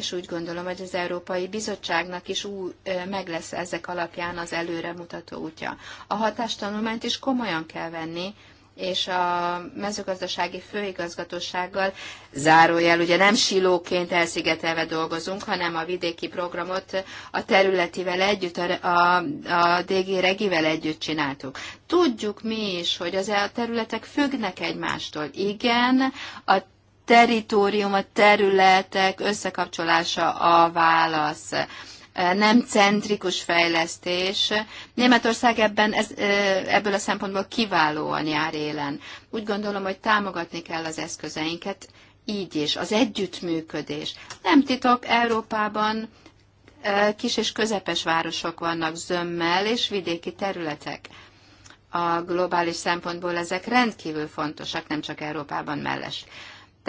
és úgy gondolom, hogy az Európai Bizottságnak is új, meg lesz ezek alapján az előremutató útja. A hatástanulmányt is komolyan kell venni, és a mezőgazdasági főigazgatósággal zárójel, ugye nem silóként elszigetelve dolgozunk, hanem a vidéki programot a területivel együtt, a, a, a DG Regivel együtt csináltuk. Tudjuk mi is, hogy az e- a területek függnek egymástól. Igen, a teritorium, a területek összekapcsolása a válasz e, nem centrikus fejlesztés. Németország ebben, ez, e, ebből a szempontból kiválóan jár élen. Úgy gondolom, hogy támogatni kell az eszközeinket, így is, az együttműködés. Nem titok, Európában e, kis és közepes városok vannak zömmel, és vidéki területek. A globális szempontból ezek rendkívül fontosak, nem csak Európában melles,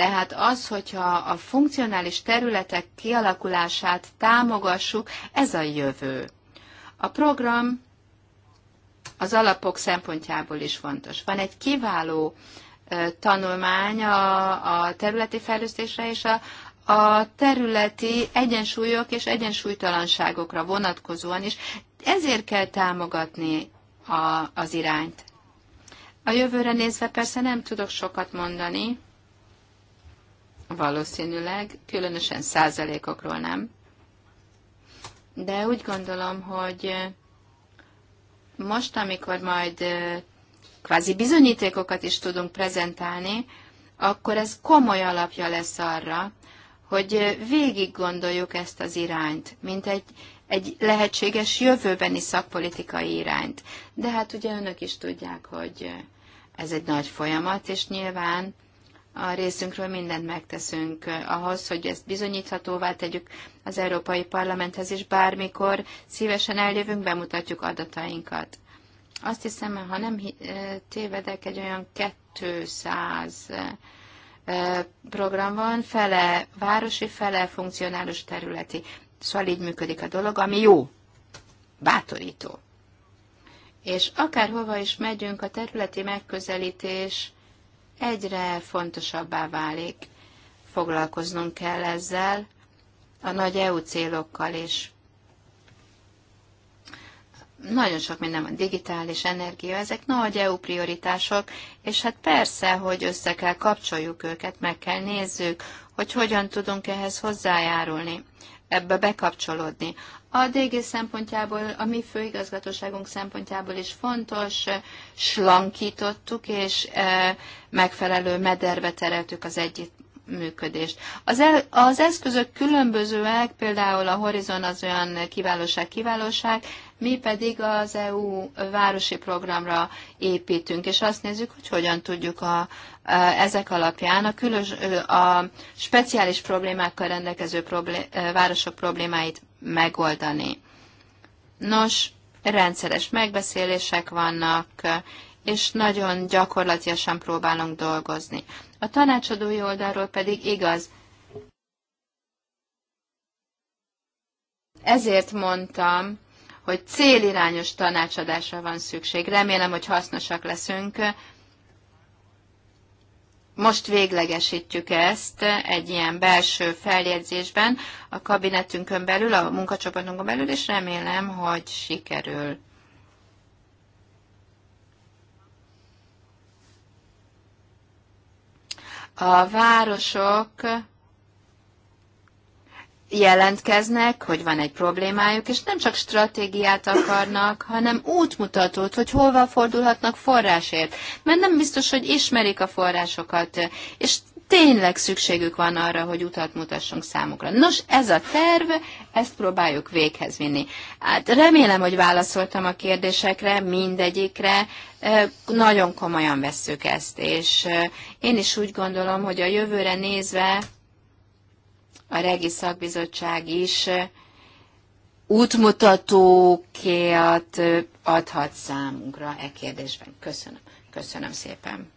tehát az, hogyha a funkcionális területek kialakulását támogassuk, ez a jövő. A program az alapok szempontjából is fontos. Van egy kiváló tanulmány a, a területi fejlesztésre és a, a területi egyensúlyok és egyensúlytalanságokra vonatkozóan is. Ezért kell támogatni a, az irányt. A jövőre nézve persze nem tudok sokat mondani, Valószínűleg, különösen százalékokról nem. De úgy gondolom, hogy eh, most, amikor majd eh, kvázi bizonyítékokat is tudunk prezentálni, akkor ez komoly alapja lesz arra, hogy eh, végig gondoljuk ezt az irányt, mint egy, egy lehetséges jövőbeni szakpolitikai irányt. De hát ugye önök is tudják, hogy ez egy nagy folyamat, és nyilván a részünkről mindent megteszünk ahhoz, hogy ezt bizonyíthatóvá tegyük az Európai Parlamenthez és bármikor. Szívesen eljövünk, bemutatjuk adatainkat. Azt hiszem, ha nem tévedek, egy olyan 200 program van, fele városi, fele funkcionális területi. Szóval így működik a dolog, ami jó, bátorító. És akárhova is megyünk, a területi megközelítés egyre fontosabbá válik. Foglalkoznunk kell ezzel, a nagy EU célokkal is. Nagyon sok minden van, digitális energia, ezek nagy EU prioritások, és hát persze, hogy össze kell kapcsoljuk őket, meg kell nézzük, hogy hogyan tudunk ehhez hozzájárulni ebbe bekapcsolódni. A DG szempontjából, a mi főigazgatóságunk szempontjából is fontos, slankítottuk és e, megfelelő mederbe tereltük az egyik működést. Az, el, az eszközök különbözőek, például a Horizon az olyan kiválóság, kiválóság, mi pedig az EU városi programra építünk, és azt nézzük, hogy hogyan tudjuk a, Eh, ezek alapján a, külös, a speciális problémákkal rendelkező problé, városok problémáit megoldani. Nos, rendszeres megbeszélések vannak, és nagyon gyakorlatilag próbálunk dolgozni. A tanácsadói oldalról pedig igaz, Ezért mondtam, hogy célirányos tanácsadásra van szükség. Remélem, hogy hasznosak leszünk most véglegesítjük ezt egy ilyen belső feljegyzésben a kabinetünkön belül, a munkacsoportunkon belül, és remélem, hogy sikerül. A városok jelentkeznek, hogy van egy problémájuk, és nem csak stratégiát akarnak, hanem útmutatót, hogy hova fordulhatnak forrásért. Mert nem biztos, hogy ismerik a forrásokat, és tényleg szükségük van arra, hogy utat mutassunk számukra. Nos, ez a terv, ezt próbáljuk véghez vinni. Hát remélem, hogy válaszoltam a kérdésekre, mindegyikre. Nagyon komolyan vesszük ezt, és én is úgy gondolom, hogy a jövőre nézve a Regi Szakbizottság is útmutatókat adhat számunkra e kérdésben. Köszönöm. Köszönöm szépen.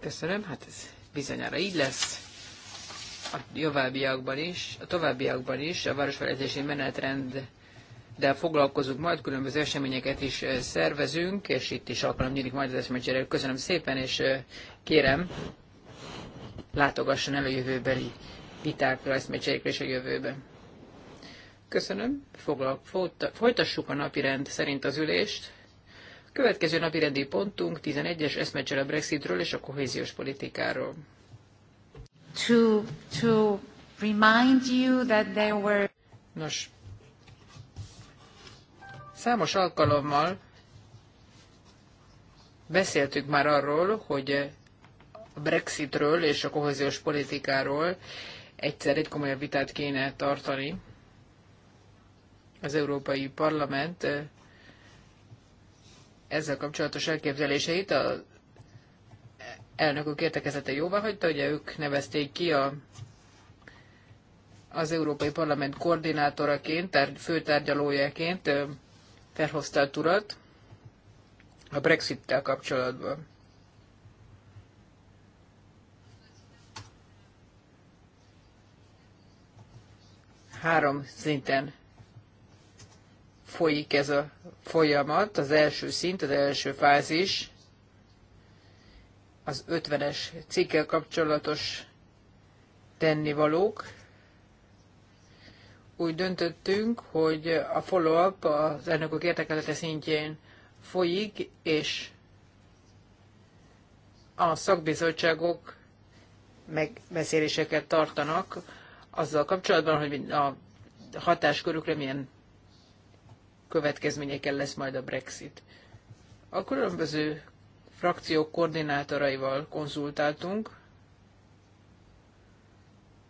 Köszönöm, hát ez bizonyára így lesz a továbbiakban is, a továbbiakban is a városfejlesztési menetrend de foglalkozunk majd, különböző eseményeket is szervezünk, és itt is alkalom nyílik majd az eszmecsére. Köszönöm szépen, és kérem, látogasson el a jövőbeli vitákra, eszmecserékre is a jövőben. Köszönöm. Foglalk, folytassuk a napirend szerint az ülést. Következő napirendi pontunk 11-es eszmecsel a Brexitről és a kohéziós politikáról. To, to remind you that there were... Nos, számos alkalommal beszéltük már arról, hogy a Brexitről és a kohéziós politikáról egyszer egy komolyabb vitát kéne tartani. Az Európai Parlament eh, ezzel kapcsolatos elképzeléseit a elnökök értekezete jóvá hagyta, ugye ők nevezték ki a, az Európai Parlament koordinátoraként, tár, főtárgyalójaként eh, Verhofstadt urat a Brexit-tel kapcsolatban. Három szinten folyik ez a folyamat. Az első szint, az első fázis, az 50-es cikkel kapcsolatos tennivalók. Úgy döntöttünk, hogy a follow-up az elnökök értekezete szintjén folyik, és a szakbizottságok megbeszéléseket tartanak azzal kapcsolatban, hogy a hatáskörükre milyen következményekkel lesz majd a Brexit. A különböző frakciók koordinátoraival konzultáltunk,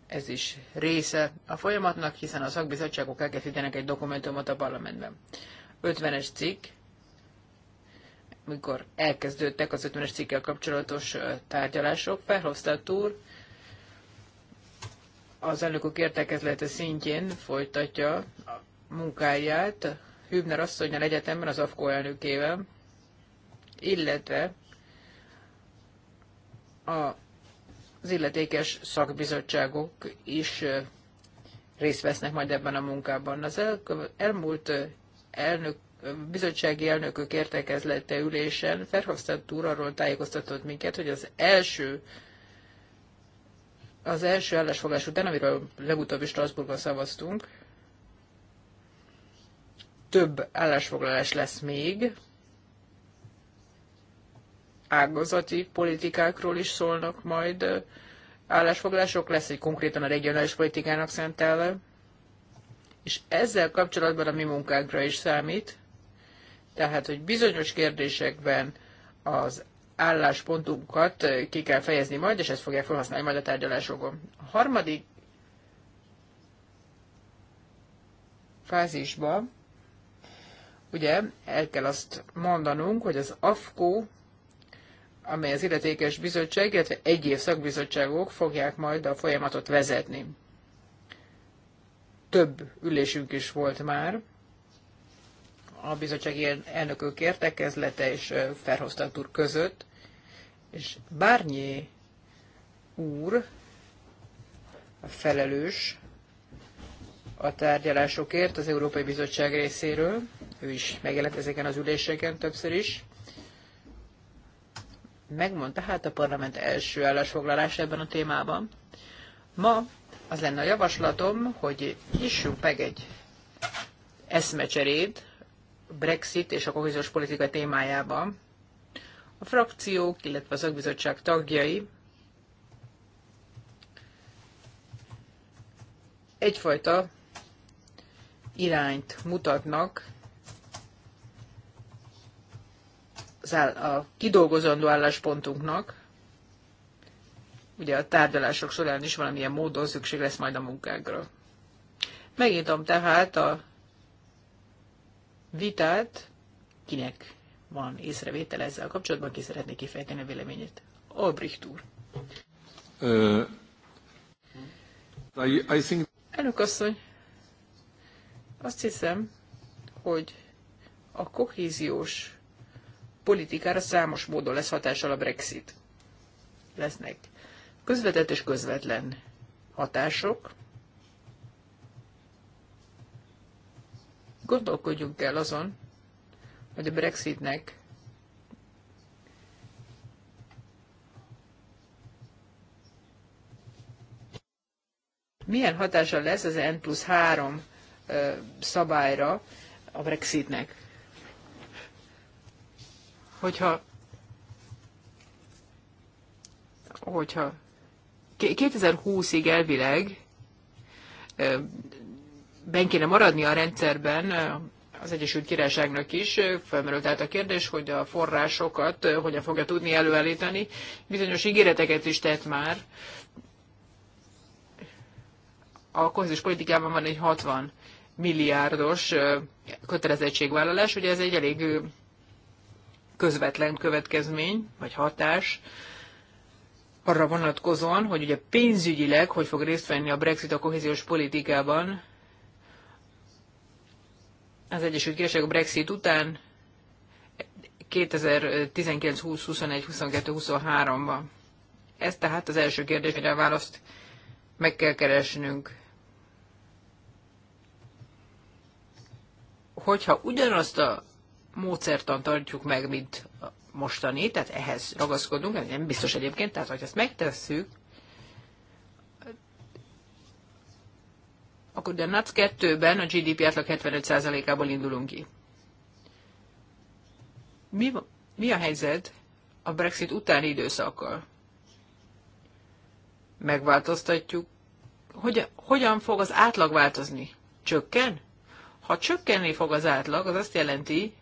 ez is része a folyamatnak, hiszen a szakbizottságok elkészítenek egy dokumentumot a parlamentben. 50-es cikk, mikor elkezdődtek az 50-es cikkel kapcsolatos tárgyalások, a túr, az elnökök értekezlete szintjén folytatja a munkáját Hübner asszonynal egyetemben az AFKO elnökével, illetve a, az illetékes szakbizottságok is részt vesznek majd ebben a munkában. Az el, elmúlt elnök, bizottsági elnökök értekezlete ülésen Ferhofstadt úr arról tájékoztatott minket, hogy az első az első állásfogás után, amiről legutóbb is Strasbourgban szavaztunk, több állásfoglalás lesz még, ágazati politikákról is szólnak majd állásfoglalások, lesz egy konkrétan a regionális politikának szentelve, és ezzel kapcsolatban a mi munkánkra is számít, tehát, hogy bizonyos kérdésekben az álláspontunkat ki kell fejezni majd, és ezt fogják felhasználni majd a tárgyalásokon. A harmadik fázisban ugye el kell azt mondanunk, hogy az AFKO, amely az illetékes bizottság, illetve egyéb szakbizottságok fogják majd a folyamatot vezetni. Több ülésünk is volt már, a bizottsági elnökök értekezlete és Ferhoztatúr között és Bárnyé úr a felelős a tárgyalásokért az Európai Bizottság részéről. Ő is megjelent ezeken az üléseken többször is. Megmondta hát a parlament első állásfoglalás ebben a témában. Ma az lenne a javaslatom, hogy nyissunk meg egy eszmecserét Brexit és a kohéziós politika témájában. A frakciók, illetve az szakbizottság tagjai egyfajta irányt mutatnak a kidolgozandó álláspontunknak, ugye a tárgyalások során is valamilyen módon szükség lesz majd a munkákra. Megnyitom tehát a vitát, kinek van észrevétel ezzel kapcsolatban, ki szeretné kifejteni a véleményét. Albrecht úr. Uh, I, I think... Elnök asszony, azt hiszem, hogy a kohéziós politikára számos módon lesz hatással a Brexit. Lesznek közvetett és közvetlen hatások. Gondolkodjunk el azon, vagy a Brexitnek milyen hatása lesz az N plusz 3 szabályra a Brexitnek? Hogyha hogyha 2020-ig elvileg ben kéne maradni a rendszerben az Egyesült Királyságnak is felmerült tehát a kérdés, hogy a forrásokat hogyan fogja tudni előállítani. Bizonyos ígéreteket is tett már. A kohéziós politikában van egy 60 milliárdos kötelezettségvállalás, ugye ez egy elég közvetlen következmény, vagy hatás arra vonatkozóan, hogy ugye pénzügyileg hogy fog részt venni a Brexit a kohéziós politikában, az Egyesült Királyság a Brexit után 2019, 20, 21, 22, 23-ban. Ez tehát az első kérdés, mire választ meg kell keresnünk. Hogyha ugyanazt a módszertan tartjuk meg, mint mostani, tehát ehhez ragaszkodunk, nem biztos egyébként, tehát hogy ezt megtesszük, akkor de NAC 2-ben a GDP átlag 75%-ából indulunk ki. Mi, mi a helyzet a Brexit utáni időszakkal? Megváltoztatjuk. Hogy, hogyan fog az átlag változni? Csökken? Ha csökkenni fog az átlag, az azt jelenti,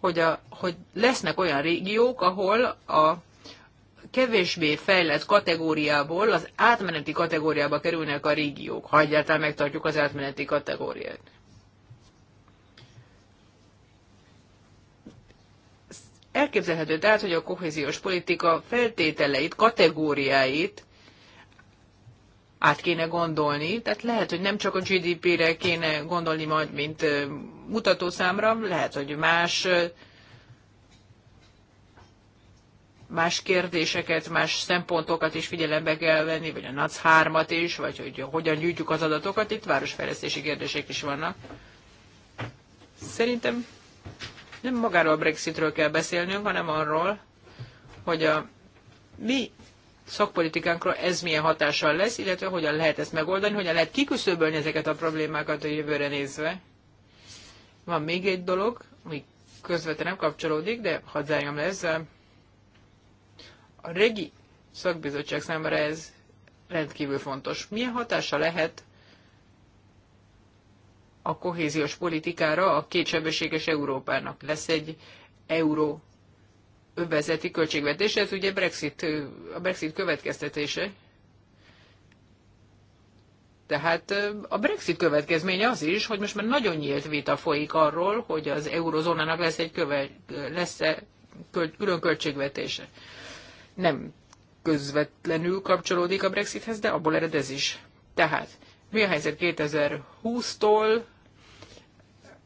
hogy, a, hogy lesznek olyan régiók, ahol a kevésbé fejlett kategóriából az átmeneti kategóriába kerülnek a régiók, ha egyáltalán megtartjuk az átmeneti kategóriát. Elképzelhető tehát, hogy a kohéziós politika feltételeit, kategóriáit át kéne gondolni, tehát lehet, hogy nem csak a GDP-re kéne gondolni majd, mint mutatószámra, lehet, hogy más más kérdéseket, más szempontokat is figyelembe kell venni, vagy a NAC 3-at is, vagy hogy hogyan gyűjtjük az adatokat, itt városfejlesztési kérdések is vannak. Szerintem nem magáról a Brexitről kell beszélnünk, hanem arról, hogy a mi szakpolitikánkra ez milyen hatással lesz, illetve hogyan lehet ezt megoldani, hogyan lehet kiküszöbölni ezeket a problémákat a jövőre nézve. Van még egy dolog, ami közvetlenül nem kapcsolódik, de hadd zárjam le ezzel. A regi szakbizottság számára ez rendkívül fontos. Milyen hatása lehet a kohéziós politikára a kétsebességes Európának? Lesz egy euró övezeti költségvetés, ez ugye Brexit, a Brexit következtetése. Tehát a Brexit következménye az is, hogy most már nagyon nyílt vita folyik arról, hogy az eurozónának lesz egy köve, lesz -e külön költségvetése nem közvetlenül kapcsolódik a Brexithez, de abból ered ez is. Tehát mi a helyzet 2020-tól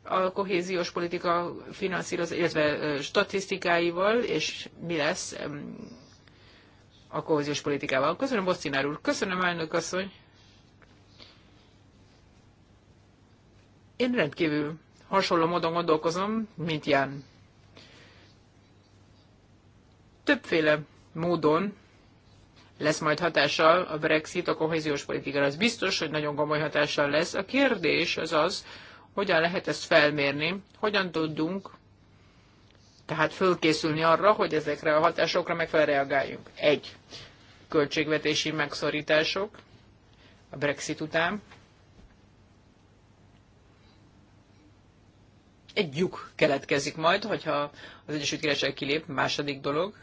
a kohéziós politika finanszíroz, illetve statisztikáival, és mi lesz a kohéziós politikával. Köszönöm, Bosszinár úr. Köszönöm, elnök asszony. Én rendkívül hasonló módon gondolkozom, mint Ján. Többféle módon lesz majd hatással a Brexit a kohéziós politikára. Az biztos, hogy nagyon komoly hatással lesz. A kérdés az az, hogyan lehet ezt felmérni, hogyan tudunk tehát fölkészülni arra, hogy ezekre a hatásokra megfelelően reagáljunk. Egy, költségvetési megszorítások a Brexit után. Egy lyuk keletkezik majd, hogyha az Egyesült Királyság kilép, második dolog.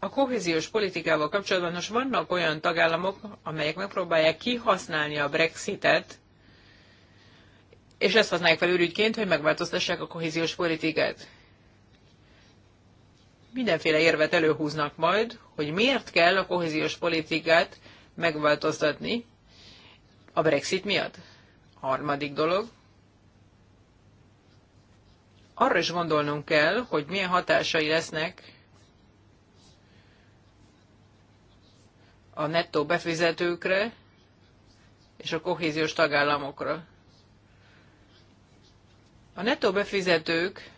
a kohéziós politikával kapcsolatban most vannak olyan tagállamok, amelyek megpróbálják kihasználni a Brexitet, és ezt használják fel ürügyként, hogy megváltoztassák a kohéziós politikát. Mindenféle érvet előhúznak majd, hogy miért kell a kohéziós politikát megváltoztatni a Brexit miatt. Harmadik dolog. Arra is gondolnunk kell, hogy milyen hatásai lesznek a nettó befizetőkre és a kohéziós tagállamokra. A nettó befizetők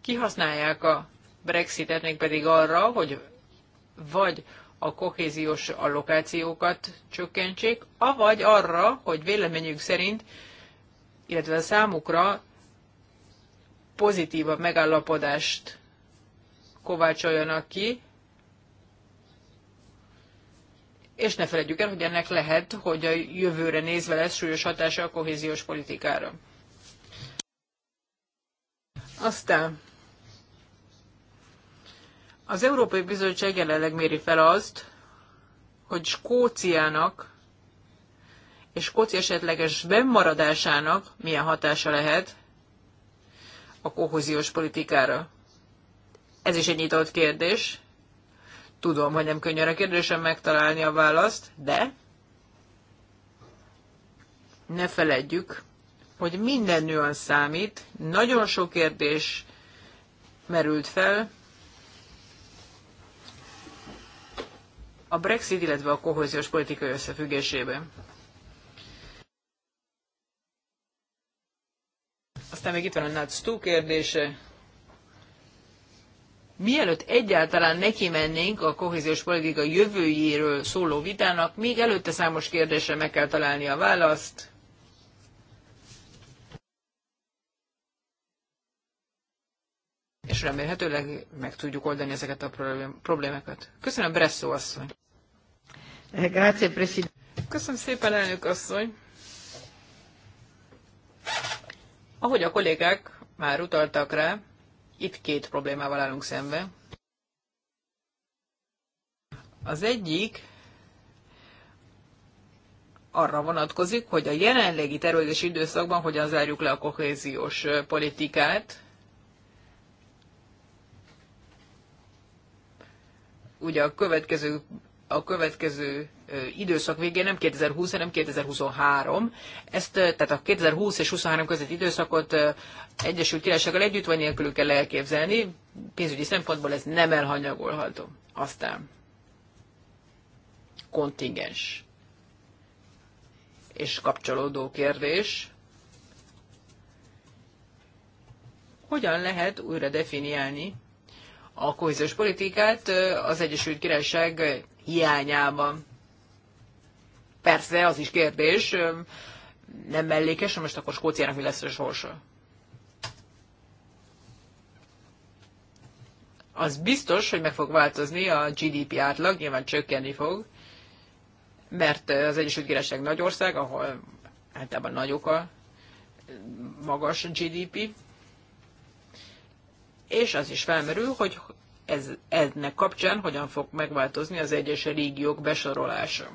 kihasználják a Brexitet még pedig arra, hogy vagy a kohéziós allokációkat csökkentsék, avagy arra, hogy véleményük szerint, illetve számukra pozitívabb megállapodást kovácsoljanak ki, és ne felejtjük el, hogy ennek lehet, hogy a jövőre nézve lesz súlyos hatása a kohéziós politikára. Aztán az Európai Bizottság jelenleg méri fel azt, hogy Skóciának és Skócia esetleges bennmaradásának milyen hatása lehet a kohéziós politikára. Ez is egy nyitott kérdés, Tudom, hogy nem könnyű a kérdésem megtalálni a választ, de ne feledjük, hogy minden nüansz számít, nagyon sok kérdés merült fel. A Brexit, illetve a kohéziós politikai összefüggésében. Aztán még itt van a NADSTU kérdése mielőtt egyáltalán neki mennénk a kohéziós politika jövőjéről szóló vitának, még előtte számos kérdésre meg kell találni a választ. És remélhetőleg meg tudjuk oldani ezeket a problémákat. Köszönöm, Bresszó asszony! Köszönöm szépen, elnök asszony! Ahogy a kollégák már utaltak rá, itt két problémával állunk szembe. Az egyik arra vonatkozik, hogy a jelenlegi tervezési időszakban hogyan zárjuk le a kohéziós politikát. Ugye a következő, a következő időszak végén nem 2020, hanem 2023. Ezt, tehát a 2020 és 23 közötti időszakot Egyesült Királysággal együtt vagy nélkülük kell elképzelni. Pénzügyi szempontból ez nem elhanyagolható. Aztán kontingens és kapcsolódó kérdés. Hogyan lehet újra definiálni a kohéziós politikát az Egyesült Királyság hiányában persze, az is kérdés, nem mellékes, most akkor Skóciának mi lesz a sorsa? Az biztos, hogy meg fog változni a GDP átlag, nyilván csökkenni fog, mert az Egyesült Királyság nagy ország, ahol általában nagyok a magas GDP, és az is felmerül, hogy ez, ennek kapcsán hogyan fog megváltozni az egyes régiók besorolása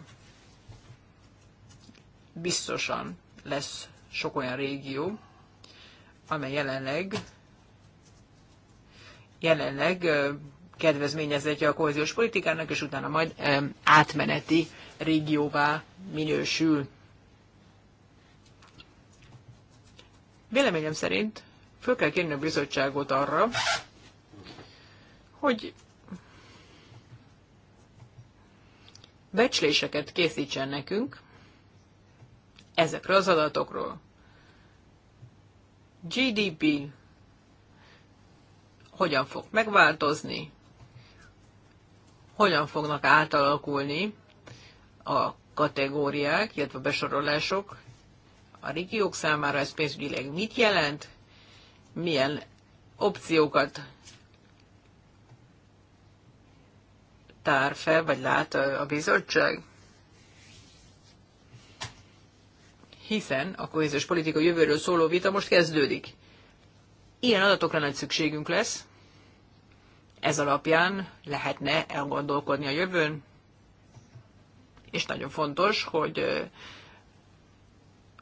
biztosan lesz sok olyan régió, amely jelenleg jelenleg kedvezményezetje a kohéziós politikának, és utána majd átmeneti régióvá minősül. Véleményem szerint föl kell kérni a bizottságot arra, hogy becsléseket készítsen nekünk, ezekről az adatokról. GDP hogyan fog megváltozni, hogyan fognak átalakulni a kategóriák, illetve besorolások, a régiók számára ez pénzügyileg mit jelent, milyen opciókat tár fel, vagy lát a bizottság. hiszen a kohéziós politika jövőről szóló vita most kezdődik. Ilyen adatokra nagy szükségünk lesz, ez alapján lehetne elgondolkodni a jövőn, és nagyon fontos, hogy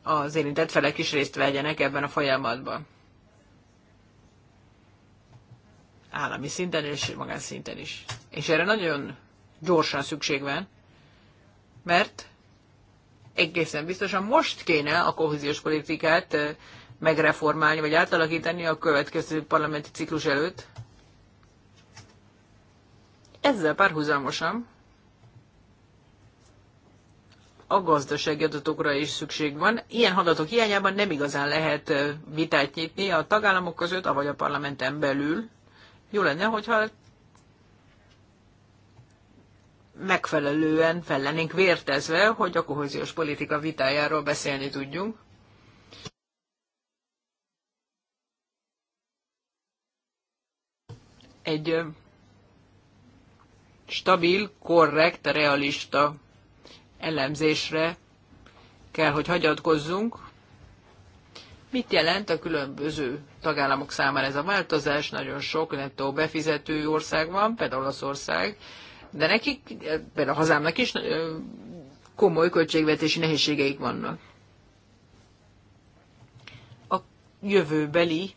az érintett felek is részt vegyenek ebben a folyamatban. Állami szinten és magánszinten is. És erre nagyon gyorsan szükség van, mert egészen biztosan most kéne a kohéziós politikát megreformálni, vagy átalakítani a következő parlamenti ciklus előtt. Ezzel párhuzamosan a gazdasági adatokra is szükség van. Ilyen adatok hiányában nem igazán lehet vitát nyitni a tagállamok között, avagy a parlamenten belül. Jó lenne, hogyha megfelelően fel lennénk vértezve, hogy a kohéziós politika vitájáról beszélni tudjunk. Egy stabil, korrekt, realista elemzésre kell, hogy hagyatkozzunk. Mit jelent a különböző tagállamok számára ez a változás? Nagyon sok nettó befizető ország van, például Olaszország, de nekik, például a hazámnak is komoly költségvetési nehézségeik vannak. A jövőbeli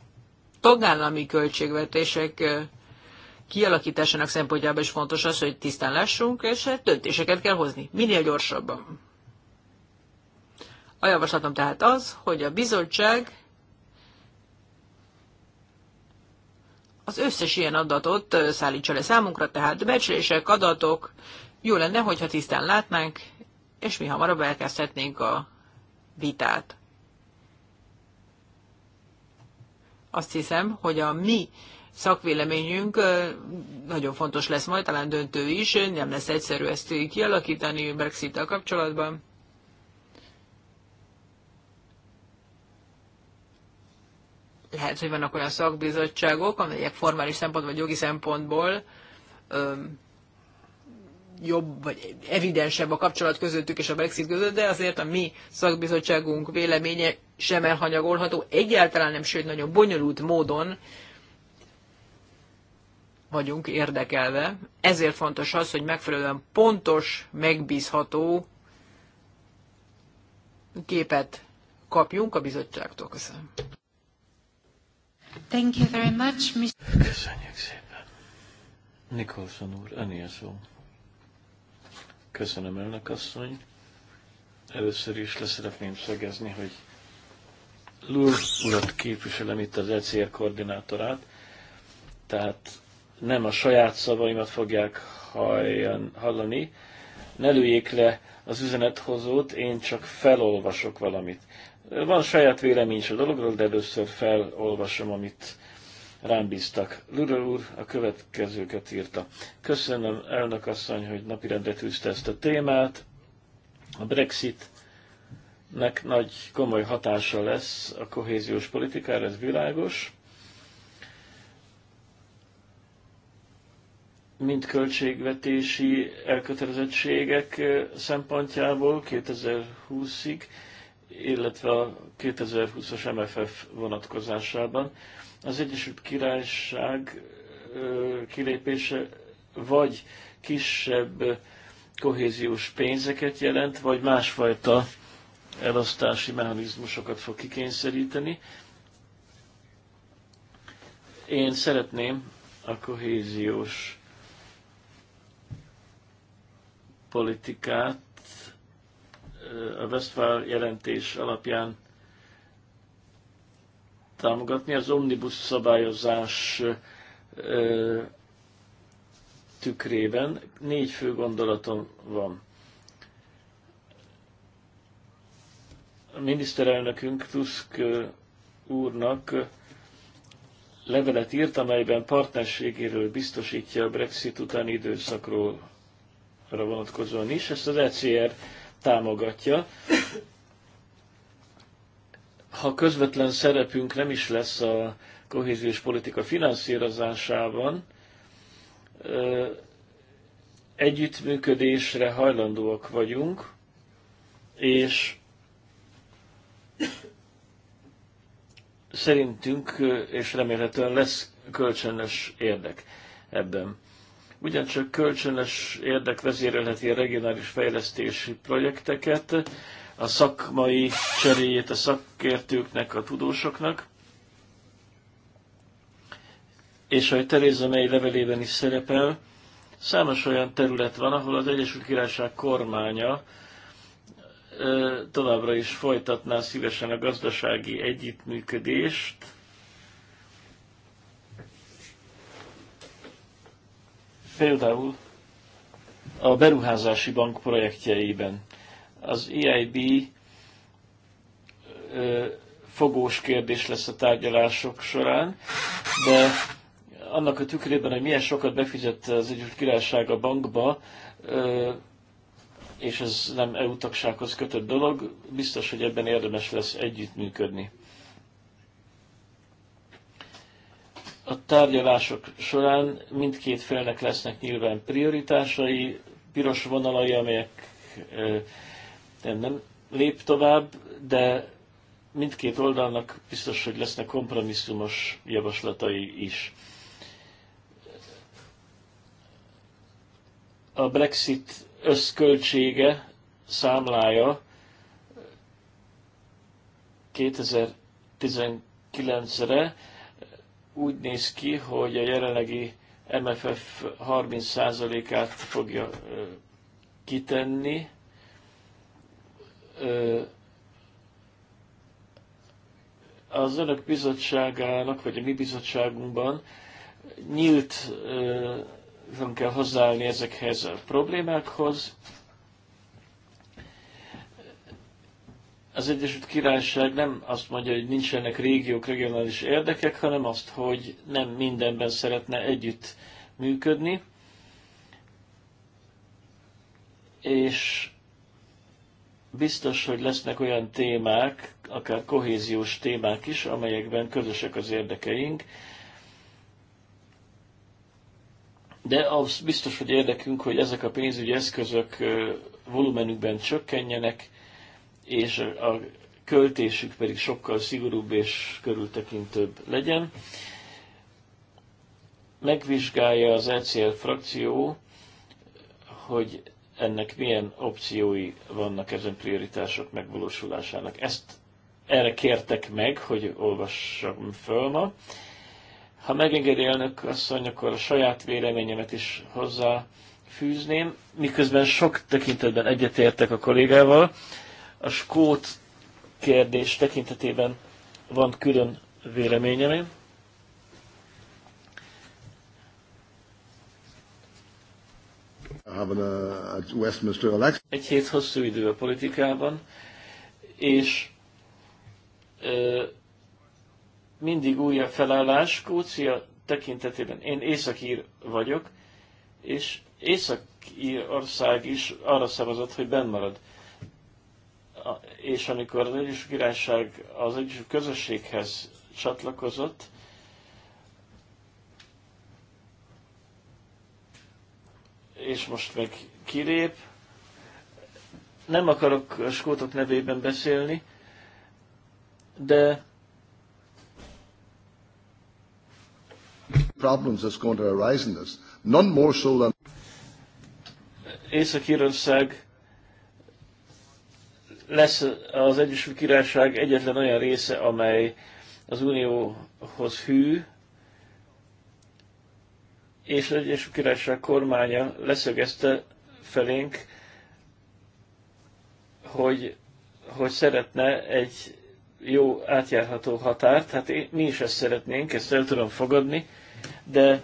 tagállami költségvetések kialakításának szempontjából is fontos az, hogy tisztán lássunk, és hát döntéseket kell hozni, minél gyorsabban. A javaslatom tehát az, hogy a bizottság az összes ilyen adatot szállítsa le számunkra, tehát becslések, adatok, jó lenne, hogyha tisztán látnánk, és mi hamarabb elkezdhetnénk a vitát. Azt hiszem, hogy a mi szakvéleményünk nagyon fontos lesz majd, talán döntő is, nem lesz egyszerű ezt kialakítani brexit kapcsolatban. lehet, hogy vannak olyan szakbizottságok, amelyek formális szempontból, vagy jogi szempontból öm, jobb, vagy evidensebb a kapcsolat közöttük és a Brexit között, de azért a mi szakbizottságunk véleménye sem elhanyagolható, egyáltalán nem, sőt nagyon bonyolult módon vagyunk érdekelve. Ezért fontos az, hogy megfelelően pontos, megbízható képet kapjunk a bizottságtól. Köszönöm. Thank you very much, Mr. Köszönjük szépen. Nikolson úr, öné szó. Köszönöm elnök asszony. Először is leszeretném szegezni, hogy Lur urat képviselem itt az ECR koordinátorát, tehát nem a saját szavaimat fogják halljan, hallani, ne lőjék le az üzenethozót, én csak felolvasok valamit. Van saját vélemény is a dologról, de először felolvasom, amit rám bíztak. Lurel úr a következőket írta. Köszönöm, elnök asszony, hogy napirendre tűzte ezt a témát. A Brexitnek nagy komoly hatása lesz a kohéziós politikára, ez világos. mind költségvetési elkötelezettségek szempontjából 2020-ig, illetve a 2020-as MFF vonatkozásában. Az Egyesült Királyság kilépése vagy kisebb kohéziós pénzeket jelent, vagy másfajta elosztási mechanizmusokat fog kikényszeríteni. Én szeretném a kohéziós politikát a Westphal jelentés alapján támogatni. Az omnibus szabályozás tükrében négy fő gondolatom van. A miniszterelnökünk Tusk úrnak levelet írt, amelyben partnerségéről biztosítja a Brexit utáni időszakról vonatkozóan is. Ezt az ECR támogatja. Ha közvetlen szerepünk nem is lesz a kohéziós politika finanszírozásában, együttműködésre hajlandóak vagyunk, és szerintünk, és remélhetően lesz kölcsönös érdek ebben ugyancsak kölcsönös érdek vezérelheti a regionális fejlesztési projekteket, a szakmai cseréjét a szakértőknek, a tudósoknak, és ahogy Teréza mely levelében is szerepel, számos olyan terület van, ahol az Egyesült Királyság kormánya továbbra is folytatná szívesen a gazdasági együttműködést, Például a beruházási bank projektjeiben az EIB fogós kérdés lesz a tárgyalások során, de annak a tükrében, hogy milyen sokat befizett az Egyesült Királyság a bankba, és ez nem EU tagsághoz kötött dolog, biztos, hogy ebben érdemes lesz együttműködni. A tárgyalások során mindkét félnek lesznek nyilván prioritásai, piros vonalai, amelyek nem, nem lép tovább, de mindkét oldalnak biztos, hogy lesznek kompromisszumos javaslatai is. A Brexit összköltsége, számlája 2019-re úgy néz ki, hogy a jelenlegi MFF 30%-át fogja kitenni. Az önök bizottságának, vagy a mi bizottságunkban nyílt kell hozzáállni ezekhez a problémákhoz, az Egyesült Királyság nem azt mondja, hogy nincsenek régiók, regionális érdekek, hanem azt, hogy nem mindenben szeretne együtt működni. És biztos, hogy lesznek olyan témák, akár kohéziós témák is, amelyekben közösek az érdekeink, de az biztos, hogy érdekünk, hogy ezek a pénzügyi eszközök volumenükben csökkenjenek, és a költésük pedig sokkal szigorúbb és körültekintőbb legyen. Megvizsgálja az ECL frakció, hogy ennek milyen opciói vannak ezen prioritások megvalósulásának. Ezt erre kértek meg, hogy olvassam föl ma. Ha megengedi elnök asszony, akkor a saját véleményemet is hozzá fűzném, miközben sok tekintetben egyetértek a kollégával a skót kérdés tekintetében van külön véleményem. Uh, Egy hét hosszú idő a politikában, és ö, mindig újabb felállás Skócia tekintetében. Én északír vagyok, és északír ország is arra szavazott, hogy benn marad és amikor az Egyesült Királyság az Egyesült Közösséghez csatlakozott, és most meg kirép, nem akarok a skótok nevében beszélni, de problems that's going to arise in this. None more so than Észak-Írország lesz az Egyesült Királyság egyetlen olyan része, amely az Unióhoz hű, és az Egyesült Királyság kormánya leszögezte felénk, hogy, hogy szeretne egy jó átjárható határt, hát én, mi is ezt szeretnénk, ezt el tudom fogadni, de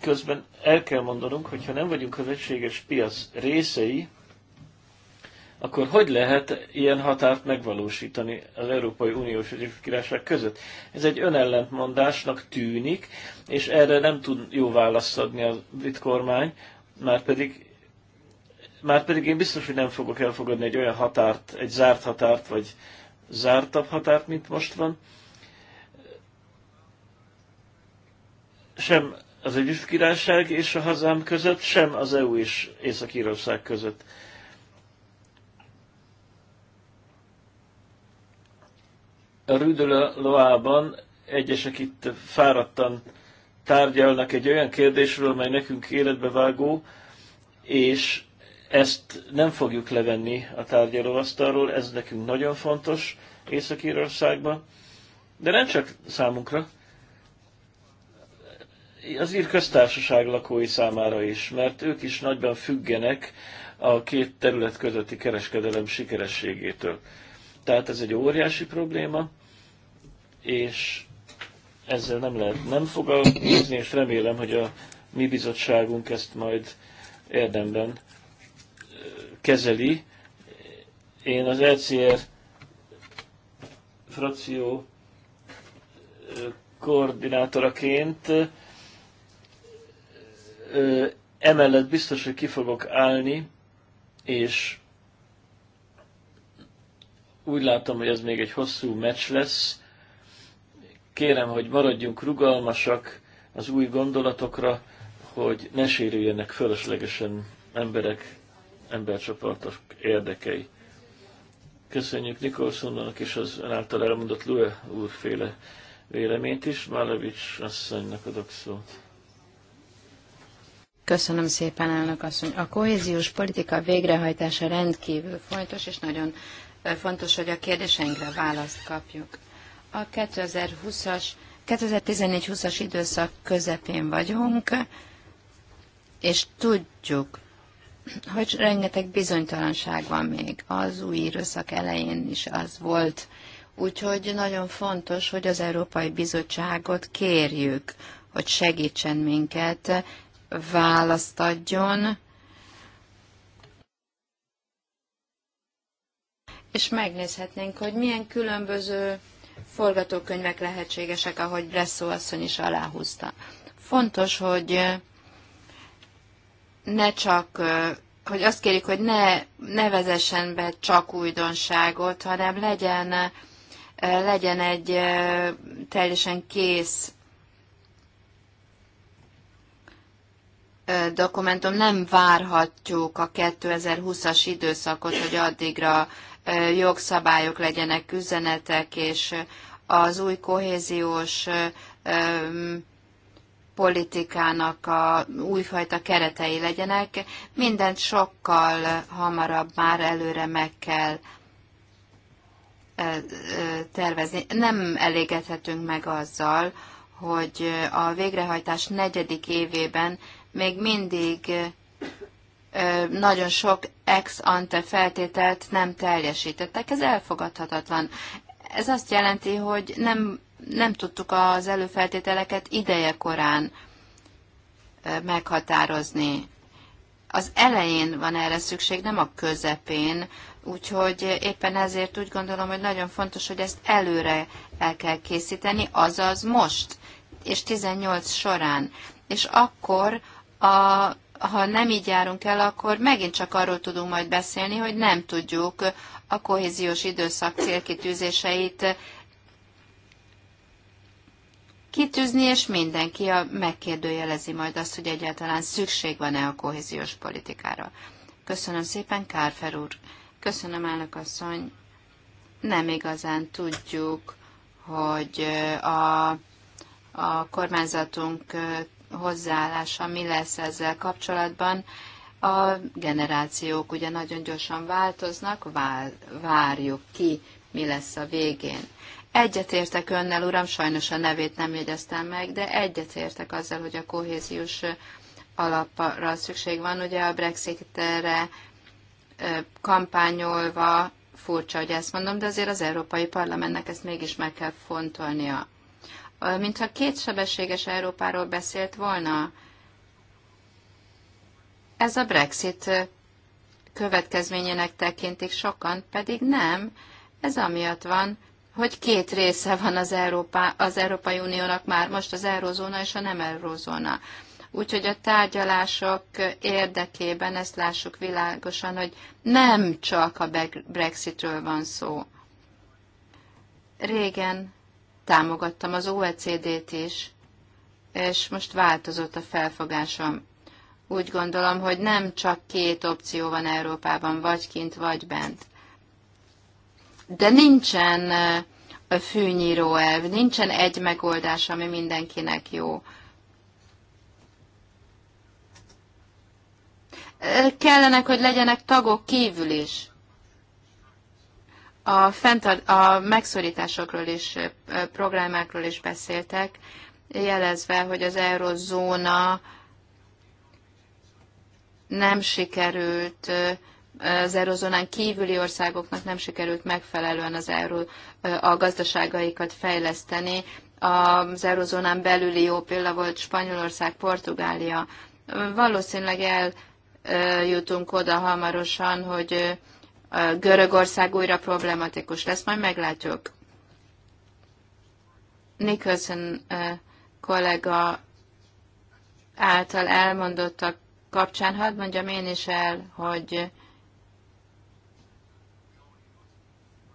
közben el kell mondanunk, hogy ha nem vagyunk az egységes piac részei, akkor hogy lehet ilyen határt megvalósítani az Európai uniós és Egyesült Királyság között? Ez egy önellentmondásnak tűnik, és erre nem tud jó választ adni a brit kormány, már pedig, már pedig én biztos, hogy nem fogok elfogadni egy olyan határt, egy zárt határt, vagy zártabb határt, mint most van. Sem az Egyesült Királyság és a hazám között, sem az EU és Észak-Írország között a Rüdülő Loában egyesek itt fáradtan tárgyalnak egy olyan kérdésről, mely nekünk életbe vágó, és ezt nem fogjuk levenni a tárgyalóasztalról, ez nekünk nagyon fontos Észak-Írországban, de nem csak számunkra, az ír köztársaság lakói számára is, mert ők is nagyban függenek a két terület közötti kereskedelem sikerességétől. Tehát ez egy óriási probléma, és ezzel nem lehet nem foglalkozni, és remélem, hogy a mi bizottságunk ezt majd érdemben kezeli. Én az LCR e frakció koordinátoraként emellett biztos, hogy ki fogok állni, és úgy látom, hogy ez még egy hosszú meccs lesz. Kérem, hogy maradjunk rugalmasak az új gondolatokra, hogy ne sérüljenek fölöslegesen emberek, embercsoportok érdekei. Köszönjük Nikolszonnak és az által elmondott Lue úrféle véleményt is. Málevics asszonynak adok szót. Köszönöm szépen, elnök asszony. A kohéziós politika végrehajtása rendkívül fontos és nagyon fontos, hogy a kérdéseinkre választ kapjuk. A 2020-as, 2014-20-as időszak közepén vagyunk, és tudjuk, hogy rengeteg bizonytalanság van még. Az új időszak elején is az volt. Úgyhogy nagyon fontos, hogy az Európai Bizottságot kérjük, hogy segítsen minket, választ adjon, és megnézhetnénk, hogy milyen különböző forgatókönyvek lehetségesek, ahogy Bresszó asszony is aláhúzta. Fontos, hogy ne csak, hogy azt kérjük, hogy ne, ne vezessen be csak újdonságot, hanem legyen, legyen egy teljesen kész dokumentum, nem várhatjuk a 2020-as időszakot, hogy addigra jogszabályok legyenek, üzenetek, és az új kohéziós politikának a újfajta keretei legyenek, mindent sokkal hamarabb már előre meg kell tervezni. Nem elégedhetünk meg azzal, hogy a végrehajtás negyedik évében még mindig nagyon sok ex ante feltételt nem teljesítettek. Ez elfogadhatatlan. Ez azt jelenti, hogy nem, nem tudtuk az előfeltételeket ideje korán meghatározni. Az elején van erre szükség, nem a közepén, úgyhogy éppen ezért úgy gondolom, hogy nagyon fontos, hogy ezt előre el kell készíteni, azaz most, és 18 során. És akkor a ha nem így járunk el, akkor megint csak arról tudunk majd beszélni, hogy nem tudjuk a kohéziós időszak célkitűzéseit kitűzni, és mindenki a, megkérdőjelezi majd azt, hogy egyáltalán szükség van-e a kohéziós politikára. Köszönöm szépen, Kárfer úr. Köszönöm, elnök asszony. Nem igazán tudjuk, hogy a, a kormányzatunk hozzáállása mi lesz ezzel kapcsolatban. A generációk ugye nagyon gyorsan változnak, vál, várjuk ki, mi lesz a végén. Egyetértek önnel, uram, sajnos a nevét nem jegyeztem meg, de egyetértek azzal, hogy a kohéziós alapra szükség van. Ugye a Brexitre kampányolva furcsa, hogy ezt mondom, de azért az Európai Parlamentnek ezt mégis meg kell fontolnia mintha sebességes Európáról beszélt volna. Ez a Brexit következményének tekintik sokan, pedig nem. Ez amiatt van, hogy két része van az, Európa, az Európai Uniónak már most az eurozóna és a nem eurozóna. Úgyhogy a tárgyalások érdekében ezt lássuk világosan, hogy nem csak a Brexitről van szó. Régen támogattam az OECD-t is, és most változott a felfogásom. Úgy gondolom, hogy nem csak két opció van Európában, vagy kint, vagy bent. De nincsen a fűnyíró elv, nincsen egy megoldás, ami mindenkinek jó. Kellenek, hogy legyenek tagok kívül is. A, fent a megszorításokról és programákról is beszéltek, jelezve, hogy az eurozóna nem sikerült, az eurozónán kívüli országoknak nem sikerült megfelelően az euro, a gazdaságaikat fejleszteni. Az eurozónán belüli jó példa volt Spanyolország, Portugália. Valószínűleg eljutunk oda hamarosan, hogy Görögország újra problematikus lesz, majd meglátjuk. Nicholson kollega által elmondottak kapcsán hadd mondjam én is el, hogy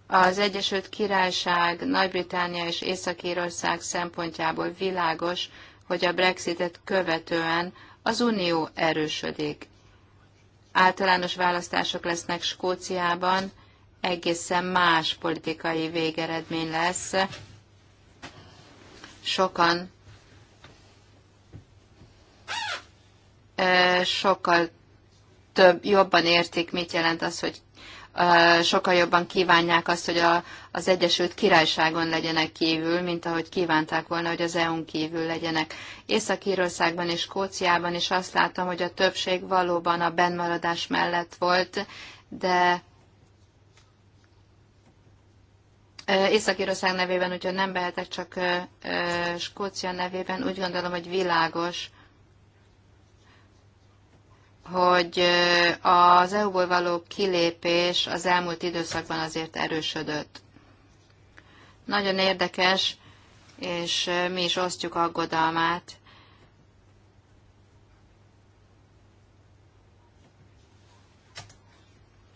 az Egyesült Királyság, Nagy-Británia és Észak-Írország szempontjából világos, hogy a Brexitet követően az Unió erősödik általános választások lesznek Skóciában, egészen más politikai végeredmény lesz. Sokan sokkal több, jobban értik, mit jelent az, hogy sokkal jobban kívánják azt, hogy a, az Egyesült Királyságon legyenek kívül, mint ahogy kívánták volna, hogy az EU-n kívül legyenek. Észak-Írországban és Skóciában is azt látom, hogy a többség valóban a benmaradás mellett volt, de Észak-Írország nevében ugyan nem behetek, csak Skócia nevében úgy gondolom, hogy világos, hogy az EU-ból való kilépés az elmúlt időszakban azért erősödött. Nagyon érdekes, és mi is osztjuk aggodalmát.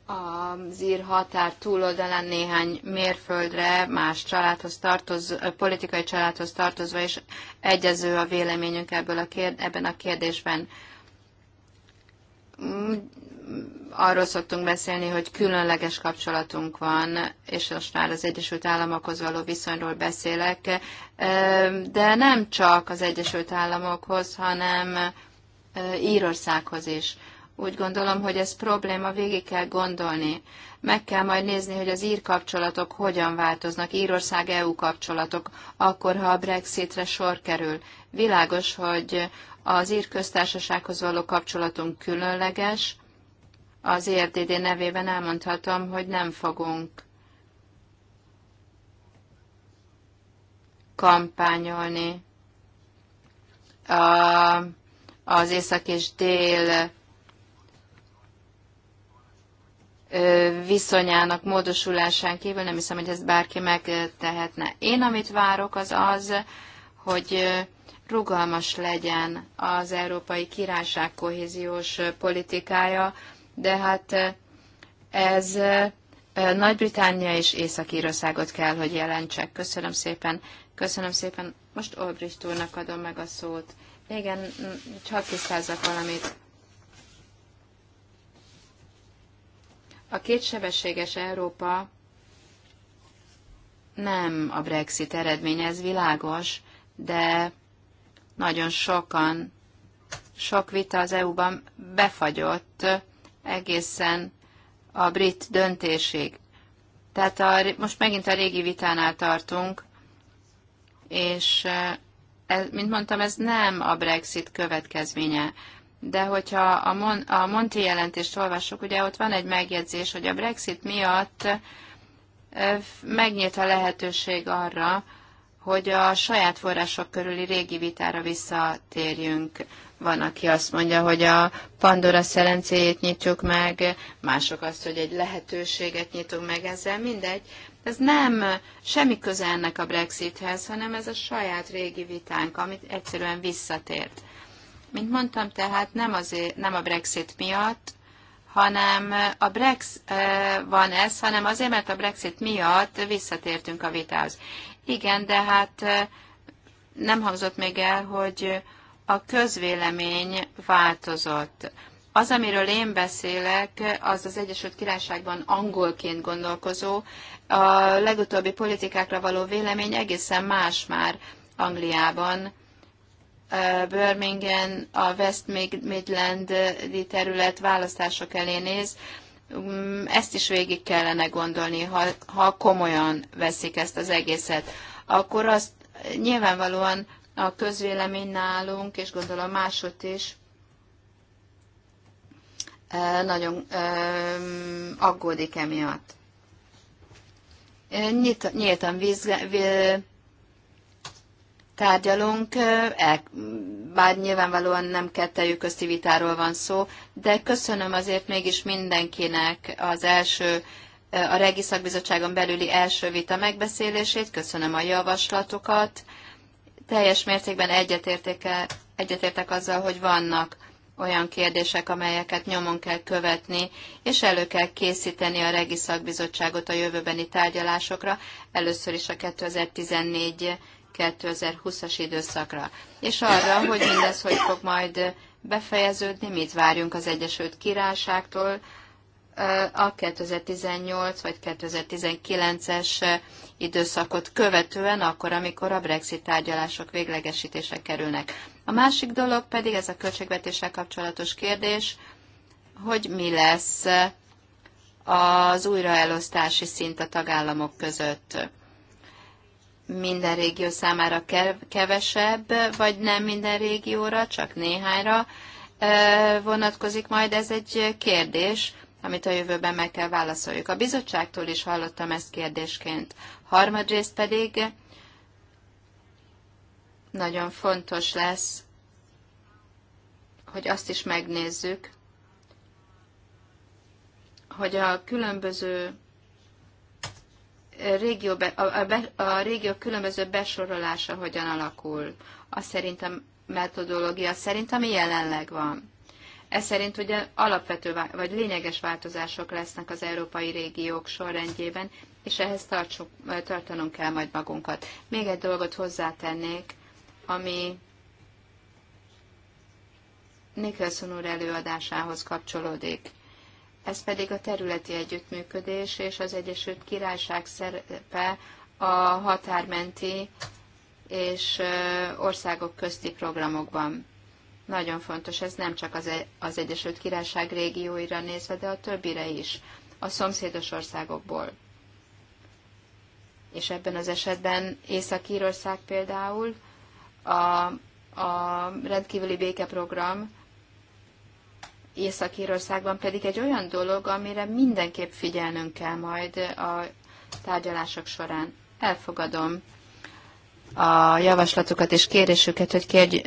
A zír határ túloldalán néhány mérföldre más családhoz tartoz, politikai családhoz tartozva, és egyező a véleményünk ebből a kérd, ebben a kérdésben arról szoktunk beszélni, hogy különleges kapcsolatunk van, és most már az Egyesült Államokhoz való viszonyról beszélek, de nem csak az Egyesült Államokhoz, hanem Írországhoz is. Úgy gondolom, hogy ez probléma, végig kell gondolni. Meg kell majd nézni, hogy az ír kapcsolatok hogyan változnak, Írország-EU kapcsolatok, akkor, ha a Brexitre sor kerül. Világos, hogy az ír köztársasághoz való kapcsolatunk különleges. Az ERDD nevében elmondhatom, hogy nem fogunk kampányolni a, az észak és dél viszonyának módosulásán kívül, nem hiszem, hogy ezt bárki megtehetne. Én amit várok, az az, hogy rugalmas legyen az Európai Királyság kohéziós politikája, de hát ez eh, Nagy-Britannia és Észak-Írországot kell, hogy jelentsek. Köszönöm szépen. Köszönöm szépen. Most Olbricht úrnak adom meg a szót. Igen, csak mm, tisztázzak valamit. A kétsebességes Európa nem a Brexit eredménye, ez világos, de nagyon sokan, sok vita az EU-ban befagyott egészen a brit döntésig. Tehát a, most megint a régi vitánál tartunk, és eh, ez, mint mondtam, ez nem a Brexit következménye. De hogyha a, Mon- a Monti jelentést olvassuk, ugye ott van egy megjegyzés, hogy a Brexit miatt eh, megnyílt a lehetőség arra, hogy a saját források körüli régi vitára visszatérjünk. Van, aki azt mondja, hogy a Pandora szelencéjét nyitjuk meg, mások azt, hogy egy lehetőséget nyitunk meg ezzel, mindegy. Ez nem semmi köze ennek a Brexithez, hanem ez a saját régi vitánk, amit egyszerűen visszatért. Mint mondtam, tehát nem, azért, nem a Brexit miatt, hanem a Brexit eh, van ez, hanem azért, mert a Brexit miatt visszatértünk a vitához. Igen, de hát nem hangzott még el, hogy a közvélemény változott. Az, amiről én beszélek, az az Egyesült Királyságban angolként gondolkozó, a legutóbbi politikákra való vélemény egészen más már Angliában. Birmingham, a West Midland terület választások elé néz, Mm, ezt is végig kellene gondolni, ha, ha komolyan veszik ezt az egészet. Akkor azt nyilvánvalóan a közvélemény nálunk, és gondolom másot is, e, nagyon e, aggódik emiatt. Nyíltan vizsgálják tárgyalunk, bár nyilvánvalóan nem kettejük közti vitáról van szó, de köszönöm azért mégis mindenkinek az első, a Regi Szakbizottságon belüli első vita megbeszélését, köszönöm a javaslatokat, teljes mértékben egyetértek azzal, hogy vannak olyan kérdések, amelyeket nyomon kell követni, és elő kell készíteni a Regi Szakbizottságot a jövőbeni tárgyalásokra, először is a 2014 2020-as időszakra, és arra, hogy mindez hogy fog majd befejeződni, mit várjunk az Egyesült Királyságtól a 2018 vagy 2019-es időszakot követően, akkor, amikor a Brexit tárgyalások véglegesítése kerülnek. A másik dolog pedig ez a költségvetéssel kapcsolatos kérdés, hogy mi lesz az újraelosztási szint a tagállamok között minden régió számára kevesebb, vagy nem minden régióra, csak néhányra vonatkozik majd. Ez egy kérdés, amit a jövőben meg kell válaszoljuk. A bizottságtól is hallottam ezt kérdésként. Harmadrészt pedig nagyon fontos lesz, hogy azt is megnézzük, hogy a különböző régió, a, a, a régió különböző besorolása hogyan alakul, a szerint a metodológia szerint, ami jelenleg van. Ez szerint ugye alapvető vagy lényeges változások lesznek az európai régiók sorrendjében, és ehhez tartsuk, tartanunk kell majd magunkat. Még egy dolgot hozzátennék, ami Nicholson úr előadásához kapcsolódik ez pedig a területi együttműködés és az Egyesült Királyság szerepe a határmenti és országok közti programokban. Nagyon fontos ez nem csak e-, az, Egyesült Királyság régióira nézve, de a többire is, a szomszédos országokból. És ebben az esetben Észak-Írország például a, a rendkívüli békeprogram Észak-Írországban pedig egy olyan dolog, amire mindenképp figyelnünk kell majd a tárgyalások során. Elfogadom a javaslatokat és kérésüket, hogy kérj,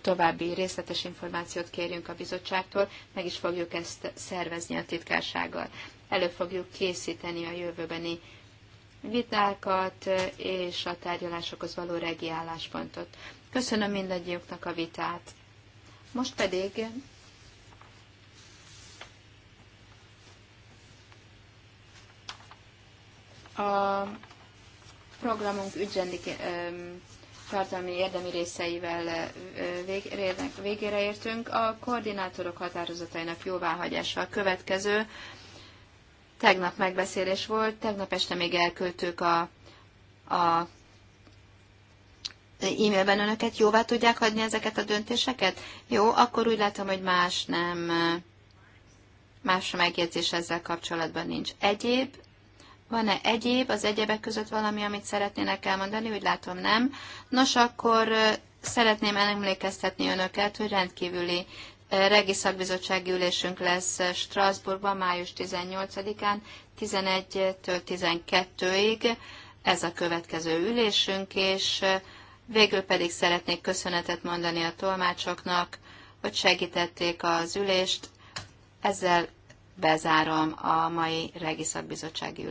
további részletes információt kérjünk a bizottságtól, meg is fogjuk ezt szervezni a titkársággal. Elő fogjuk készíteni a jövőbeni vitákat és a tárgyalásokhoz való regi álláspontot. Köszönöm mindannyiuknak a vitát. Most pedig a programunk ügyrendi tartalmi érdemi részeivel végére értünk. A koordinátorok határozatainak jóváhagyása a következő. Tegnap megbeszélés volt, tegnap este még elküldtük a, a e-mailben önöket. Jóvá tudják hagyni ezeket a döntéseket? Jó, akkor úgy látom, hogy más nem, más megjegyzés ezzel kapcsolatban nincs. Egyéb van-e egyéb, az egyebek között valami, amit szeretnének elmondani? Úgy látom nem. Nos, akkor szeretném emlékeztetni önöket, hogy rendkívüli regi szakbizottsági ülésünk lesz Strasbourgban május 18-án 11-től 12-ig. Ez a következő ülésünk, és végül pedig szeretnék köszönetet mondani a tolmácsoknak, hogy segítették az ülést. Ezzel bezárom a mai regi szakbizottsági ülést.